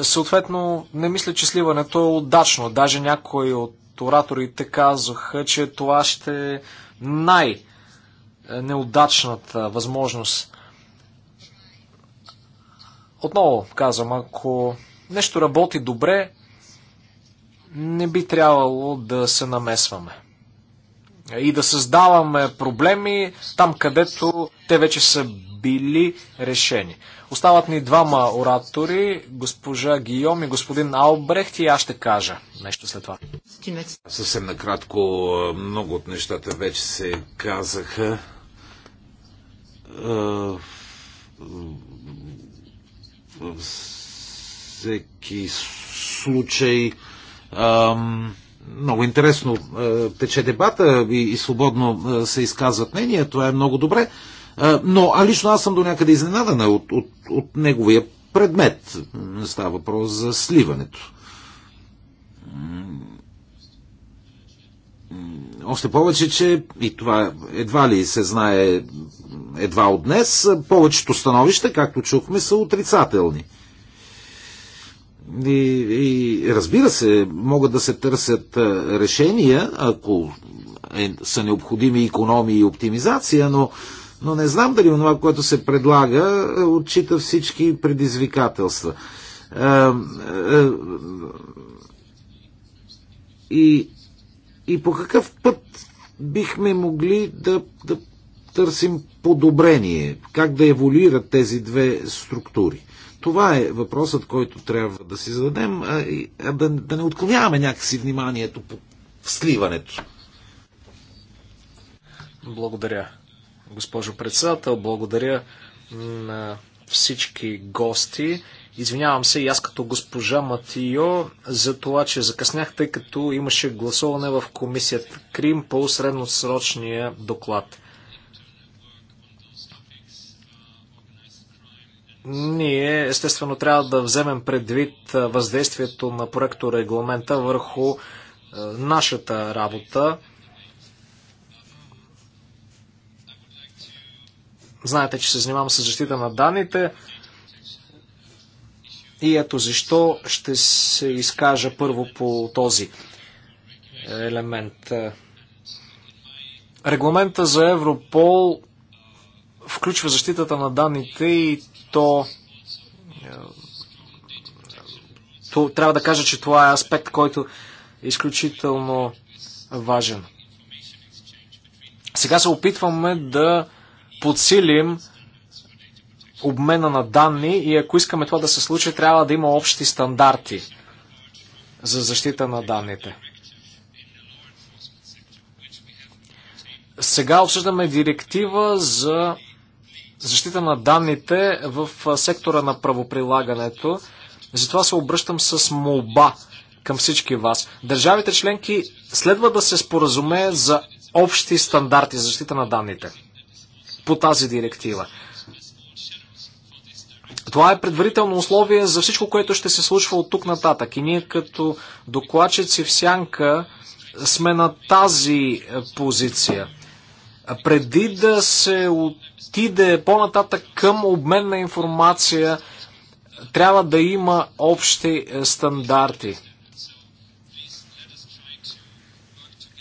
съответно, не мисля, че сливането е удачно. Даже някои от ораторите казаха, че това ще е най- е, неудачната възможност. Отново казвам, ако нещо работи добре, не би трябвало да се намесваме. И да създаваме проблеми там, където те вече са били решени. Остават ни двама оратори, госпожа Гийом и господин Албрехт и аз ще кажа нещо след това. Съвсем накратко, много от нещата вече се казаха във всеки случай много интересно тече дебата и, и свободно се изказват мнения. Това е много добре. Но а лично аз съм до някъде изненадана от, от, от неговия предмет. Става въпрос за сливането. Още повече, че и това едва ли се знае едва от днес. Повечето становища, както чухме, са отрицателни. И, и разбира се, могат да се търсят решения, ако е, са необходими економии и оптимизация, но, но не знам дали това, което се предлага, е, отчита всички предизвикателства. и, и по какъв път бихме могли да, да търсим подобрение, как да еволюират тези две структури. Това е въпросът, който трябва да си зададем, а, а да, да не отклоняваме някакси вниманието по сливането. Благодаря, госпожо председател. Благодаря на всички гости. Извинявам се и аз като госпожа Матио за това, че закъснях, тъй като имаше гласуване в комисията Крим по средносрочния доклад. Ние естествено трябва да вземем предвид въздействието на проекто регламента върху нашата работа. Знаете, че се занимавам с защита на данните. И ето защо ще се изкажа първо по този е, елемент. Регламента за Европол включва защитата на данните и е, то трябва да кажа, че това е аспект, който е изключително важен. Сега се опитваме да подсилим обмена на данни и ако искаме това да се случи, трябва да има общи стандарти за защита на данните. Сега обсъждаме директива за защита на данните в сектора на правоприлагането. Затова се обръщам с молба към всички вас. Държавите членки следва да се споразумеят за общи стандарти за защита на данните по тази директива. Това е предварително условие за всичко, което ще се случва от тук нататък. И ние като докладчици в сянка сме на тази е, позиция преди да се отиде по-нататък към обмен на информация, трябва да има общи е, стандарти.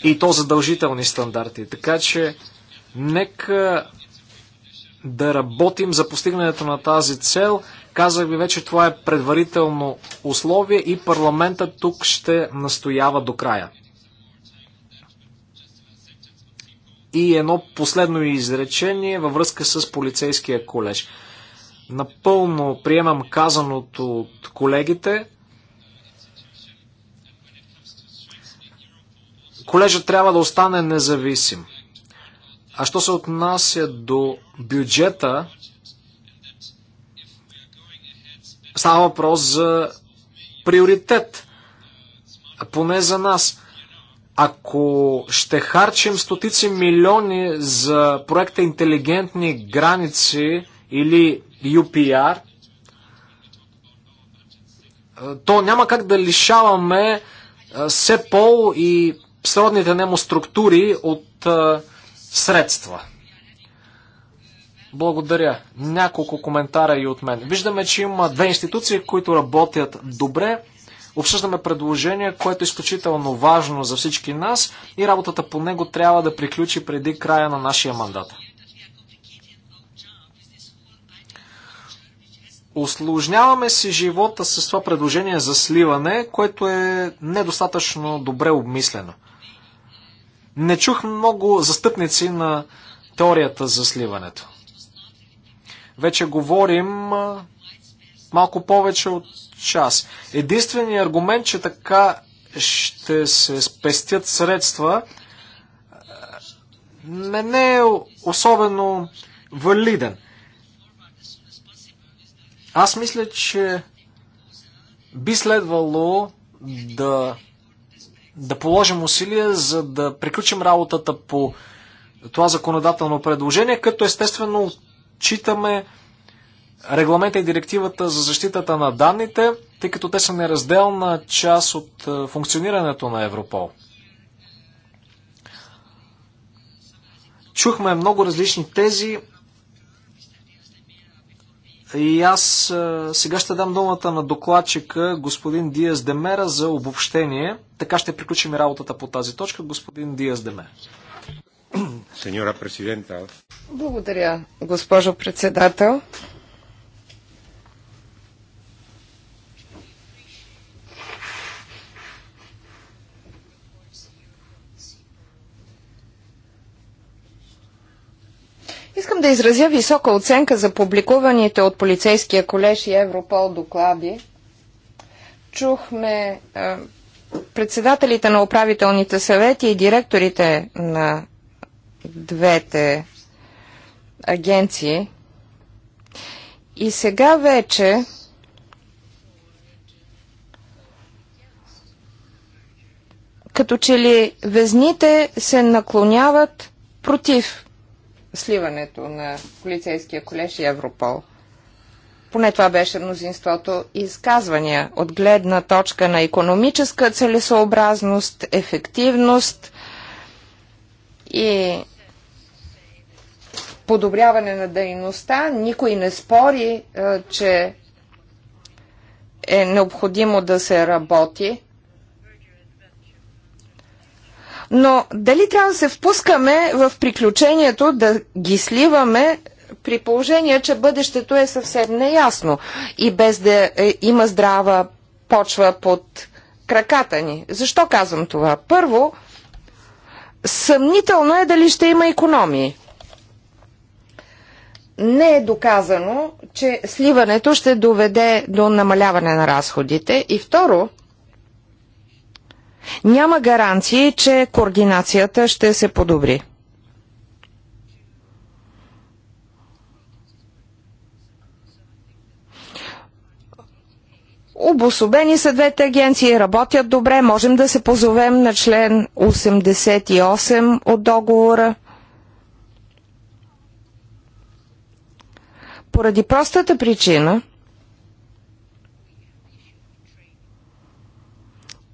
И то задължителни стандарти. Така че, нека да работим за постигането на тази цел. Казах ви вече, това е предварително условие и парламента тук ще настоява до края. И едно последно изречение във връзка с полицейския колеж. Напълно приемам казаното от колегите. Колежът трябва да остане независим. А що се отнася до бюджета, става въпрос за приоритет, поне за нас. Ако ще харчим стотици милиони за проекта интелигентни граници или UPR, то няма как да лишаваме СЕПОЛ и сродните немо структури от средства. Благодаря. Няколко коментара и от мен. Виждаме, че има две институции, които работят добре. Обсъждаме предложение, което е изключително важно за всички нас и работата по него трябва да приключи преди края на нашия мандат. Осложняваме си живота с това предложение за сливане, което е недостатъчно добре обмислено. Не чух много застъпници на теорията за сливането. Вече говорим малко повече от час. Единственият аргумент, че така ще се спестят средства, не, не е особено валиден. Аз мисля, че би следвало да, да положим усилия, за да приключим работата по това законодателно предложение, като естествено читаме регламента и директивата за защитата на данните, тъй като те са неразделна част от е, функционирането на Европол. Чухме много различни тези и аз е, сега ще дам думата на докладчика господин Диас Демера за обобщение. Така ще приключим работата по тази точка. Господин Диас Демер. Благодаря, госпожо председател. Искам да изразя висока оценка за публикуваните от полицейския колеж и Европол доклади. Чухме е, председателите на управителните съвети и директорите на двете агенции. И сега вече като че ли везните се наклоняват против сливането на полицейския колеж и Европол. Поне това беше мнозинството изказвания от гледна точка на економическа целесообразност, ефективност и подобряване на дейността. Никой не спори, е, че е необходимо да се работи но дали трябва да се впускаме в приключението да ги сливаме при положение, че бъдещето е съвсем неясно и без да е, има здрава почва под краката ни. Защо казвам това? Първо, съмнително е дали ще има економии. Не е доказано, че сливането ще доведе до намаляване на разходите. И второ, няма гаранции, че координацията ще се подобри. Обособени са двете агенции, работят добре, можем да се позовем на член 88 от договора. Поради простата причина,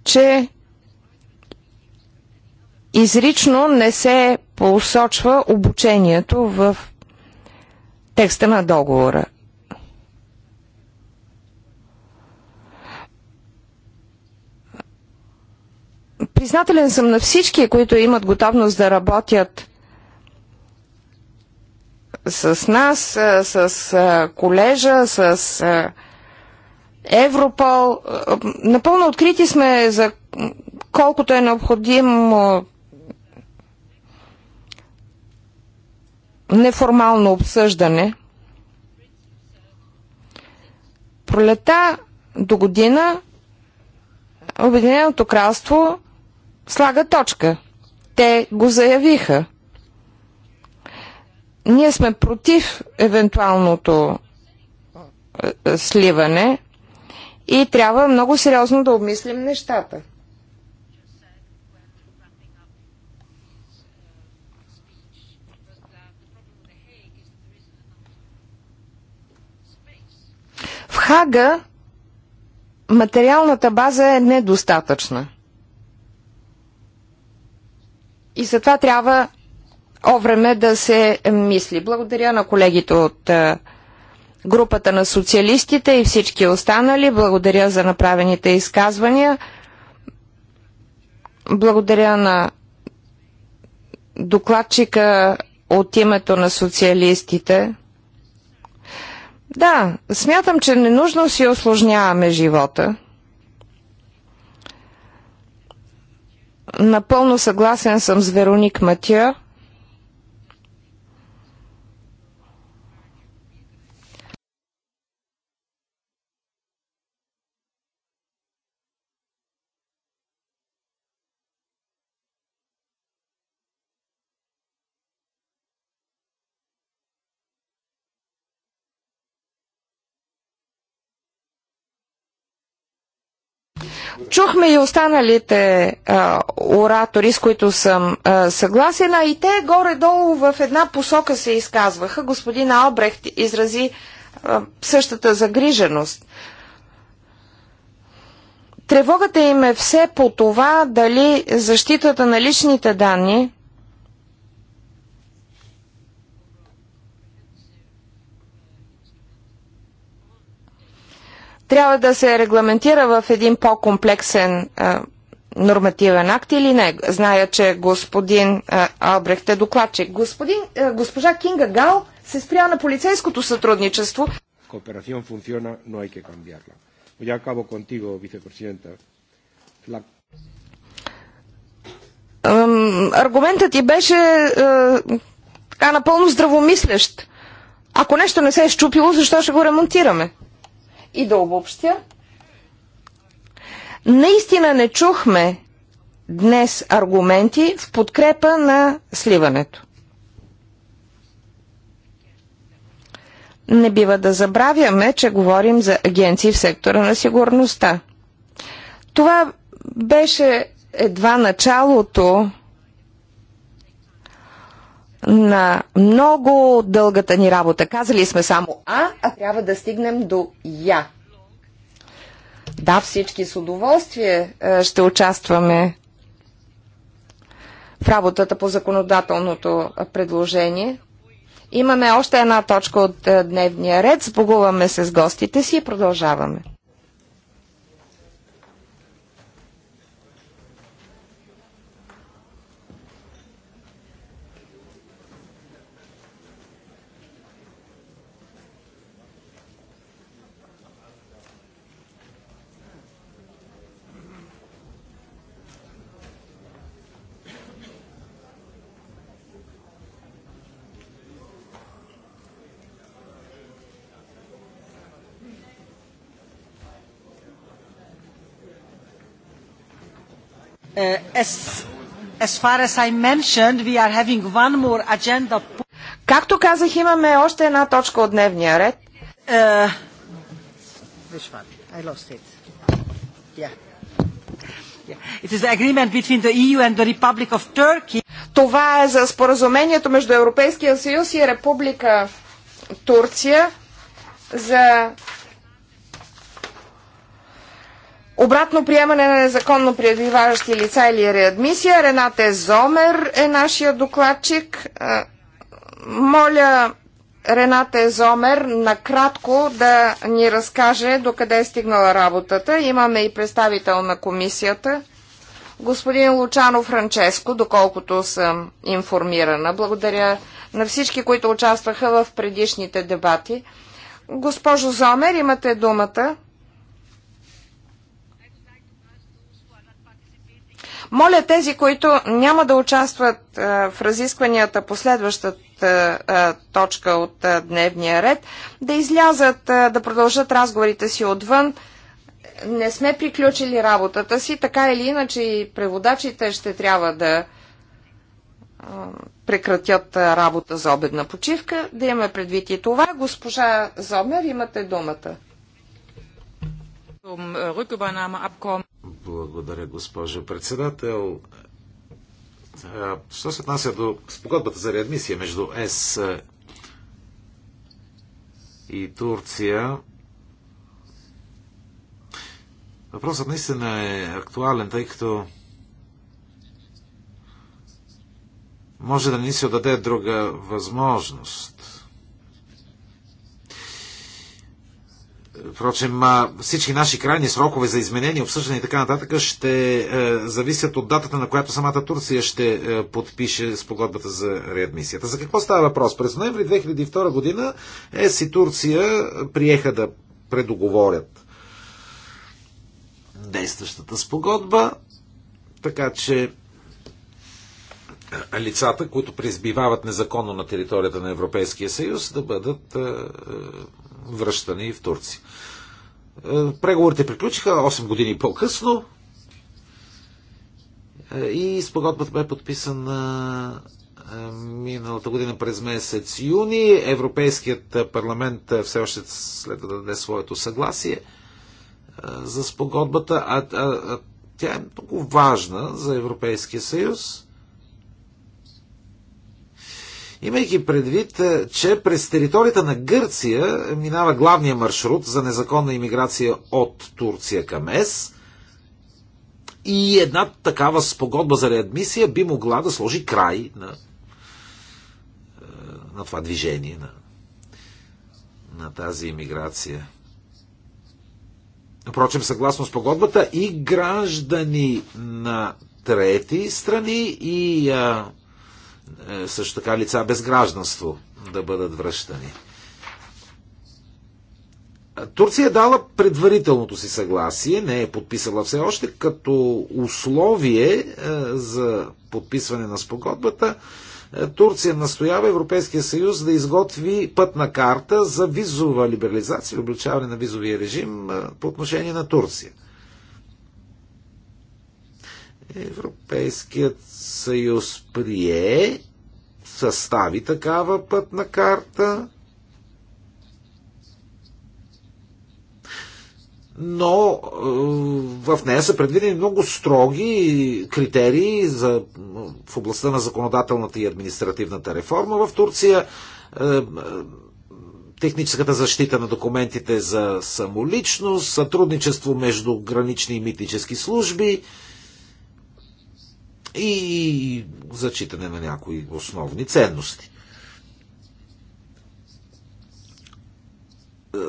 че изрично не се посочва обучението в текста на договора. Признателен съм на всички, които имат готовност да работят с нас, с колежа, с Европол. Напълно открити сме за колкото е необходимо неформално обсъждане. Пролета до година Обединеното кралство слага точка. Те го заявиха. Ние сме против евентуалното е, е, сливане и трябва много сериозно да обмислим нещата. Хага материалната база е недостатъчна. И затова трябва о да се мисли. Благодаря на колегите от е, групата на социалистите и всички останали. Благодаря за направените изказвания. Благодаря на докладчика от името на социалистите. Да, смятам, че ненужно си осложняваме живота. Напълно съгласен съм с Вероник Матия. Чухме и останалите а, оратори, с които съм а, съгласена, и те горе-долу в една посока се изказваха. Господин Албрехт изрази а, същата загриженост. Тревогата им е все по това дали защитата на личните данни трябва да се регламентира в един по-комплексен нормативен акт или не. Зная, че господин Албрехт е докладчик. Господин, а, госпожа Кинга Гал се спря на полицейското сътрудничество. Коопeración функциона, но е que Я Ya acabo contigo, вице-президента. La... Аргументът ти беше а, така напълно здравомислещ. Ако нещо не се е щупило, защо ще го ремонтираме? И да обобщя, наистина не чухме днес аргументи в подкрепа на сливането. Не бива да забравяме, че говорим за агенции в сектора на сигурността. Това беше едва началото на много дългата ни работа. Казали сме само А, а трябва да стигнем до Я. Да, всички с удоволствие е, ще участваме в работата по законодателното предложение. Имаме още една точка от е, дневния ред, сбогуваме се с гостите си и продължаваме. Е, Както казах, имаме още една точка от дневния ред. Е, e Това е за споразумението между Европейския съюз и Република Турция за Обратно приемане на незаконно пребиваващи лица или реадмисия. Рената е. Зомер е нашия докладчик. Моля Рената е. Зомер накратко да ни разкаже докъде е стигнала работата. Имаме и представител на комисията. Господин Лучано Франческо, доколкото съм информирана. Благодаря на всички, които участваха в предишните дебати. Госпожо Зомер, имате думата. Моля тези, които няма да участват е, в разискванията по следващата е, точка от е, дневния ред, да излязат, да продължат разговорите си отвън. Не сме приключили работата си, така или иначе и преводачите ще трябва да прекратят работа за обедна почивка. Да имаме предвид и това. Госпожа Зомер, имате думата. Благодаря, госпожо председател. Що се отнася до спогодбата за реадмисия между ЕС и Турция, въпросът наистина е актуален, тъй като може да ни се отдаде друга възможност Впрочем, всички наши крайни срокове за изменение, обсъждане и така нататък ще е, зависят от датата, на която самата Турция ще е, подпише спогодбата за реадмисията. За какво става въпрос? През ноември 2002 година ЕС и Турция приеха да предоговорят действащата спогодба, така че е, лицата, които призбивават незаконно на територията на Европейския съюз, да бъдат връщани в Турция. Е, преговорите приключиха 8 години по-късно е, и спогодбата бе подписана е, миналата година през месец юни. Европейският парламент все още следва да даде своето съгласие за спогодбата, а, а, а тя е много важна за Европейския съюз Имайки предвид, е, че през територията на Гърция минава главния маршрут за незаконна иммиграция от Турция към ЕС и една такава спогодба за реадмисия би могла да сложи край на, е, на това движение, на, на тази иммиграция. Впрочем, съгласно с погодбата, и граждани на трети страни и а, е, е, също така лица без гражданство да бъдат връщани. Турция е дала предварителното си съгласие, не е подписала все още, като условие е, за подписване на спогодбата. Е, Турция настоява Европейския съюз да изготви пътна карта за визова либерализация, и обличаване на визовия режим по отношение на Турция. Европейският съюз прие, състави такава пътна карта, но е, в нея са предвидени много строги критерии за, в областта на законодателната и административната реформа в Турция. Е, е, техническата защита на документите за самоличност, сътрудничество между гранични и митнически служби, и зачитане на някои основни ценности.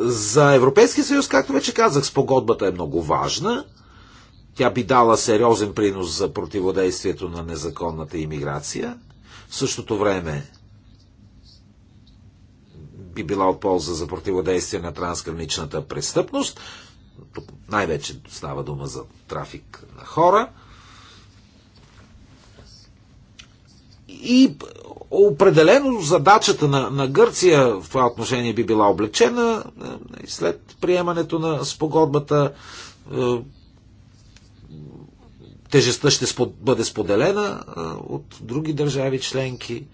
За Европейския съюз, както вече казах, спогодбата е много важна. Тя би дала сериозен принос за противодействието на незаконната иммиграция. В същото време би била от полза за противодействие на трансграничната престъпност. Тук най-вече става дума за трафик на хора – И определено задачата на, на Гърция в това отношение би била облечена е, след приемането на спогодбата. Е, тежестта ще спод, бъде споделена е, от други държави членки.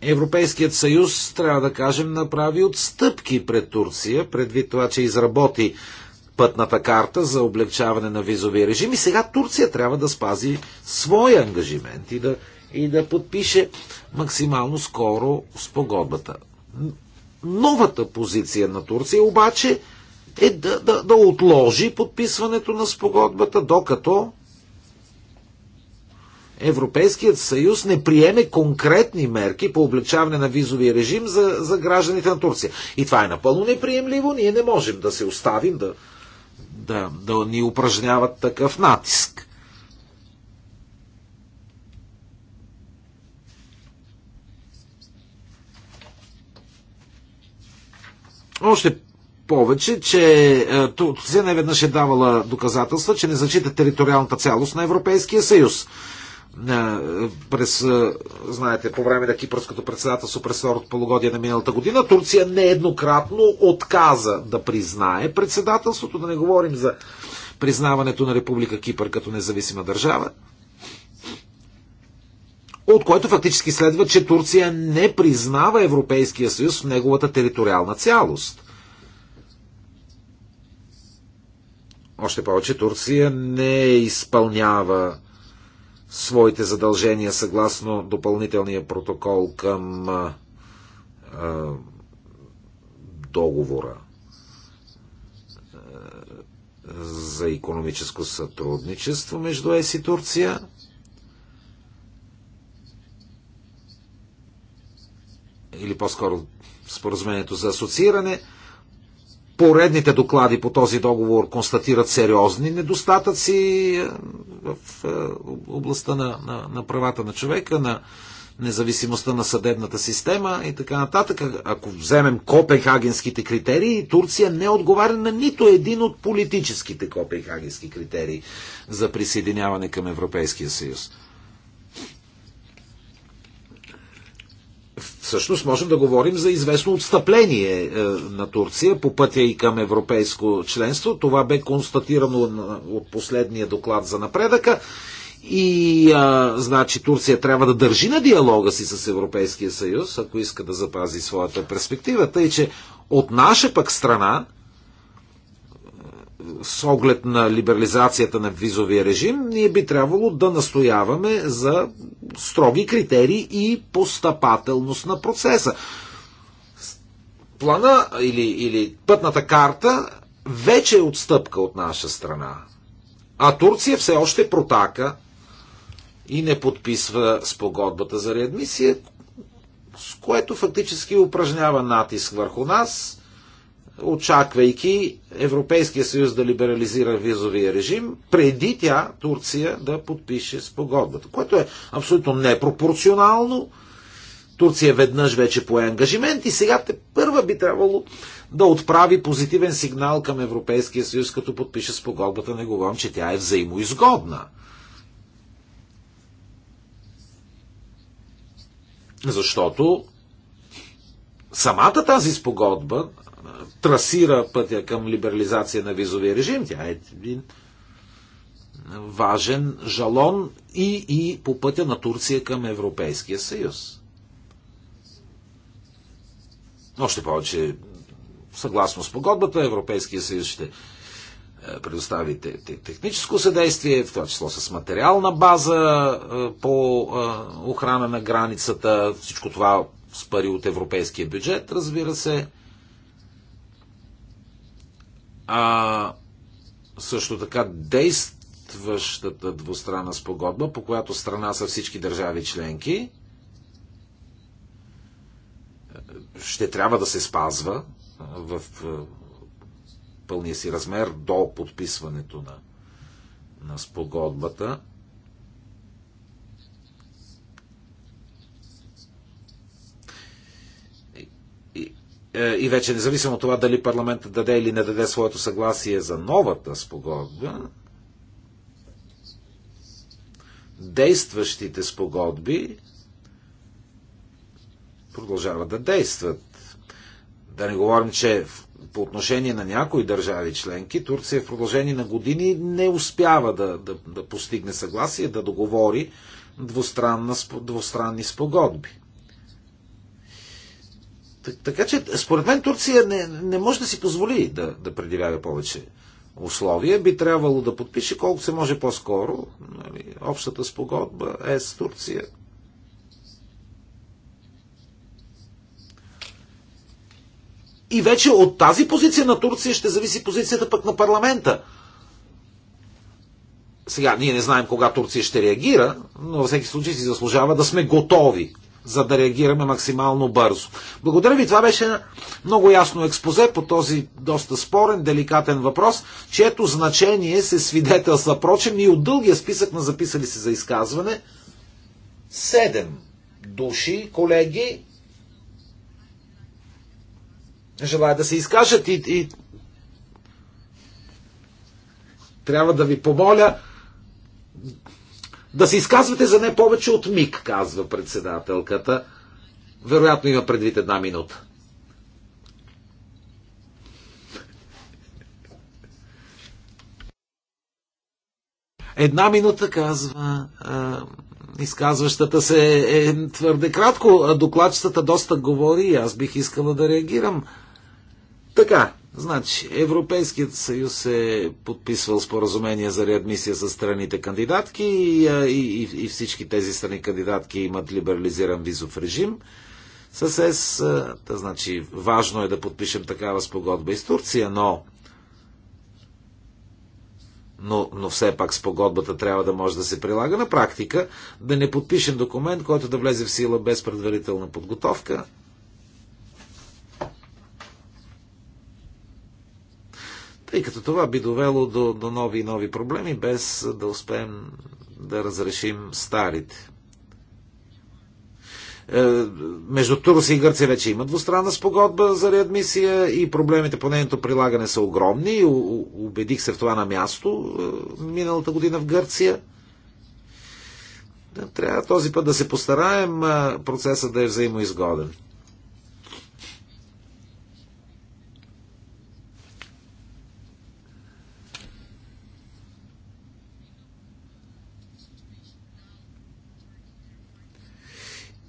Европейският съюз, трябва да кажем, направи отстъпки пред Турция, предвид това, че изработи пътната карта за облегчаване на визовия режим и сега Турция трябва да спази свой ангажимент и да, и да подпише максимално скоро спогодбата. Новата позиция на Турция обаче е да, да, да отложи подписването на спогодбата, докато Европейският съюз не приеме конкретни мерки по облегчаване на визовия режим за, за гражданите на Турция. И това е напълно неприемливо. Ние не можем да се оставим да, да, да ни упражняват такъв натиск. Още повече, че е, Турция не веднъж е давала доказателства, че не зачита териториалната цялост на Европейския съюз. Е, през, е, знаете, по време на кипърското председателство през второто полугодие на миналата година, Турция нееднократно отказа да признае председателството, да не говорим за признаването на Република Кипър като независима държава, от което фактически следва, че Турция не признава Европейския съюз в неговата териториална цялост. Още повече Турция не изпълнява своите задължения съгласно допълнителния протокол към а, а, договора а, за економическо сътрудничество между ЕС и Турция. Или по-скоро споразумението за асоцииране – Поредните доклади по този договор констатират сериозни недостатъци е, в е, областта на, на, на правата на човека, на независимостта на съдебната система и така нататък. Ако вземем копенхагенските критерии, Турция не отговаря на нито един от политическите копенхагенски критерии за присъединяване към Европейския съюз. всъщност можем да говорим за известно отстъпление е, на Турция по пътя и към европейско членство. Това бе констатирано от последния доклад за напредъка. И а, значи Турция трябва да държи на диалога си с Европейския съюз, ако иска да запази своята перспектива. Тъй, че от наша пък страна с оглед на либерализацията на визовия режим, ние би трябвало да настояваме за строги критерии и постъпателност на процеса. Плана или, или пътната карта вече е отстъпка от наша страна. А Турция все още протака и не подписва спогодбата за реадмисия, с което фактически упражнява натиск върху нас, очаквайки Европейския съюз да либерализира визовия режим, преди тя Турция да подпише спогодбата, което е абсолютно непропорционално. Турция веднъж вече пое ангажимент и сега те първа би трябвало да отправи позитивен сигнал към Европейския съюз, като подпише спогодбата. Не говорим, че тя е взаимоизгодна. Защото самата тази спогодба трасира пътя към либерализация на визовия режим. Тя е един важен жалон и, и по пътя на Турция към Европейския съюз. Още повече, съгласно с погодбата, Европейския съюз ще е, предостави техническо съдействие, в това число с материална база е, по е, охрана на границата, всичко това с пари от европейския бюджет, разбира се. А също така действащата двустранна спогодба, по която страна са всички държави членки, ще трябва да се спазва в пълния си размер до подписването на, на спогодбата. Е, и вече независимо от това дали парламентът даде или не даде своето съгласие за новата спогодба, действащите спогодби продължават да действат. Да не говорим, че по отношение на някои държави членки, Турция в продължение на години не успява да, да, да постигне съгласие, да договори двустранна, двустранни спогодби. Така че, според мен, Турция не, не може да си позволи да, да предявява повече условия. Би трябвало да подпише колко се може по-скоро нали, общата спогодба е с Турция. И вече от тази позиция на Турция ще зависи позицията пък на парламента. Сега, ние не знаем кога Турция ще реагира, но във всеки случай си заслужава да сме готови за да реагираме максимално бързо. Благодаря ви, това беше много ясно експозе по този доста спорен, деликатен въпрос, чието значение се свидетелства, прочем, и от дългия списък на записали се за изказване. Седем души, колеги, Желая да се изкажат и, и трябва да ви помоля да се изказвате за не повече от миг, казва председателката. Вероятно има предвид една минута. Една минута, казва а, изказващата се, е твърде кратко. Докладчетата доста говори и аз бих искала да реагирам. Така, Значи, Европейският съюз е подписвал споразумение за реадмисия с страните кандидатки и, и, и всички тези страни кандидатки имат либерализиран визов режим. С ЕС, да, значи, важно е да подпишем такава спогодба и с Турция, но но, но все пак спогодбата трябва да може да се прилага на практика, да не подпишем документ, който да влезе в сила без предварителна подготовка тъй като това би довело до, до нови и нови проблеми, без да успеем да разрешим старите. Е, между Турция и Гърция вече има двустранна спогодба за реадмисия и проблемите по нейното прилагане са огромни. У, убедих се в това на място е, миналата година в Гърция. Е, трябва този път да се постараем е, процесът да е взаимоизгоден.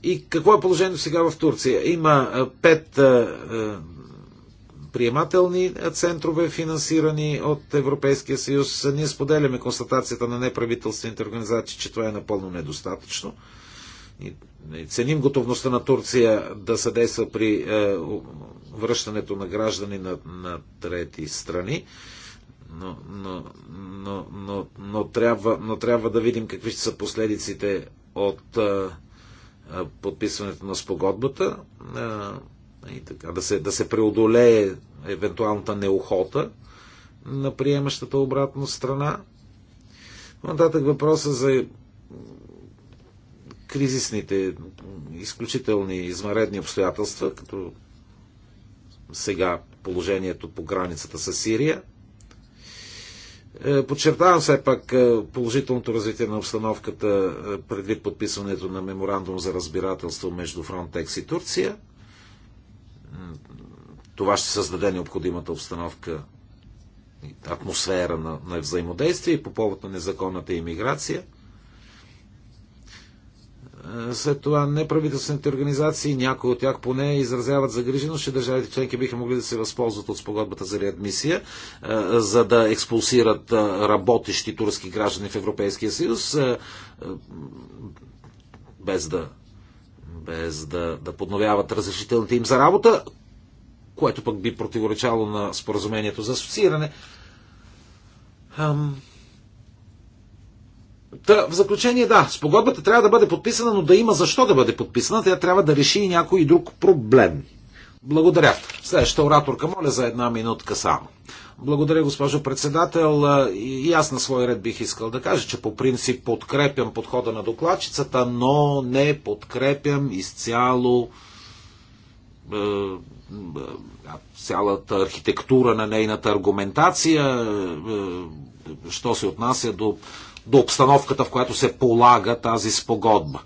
И какво е положението сега в Турция? Има пет приемателни центрове, финансирани от Европейския съюз. Ние споделяме констатацията на неправителствените организации, че това е напълно недостатъчно. И ценим готовността на Турция да съдейства при връщането на граждани на, на трети страни. Но, но, но, но, но, трябва, но трябва да видим какви ще са последиците от а, подписването на спогодбата и така, да, се, да се преодолее евентуалната неохота на приемащата обратно страна. Нататък въпроса за кризисните, изключителни, извънредни обстоятелства, като сега положението по границата с Сирия – е, подчертавам все пак е, положителното развитие на обстановката е, предвид подписването на меморандум за разбирателство между Фронтекс и Турция. Това ще създаде необходимата обстановка атмосфера на, на взаимодействие и по повод на незаконната иммиграция – след това неправителствените организации, някои от тях поне изразяват загриженост, че държавите членки биха могли да се възползват от спогодбата за реадмисия, е, за да експулсират е, работещи турски граждани в Европейския съюз, е, без да, без да, да подновяват разрешителните им за работа, което пък би противоречало на споразумението за асоцииране. Та, в заключение, да, спогодбата трябва да бъде подписана, но да има защо да бъде подписана. Тя трябва да реши и някой друг проблем. Благодаря. Следващата ораторка, моля за една минутка само. Благодаря, госпожо председател. И аз на свой ред бих искал да кажа, че по принцип подкрепям подхода на докладчицата, но не подкрепям изцяло е, е цялата архитектура на нейната аргументация, е, е що се отнася до до обстановката, в която се полага тази спогодба.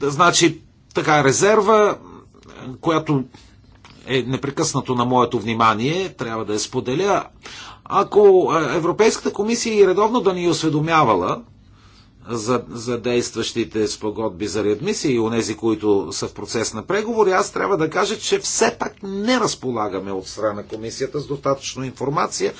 Значи, така, е резерва, която е непрекъснато на моето внимание, трябва да я споделя. Ако е, Европейската комисия и редовно да ни е осведомявала за, за действащите спогодби за реадмисия и онези, които са в процес на преговори, аз трябва да кажа, че все пак не разполагаме от страна на комисията с достатъчно информация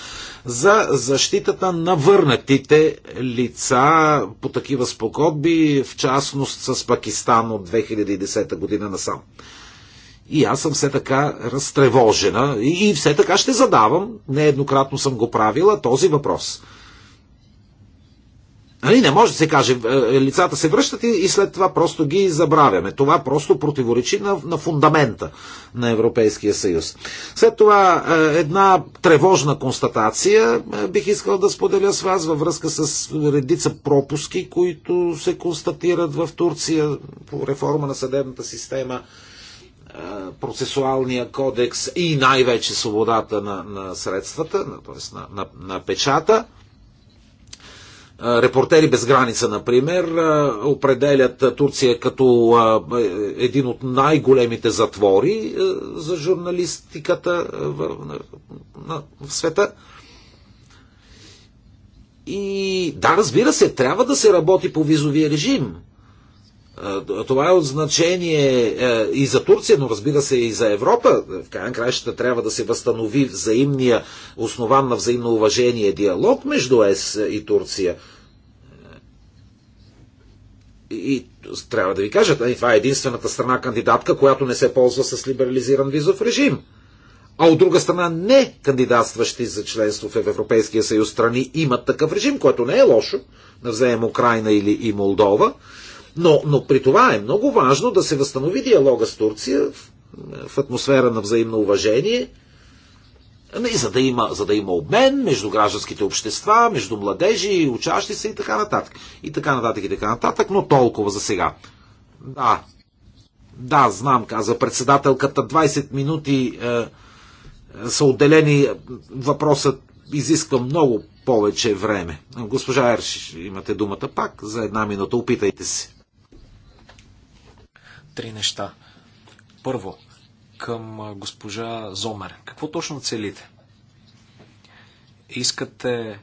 за защитата на върнатите лица по такива спогодби, в частност с Пакистан от 2010 година насам. И аз съм все така разтревожена и, все така ще задавам, нееднократно съм го правила, този въпрос – Нали, не може да се каже, е, е, лицата се връщат и, и след това просто ги забравяме. Това просто противоречи на, на фундамента на Европейския съюз. След това е, една тревожна констатация бих искал да споделя с вас във връзка с редица пропуски, които се констатират в Турция по реформа на съдебната система процесуалния кодекс и най-вече свободата на, на средствата, т.е. На, на, на печата. Репортери без граница, например, определят Турция като един от най-големите затвори за журналистиката в, в света. И да, разбира се, трябва да се работи по визовия режим. Това е от значение е, и за Турция, но разбира се и за Европа. В крайна краища трябва да се възстанови взаимния, основан на взаимно уважение диалог между ЕС и Турция. И трябва да ви кажа, нали, това е единствената страна кандидатка, която не се ползва с либерализиран визов режим. А от друга страна не кандидатстващи за членство в Европейския съюз страни имат такъв режим, който не е лошо, да вземем Украина или и Молдова. Но, но при това е много важно да се възстанови диалога с Турция в, в атмосфера на взаимно уважение, и ами, за да има, за да има обмен между гражданските общества, между младежи, учащи се и така нататък. И така нататък, и така нататък, но толкова за сега. Да, да, знам, каза председателката, 20 минути е, е са отделени, въпросът изисква много повече време. Госпожа Ерши, имате думата пак за една минута, опитайте се три неща. Първо, към госпожа Зомер. Какво точно целите? Искате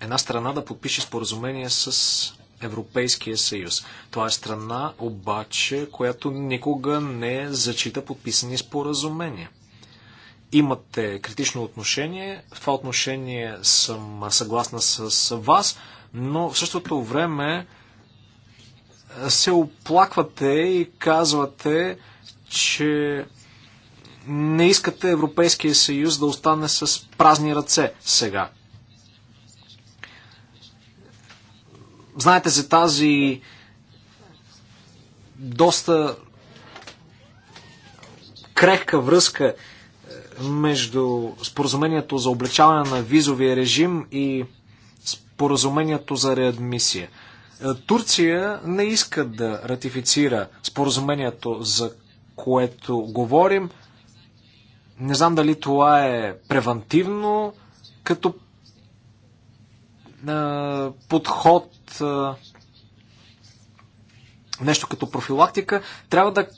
една страна да подпише споразумение с Европейския съюз. Това е страна, обаче, която никога не зачита подписани споразумения. Имате критично отношение, в това отношение съм съгласна с вас, но в същото време се оплаквате и казвате, че не искате Европейския съюз да остане с празни ръце сега. Знаете за тази доста крехка връзка е, между споразумението за облечаване на визовия режим и споразумението за реадмисия – е, Турция не иска да ратифицира споразумението, за което говорим. Не знам дали това е превантивно като е, подход, е, нещо като профилактика. Трябва да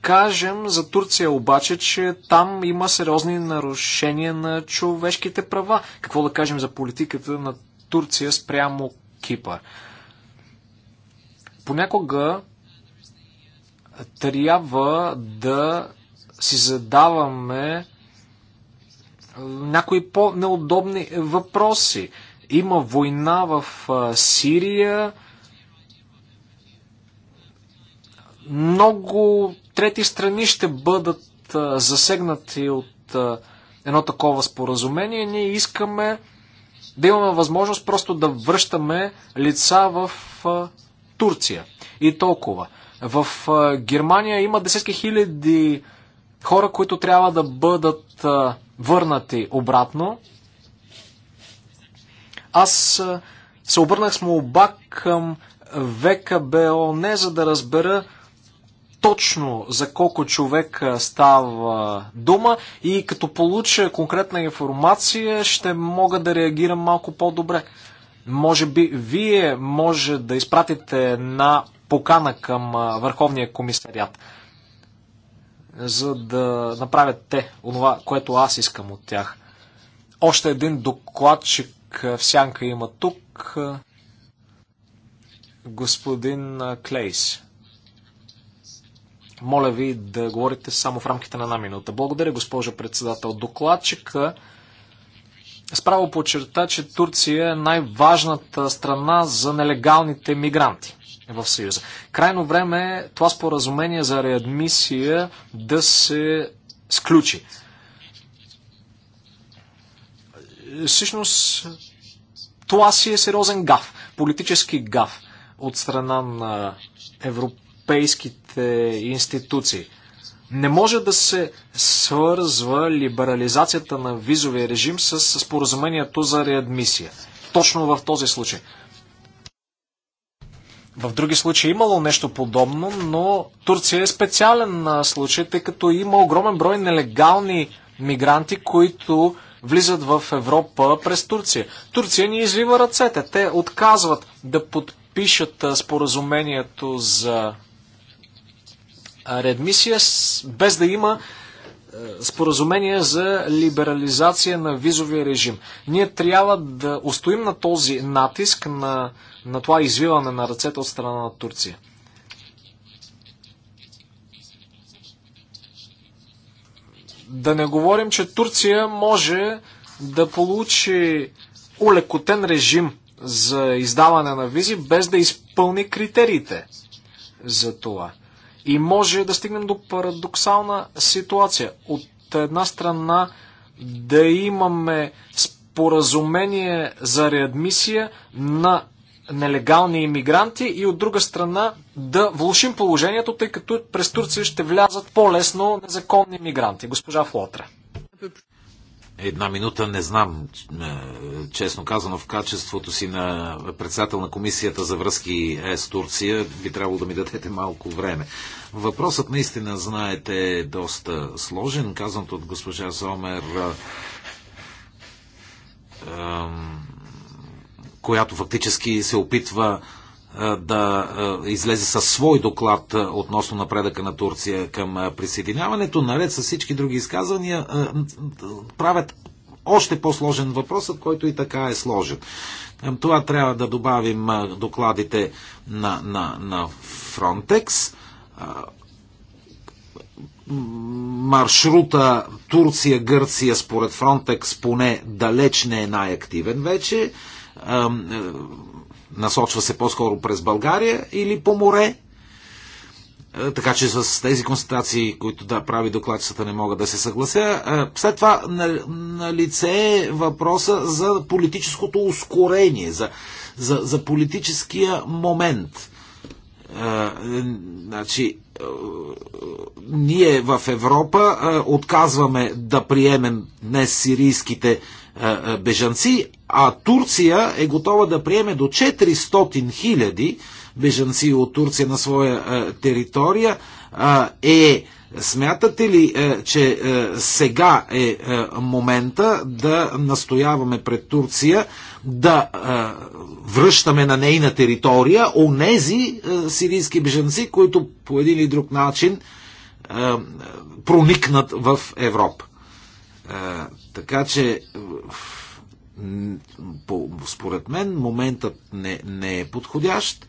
кажем за Турция обаче, че там има сериозни нарушения на човешките права. Какво да кажем за политиката на Турция спрямо Кипър? Понякога трябва да си задаваме някои по-неудобни въпроси. Има война в Сирия. Много трети страни ще бъдат засегнати от едно такова споразумение. Ние искаме да имаме възможност просто да връщаме лица в Турция. И толкова. В Германия има десетки хиляди хора, които трябва да бъдат върнати обратно. Аз се обърнах с молба към ВКБО не за да разбера точно за колко човек става дума и като получа конкретна информация ще мога да реагирам малко по-добре. Може би вие може да изпратите на покана към Върховния комисариат, за да направят те онова, което аз искам от тях. Още един докладчик в сянка има тук. Господин Клейс. Моля ви да говорите само в рамките на една минута. Благодаря, госпожо председател. Докладчика справо подчерта, че Турция е най-важната страна за нелегалните мигранти в Съюза. Крайно време е това споразумение за реадмисия да се сключи. Всъщност, това си е сериозен гаф, политически гаф от страна на европейските институции – не може да се свързва либерализацията на визовия режим с споразумението за реадмисия. Точно в този случай. В други случаи е имало нещо подобно, но Турция е специален на случай, тъй като има огромен брой нелегални мигранти, които влизат в Европа през Турция. Турция ни извива ръцете. Те отказват да подпишат споразумението за редмисия, без да има е, споразумение за либерализация на визовия режим. Ние трябва да устоим на този натиск, на, на това извиване на ръцете от страна на Турция. Да не говорим, че Турция може да получи улекотен режим за издаване на визи, без да изпълни критериите за това. И може да стигнем до парадоксална ситуация. От една страна да имаме споразумение за реадмисия на нелегални иммигранти и от друга страна да влушим положението, тъй като през Турция ще влязат по-лесно незаконни иммигранти. Госпожа Флотра една минута не знам, е, честно казано, в качеството си на председател на комисията за връзки е с Турция, би трябвало да ми дадете малко време. Въпросът наистина, знаете, е доста сложен. Казаното от госпожа Зомер, е, която фактически се опитва да излезе със свой доклад относно напредъка на Турция към присъединяването, наред с всички други изказвания, правят още по-сложен въпросът, който и така е сложен. Към това трябва да добавим докладите на, на, на Frontex, маршрута Турция-Гърция според Фронтекс поне далеч не е най-активен вече. Е, насочва се по-скоро през България или по море. Е, така че с тези констатации, които да прави докладчицата, не мога да се съглася. Е, след това на, на лице е въпроса за политическото ускорение, за, за, за политическия момент. Е, значи, ние в Европа отказваме да приемем днес сирийските бежанци, а Турция е готова да приеме до 400 хиляди бежанци от Турция на своя е, територия, е Смятате ли, е, че е, сега е, е момента да настояваме пред Турция да връщаме на нейна територия онези сирийски беженци, които по един или друг начин проникнат в Европа? Така че по, според мен моментът не, не е подходящ.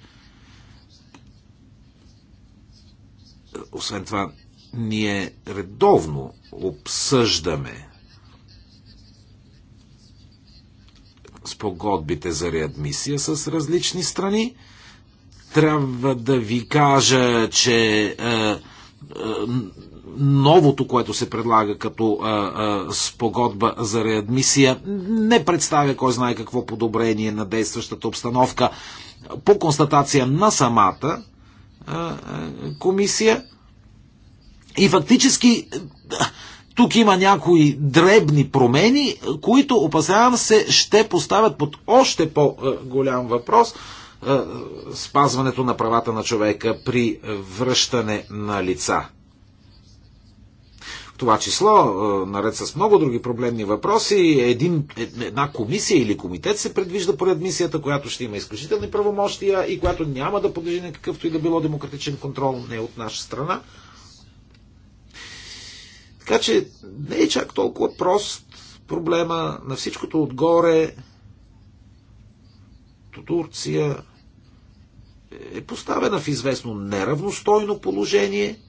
Освен това, ние редовно обсъждаме спогодбите за реадмисия с различни страни. Трябва да ви кажа, че е, е новото, което се предлага като а, а, спогодба за реадмисия, не представя кой знае какво подобрение на действащата обстановка. По констатация на самата а, комисия и фактически тук има някои дребни промени, които, опасявам се, ще поставят под още по-голям въпрос спазването на правата на човека при връщане на лица това число, е, наред с много други проблемни въпроси, един, една комисия или комитет се предвижда по мисията, която ще има изключителни правомощия и която няма да подлежи на какъвто и да било демократичен контрол, не от наша страна. Така че не е чак толкова прост проблема на всичкото отгоре. Турция е поставена в известно неравностойно положение –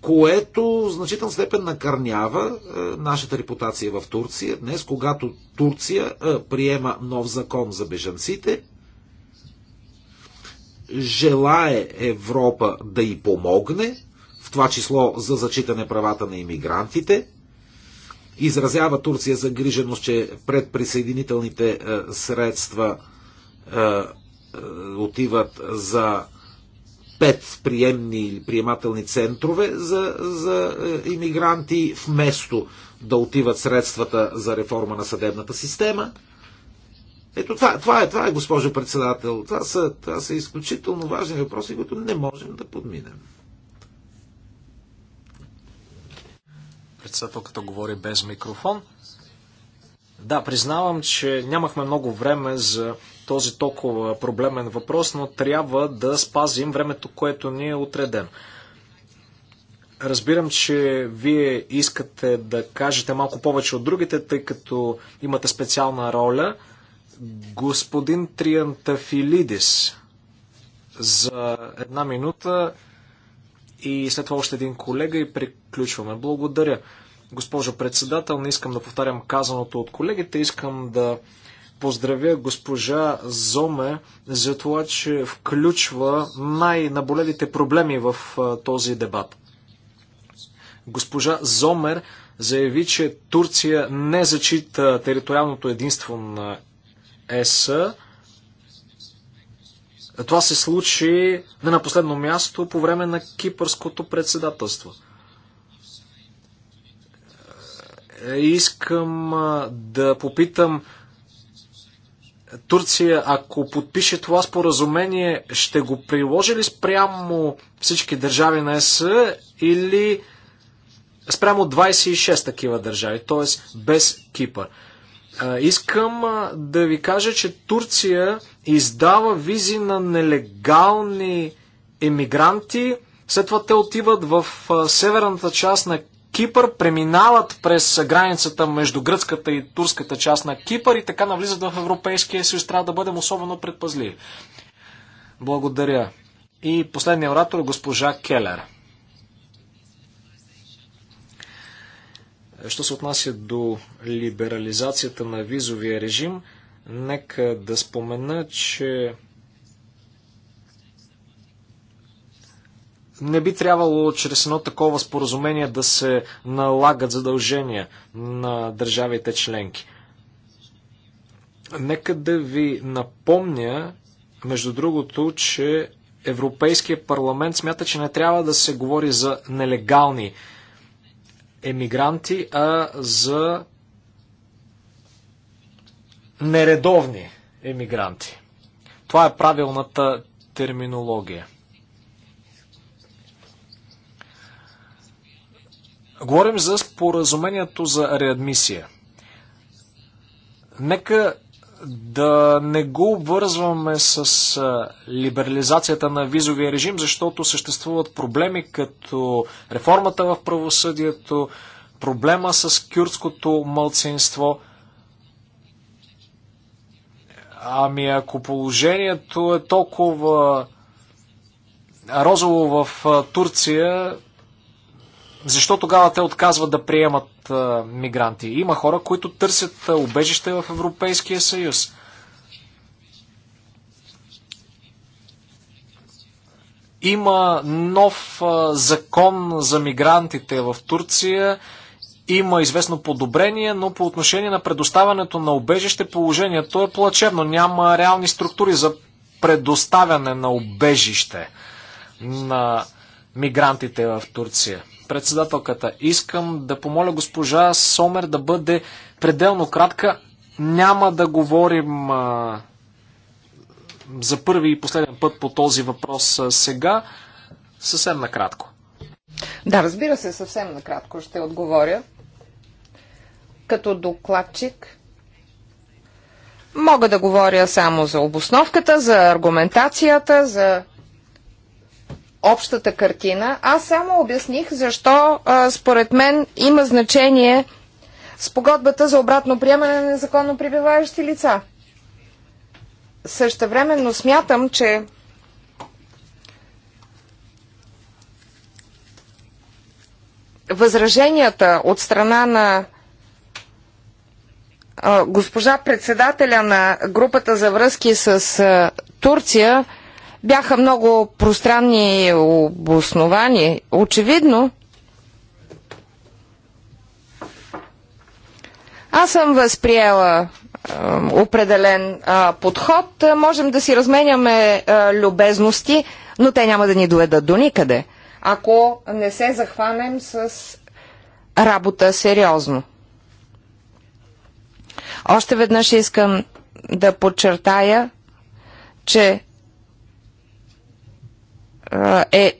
което в значителна степен накърнява е, нашата репутация в Турция. Днес, когато Турция е, приема нов закон за бежанците, желае Европа да й помогне, в това число за зачитане правата на иммигрантите, изразява Турция загриженост, че предприсъединителните е, средства отиват за пет приемни или приемателни центрове за, за е, иммигранти, вместо да отиват средствата за реформа на съдебната система. Ето това, това е, това е, госпожо председател. Това са, това са изключително важни въпроси, които не можем да подминем. Председателката говори без микрофон. Да, признавам, че нямахме много време за този толкова проблемен въпрос, но трябва да спазим времето, което ни е отредено. Разбирам, че вие искате да кажете малко повече от другите, тъй като имате специална роля. Господин Триантафилидис за една минута и след това още един колега и приключваме. Благодаря. Госпожо председател, не искам да повтарям казаното от колегите, искам да поздравя госпожа Зоме за това, че включва най-наболелите проблеми в този дебат. Госпожа Зомер заяви, че Турция не зачита териториалното единство на ЕС. Това се случи не на последно място по време на кипърското председателство. Е, искам да попитам Турция, ако подпише това споразумение, ще го приложи ли спрямо всички държави на ЕС или спрямо 26 такива държави, т.е. без Кипър? Искам да ви кажа, че Турция издава визи на нелегални емигранти, след това те отиват в северната част на Кипър, преминават през границата между гръцката и турската част на Кипър и така навлизат в Европейския съюз. Трябва да бъдем особено предпазливи. Благодаря. И последният оратор е госпожа Келер. Що се отнася до либерализацията на визовия режим, нека да спомена, че Не би трябвало чрез едно такова споразумение да се налагат задължения на държавите членки. Нека да ви напомня, между другото, че Европейския парламент смята, че не трябва да се говори за нелегални емигранти, а за нередовни емигранти. Това е правилната терминология. Говорим за споразумението за реадмисия. Нека да не го обвързваме с либерализацията на визовия режим, защото съществуват проблеми като реформата в правосъдието, проблема с кюртското мълцинство. Ами ако положението е толкова розово в Турция, защо тогава те отказват да приемат а, мигранти? Има хора, които търсят а, убежище в Европейския съюз. Има нов а, закон за мигрантите в Турция. Има известно подобрение, но по отношение на предоставянето на убежище положението е плачевно. Няма реални структури за предоставяне на убежище на мигрантите в Турция. Председателката, искам да помоля госпожа Сомер да бъде пределно кратка. Няма да говорим а, за първи и последен път по този въпрос а, сега. Съвсем накратко. Да, разбира се, съвсем накратко ще отговоря. Като докладчик мога да говоря само за обосновката, за аргументацията, за общата картина. Аз само обясних защо а, според мен има значение спогодбата за обратно приемане на незаконно прибиваващи лица. Същевременно смятам, че възраженията от страна на а, госпожа председателя на групата за връзки с а, Турция – бяха много пространни и обосновани. Очевидно, аз съм възприела определен а, подход. Можем да си разменяме а, любезности, но те няма да ни доведат до никъде, ако не се захванем с работа сериозно. Още веднъж искам да подчертая, че е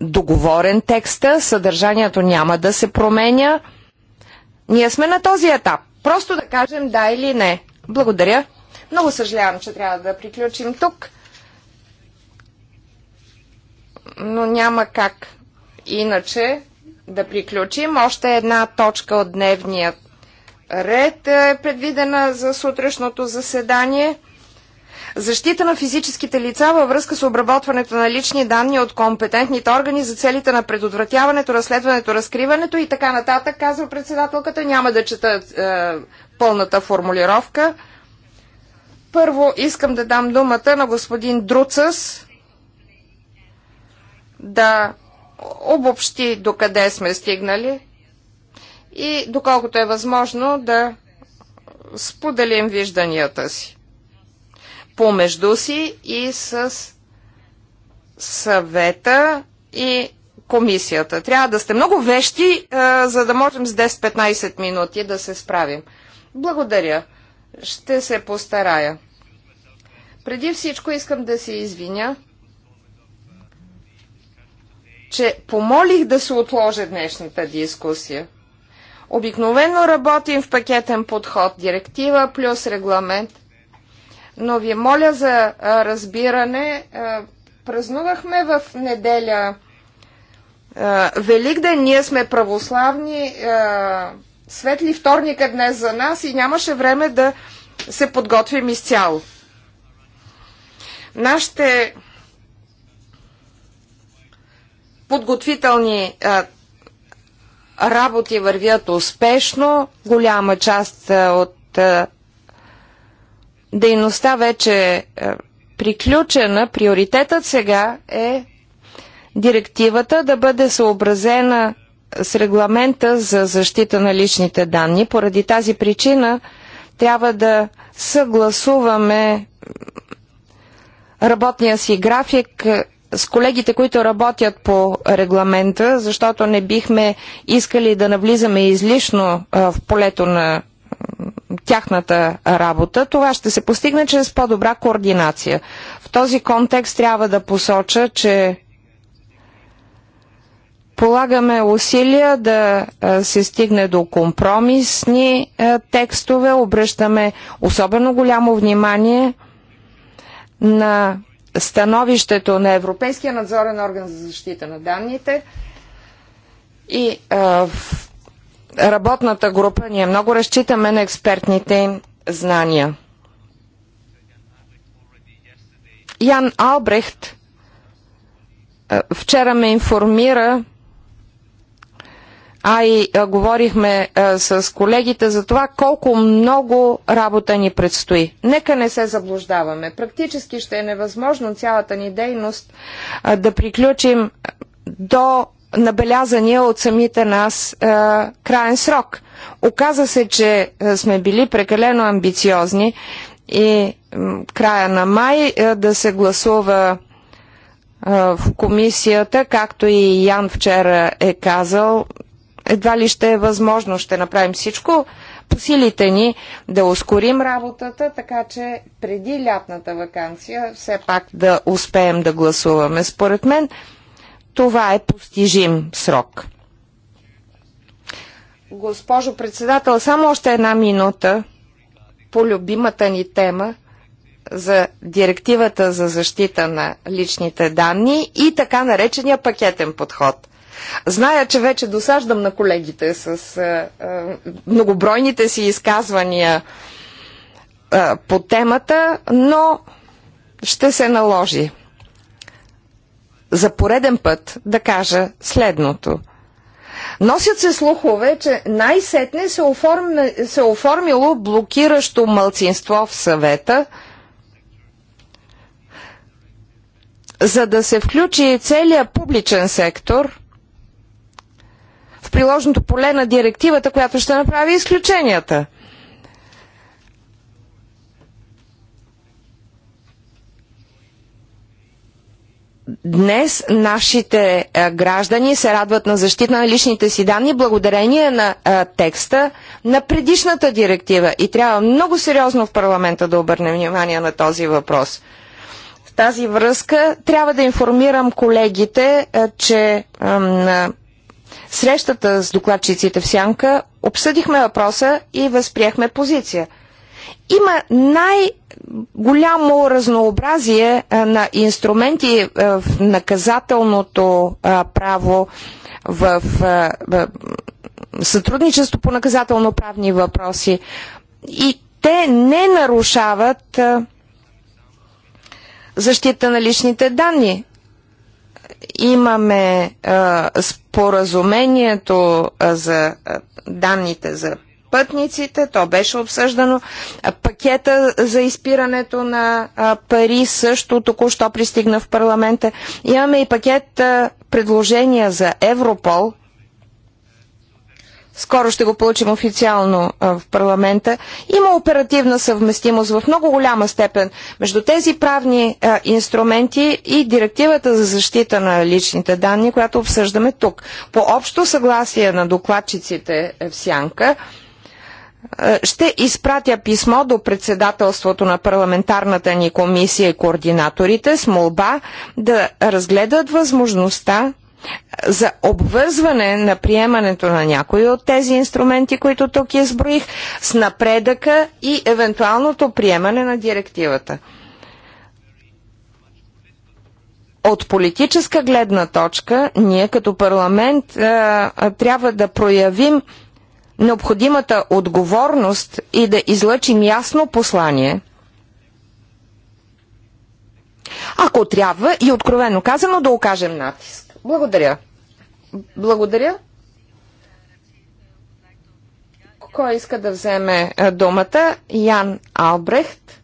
договорен текста, съдържанието няма да се променя. Ние сме на този етап. Просто да кажем да или не. Благодаря. Много съжалявам, че трябва да приключим тук. Но няма как иначе да приключим. Още една точка от дневния ред е предвидена за сутрешното заседание. Защита на физическите лица във връзка с обработването на лични данни от компетентните органи за целите на предотвратяването, разследването, разкриването и така нататък, казва председателката. Няма да чета е, пълната формулировка. Първо искам да дам думата на господин Друцъс да обобщи докъде сме стигнали и доколкото е възможно да споделим вижданията си помежду си и с съвета и комисията. Трябва да сте много вещи, за да можем с 10-15 минути да се справим. Благодаря. Ще се постарая. Преди всичко искам да се извиня, че помолих да се отложи днешната дискусия. Обикновено работим в пакетен подход, директива плюс регламент – но ви моля за разбиране. Празнувахме в неделя Великден, ние сме православни, светли вторник е днес за нас и нямаше време да се подготвим изцяло. Нашите подготвителни работи вървят успешно. Голяма част от дейността вече е приключена. Приоритетът сега е директивата да бъде съобразена с регламента за защита на личните данни. Поради тази причина трябва да съгласуваме работния си график е, с колегите, които работят по регламента, защото не бихме искали да навлизаме излишно е, в полето на тяхната работа. Това ще се постигне чрез по-добра координация. В този контекст трябва да посоча, че полагаме усилия да се стигне до компромисни текстове, обръщаме особено голямо внимание на становището на Европейския надзорен орган за защита на данните и в работната група. Ние много разчитаме на експертните им знания. Ян Албрехт е, вчера ме информира, а и е, говорихме е, с колегите за това колко много работа ни предстои. Нека не се заблуждаваме. Практически ще е невъзможно цялата ни дейност да приключим до набелязания от самите нас е, краен срок. Оказа се, че е, сме били прекалено амбициозни и края на май е, да се гласува е, в комисията, както и Ян вчера е казал, едва ли ще е възможно, ще направим всичко по силите ни да ускорим работата, така че преди лятната вакансия все пак да успеем да гласуваме. Според мен това е постижим срок. Госпожо председател, само още една минута по любимата ни тема за директивата за защита на личните данни и така наречения пакетен подход. Зная, че вече досаждам на колегите с а, е, а, е, многобройните си изказвания а, е, по темата, но ще се наложи за пореден път да кажа следното. Носят се слухове, че най-сетне се, оформи, се оформило блокиращо мълцинство в съвета, за да се включи целият публичен сектор в приложното поле на директивата, която ще направи изключенията – Днес нашите е, граждани се радват на защита на личните си данни благодарение на е, текста на предишната директива и трябва много сериозно в парламента да обърнем внимание на този въпрос. В тази връзка трябва да информирам колегите, е, че на срещата с докладчиците в Сянка обсъдихме въпроса и възприехме позиция – има най-голямо разнообразие на инструменти в наказателното право, в сътрудничество по наказателно-правни въпроси и те не нарушават защита на личните данни. Имаме а, споразумението а, за данните за пътниците, то беше обсъждано. Пакета за изпирането на пари също току-що пристигна в парламента. Имаме и пакет предложения за Европол. Скоро ще го получим официално в парламента. Има оперативна съвместимост в много голяма степен между тези правни инструменти и директивата за защита на личните данни, която обсъждаме тук. По общо съгласие на докладчиците е, в Сянка, е, ще изпратя писмо до председателството на парламентарната ни комисия и координаторите с молба да разгледат възможността е, за обвързване на приемането на някои от тези инструменти, които тук изброих, с напредъка и евентуалното приемане на директивата. От политическа гледна точка, ние като парламент е, трябва да проявим необходимата отговорност и да излъчим ясно послание, ако трябва и откровено казано да окажем натиск. Благодаря. Благодаря. Кой иска да вземе е, думата? Ян Албрехт,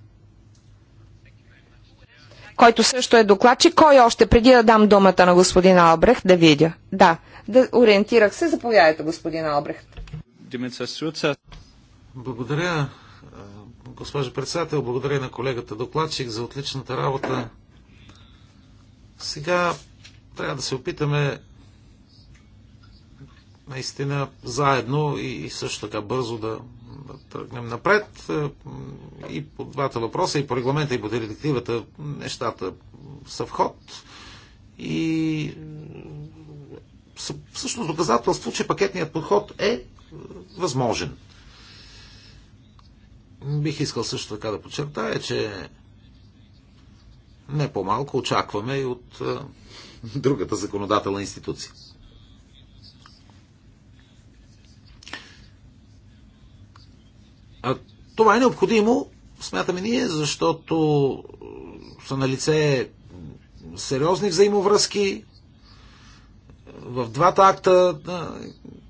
който също е докладчик. Кой още преди да дам думата на господин Албрехт да видя? Да, да ориентирах се. Заповядайте, господин Албрехт. Благодаря, госпожо председател. Благодаря на колегата докладчик за отличната работа. Сега трябва да се опитаме наистина заедно и също така бързо да, да тръгнем напред. И по двата въпроса, и по регламента, и по директивата нещата са в ход. И всъщност доказателство, че пакетният подход е възможен. Бих искал също така да подчертая, че не по-малко очакваме и от другата законодателна институция. А това е необходимо, смятаме ние, защото са на лице сериозни взаимовръзки в двата акта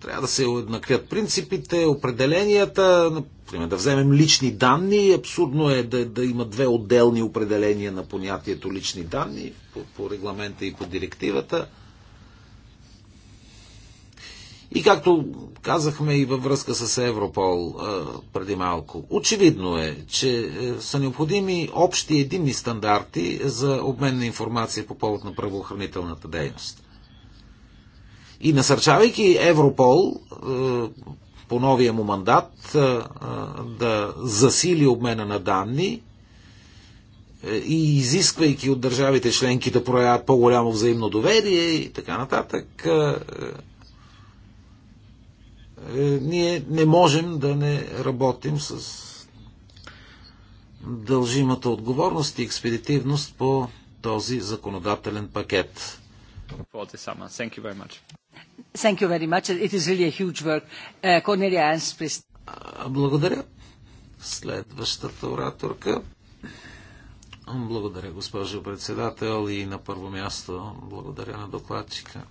трябва да се уеднаквят принципите, определенията, например да вземем лични данни, абсурдно е да, да има две отделни определения на понятието лични данни по, по регламента и по директивата. И както казахме и във връзка с Европол преди малко, очевидно е, че е, са необходими общи единни стандарти за обмен на информация по повод на правоохранителната дейност. И насърчавайки Европол е, по новия му мандат е, е, да засили обмена на данни и изисквайки от държавите членки да проявят по-голямо взаимно доверие и така нататък, ние не можем да не работим с дължимата отговорност и експедитивност по този законодателен пакет. Thank you very much. It is really a huge work. Корнелия uh, Анс, please. Благодаря. Следващата ораторка. Благодаря, госпожо председател. И на първо място благодаря на докладчика.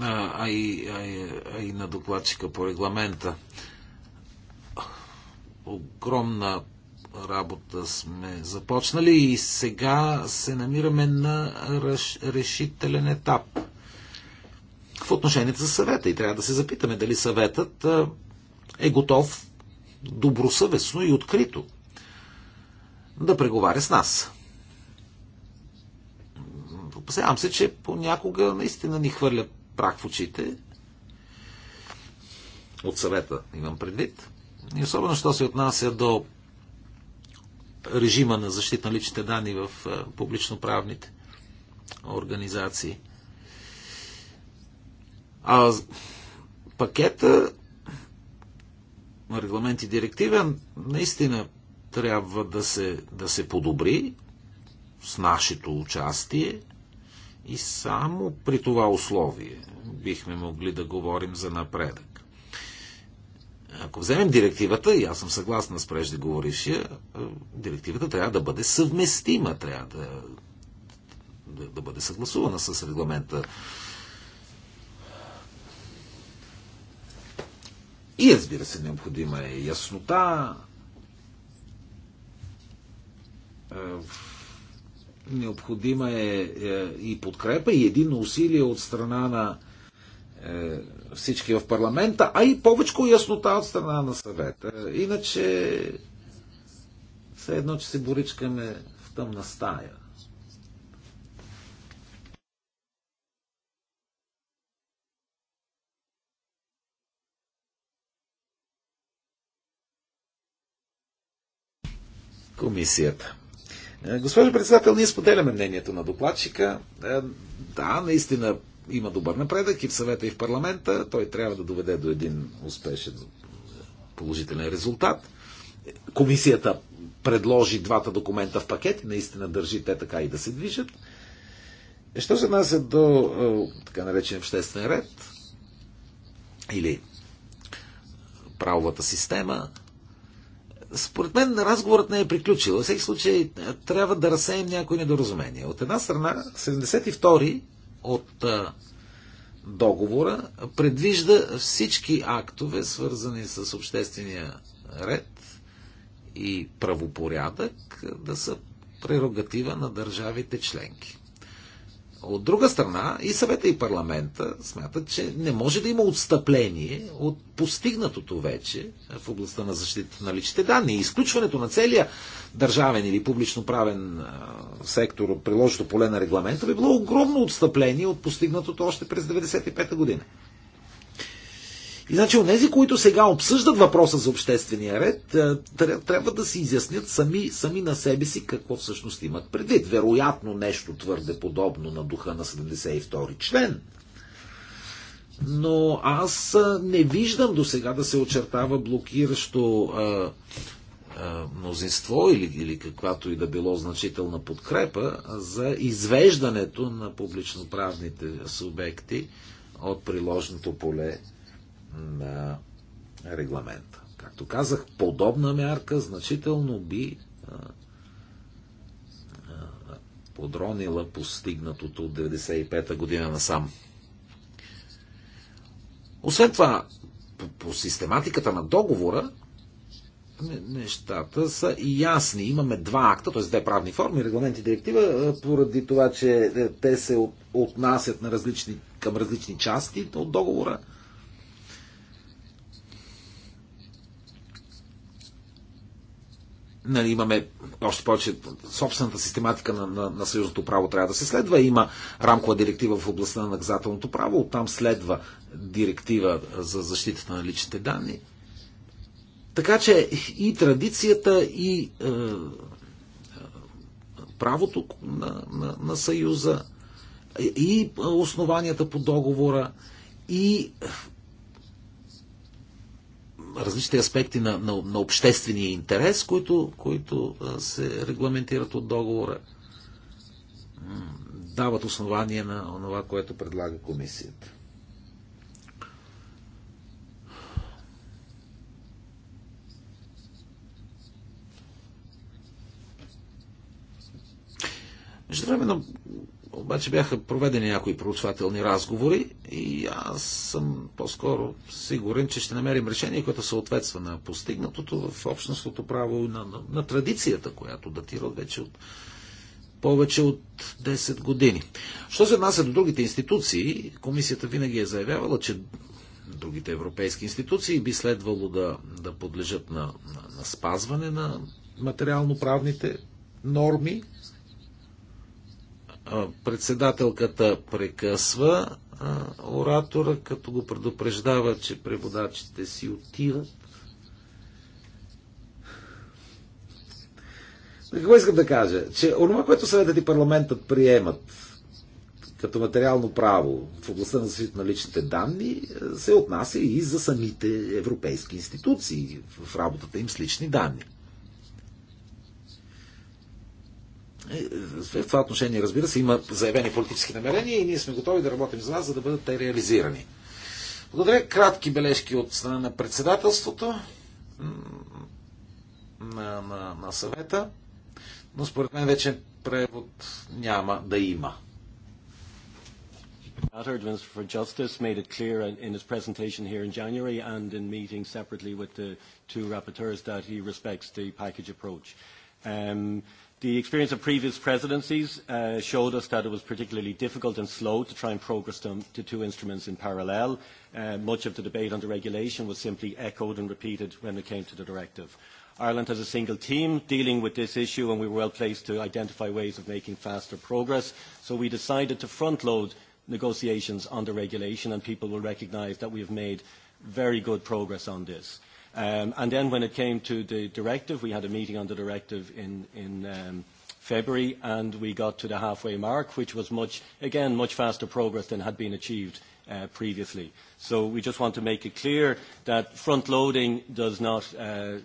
а, и, а, и, а и на докладчика по регламента. Огромна работа сме започнали и сега се намираме на решителен етап в отношенията с съвета. И трябва да се запитаме дали съветът е готов добросъвестно и открито да преговаря с нас. Опасявам се, че понякога наистина ни хвърля прах в очите. От съвета имам предвид. И особено, що се отнася до режима на защита на личните данни в публично-правните организации. А пакета на регламент и директива наистина трябва да се, да се подобри с нашето участие и само при това условие бихме могли да говорим за напредък. Ако вземем директивата, и аз съм съгласна с преждеговорившия, е, директивата трябва да бъде съвместима, трябва да, да, да бъде съгласувана с регламента. И разбира се, необходима е яснота, е, необходима е, е и подкрепа, и единно усилие от страна на всички в парламента, а и повече яснота от страна на съвета. Иначе все едно, че се боричкаме в тъмна стая. комисията. Е, госпожо председател, ние споделяме мнението на докладчика. Е, да, наистина има добър напредък и в съвета, и в парламента. Той трябва да доведе до един успешен положителен резултат. Комисията предложи двата документа в пакет и наистина държи те така и да се движат. Що се нася до е, така наречен обществен ред или правовата система, според мен разговорът не е приключил. Във всеки случай е, трябва да разсеем някои недоразумения. От една страна, 72-и от договора предвижда всички актове, свързани с обществения ред и правопорядък, да са прерогатива на държавите членки. От друга страна, и съвета и парламента смятат, че не може да има отстъпление от постигнатото вече в областта на защита на личните данни. Изключването на целия държавен или публично-правен сектор от приложното поле на регламента би било огромно отстъпление от постигнатото още през 1995 година. И значи, онези, които сега обсъждат въпроса за обществения ред, е, трябва да си изяснят сами, сами на себе си какво всъщност имат предвид. Вероятно нещо твърде подобно на духа на 72 член. Но аз е, не виждам до сега да се очертава блокиращо е, мнозинство или, или каквато и да било значителна подкрепа за извеждането на публичноправните субекти от приложното поле на регламента. Както казах, подобна мярка значително би подронила постигнатото от 95 година насам. Освен това, по, по систематиката на договора, нещата са ясни. Имаме два акта, т.е. две правни форми, регламент и директива, поради това, че е, те се отнасят на различни, към различни части от договора – нали, имаме още повече собствената систематика на, на, на съюзното право трябва да се следва. Има рамкова директива в областта на наказателното право, оттам следва директива за защитата на личните данни. Така че и традицията, и е, е правото на, на, на съюза, и основанията по договора, и различните аспекти на, на, на обществения интерес, които, които се регламентират от договора, дават основание на това, което предлага комисията. Между време, обаче бяха проведени някои проучвателни разговори и аз съм по-скоро сигурен, че ще намерим решение, което съответства на постигнатото в общностното право, на, на, на традицията, която датира вече от повече от 10 години. Що се отнася до другите институции, комисията винаги е заявявала, че другите европейски институции би следвало да, да подлежат на, на, на спазване на материално-правните норми, Председателката прекъсва оратора, като го предупреждава, че преводачите си отиват. Какво искам да кажа? Че онова, което съветът и парламентът приемат като материално право в областта на защита на личните данни, се отнася и за самите европейски институции в работата им с лични данни. Е, в това отношение, разбира се, има заявени политически намерения и ние сме готови да работим за вас, за да бъдат те реализирани. Благодаря. Кратки бележки от страна на председателството на, на, на съвета, но според мен вече превод няма да има. for Justice made it clear in his presentation here in January and in meetings separately with the two rapporteurs that he respects the package approach. Um, The experience of previous presidencies uh, showed us that it was particularly difficult and slow to try and progress them to two instruments in parallel. Uh, much of the debate on the regulation was simply echoed and repeated when it came to the directive. Ireland has a single team dealing with this issue and we were well placed to identify ways of making faster progress. So we decided to front load negotiations on the regulation and people will recognise that we have made very good progress on this and then when it came to the directive, we had a meeting on the directive in, February, and we got to the halfway mark, which was much, again, much faster progress than had been achieved previously. So we just want to make it clear that front loading does not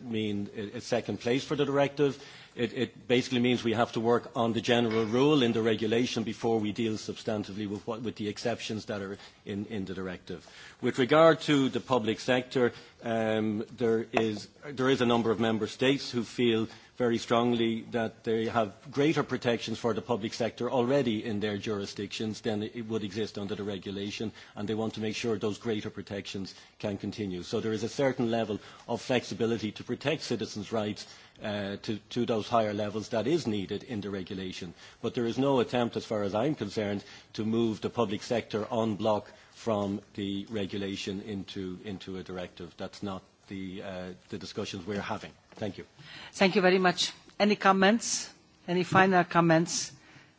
mean a second place for the directive it, it basically means we have to work on the general rule in the regulation before we deal substantively with, what, with the exceptions that are in, in the directive. With regard to the public sector, um, there, is, there is a number of member states who feel very strongly that they have greater protections for the public sector already in their jurisdictions than it would exist under the regulation, and they want to make sure those greater protections can continue. So there is a certain level of flexibility to protect citizens' rights to, to those higher levels that is needed in the regulation. But there is no attempt, as far as I'm concerned, to move the public sector en bloc from the regulation into, a directive. That's not the, the discussions we're having. Thank you. Thank you very much. Any comments? Any final comments?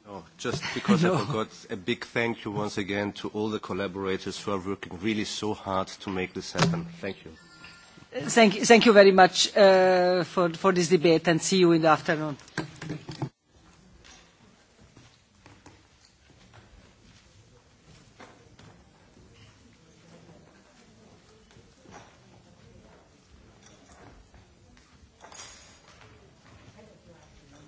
No, just because I forgot, a big thank you once again to all the collaborators who are working really so hard to make this happen. Thank you. Thank you very much for this debate, and see you in the afternoon.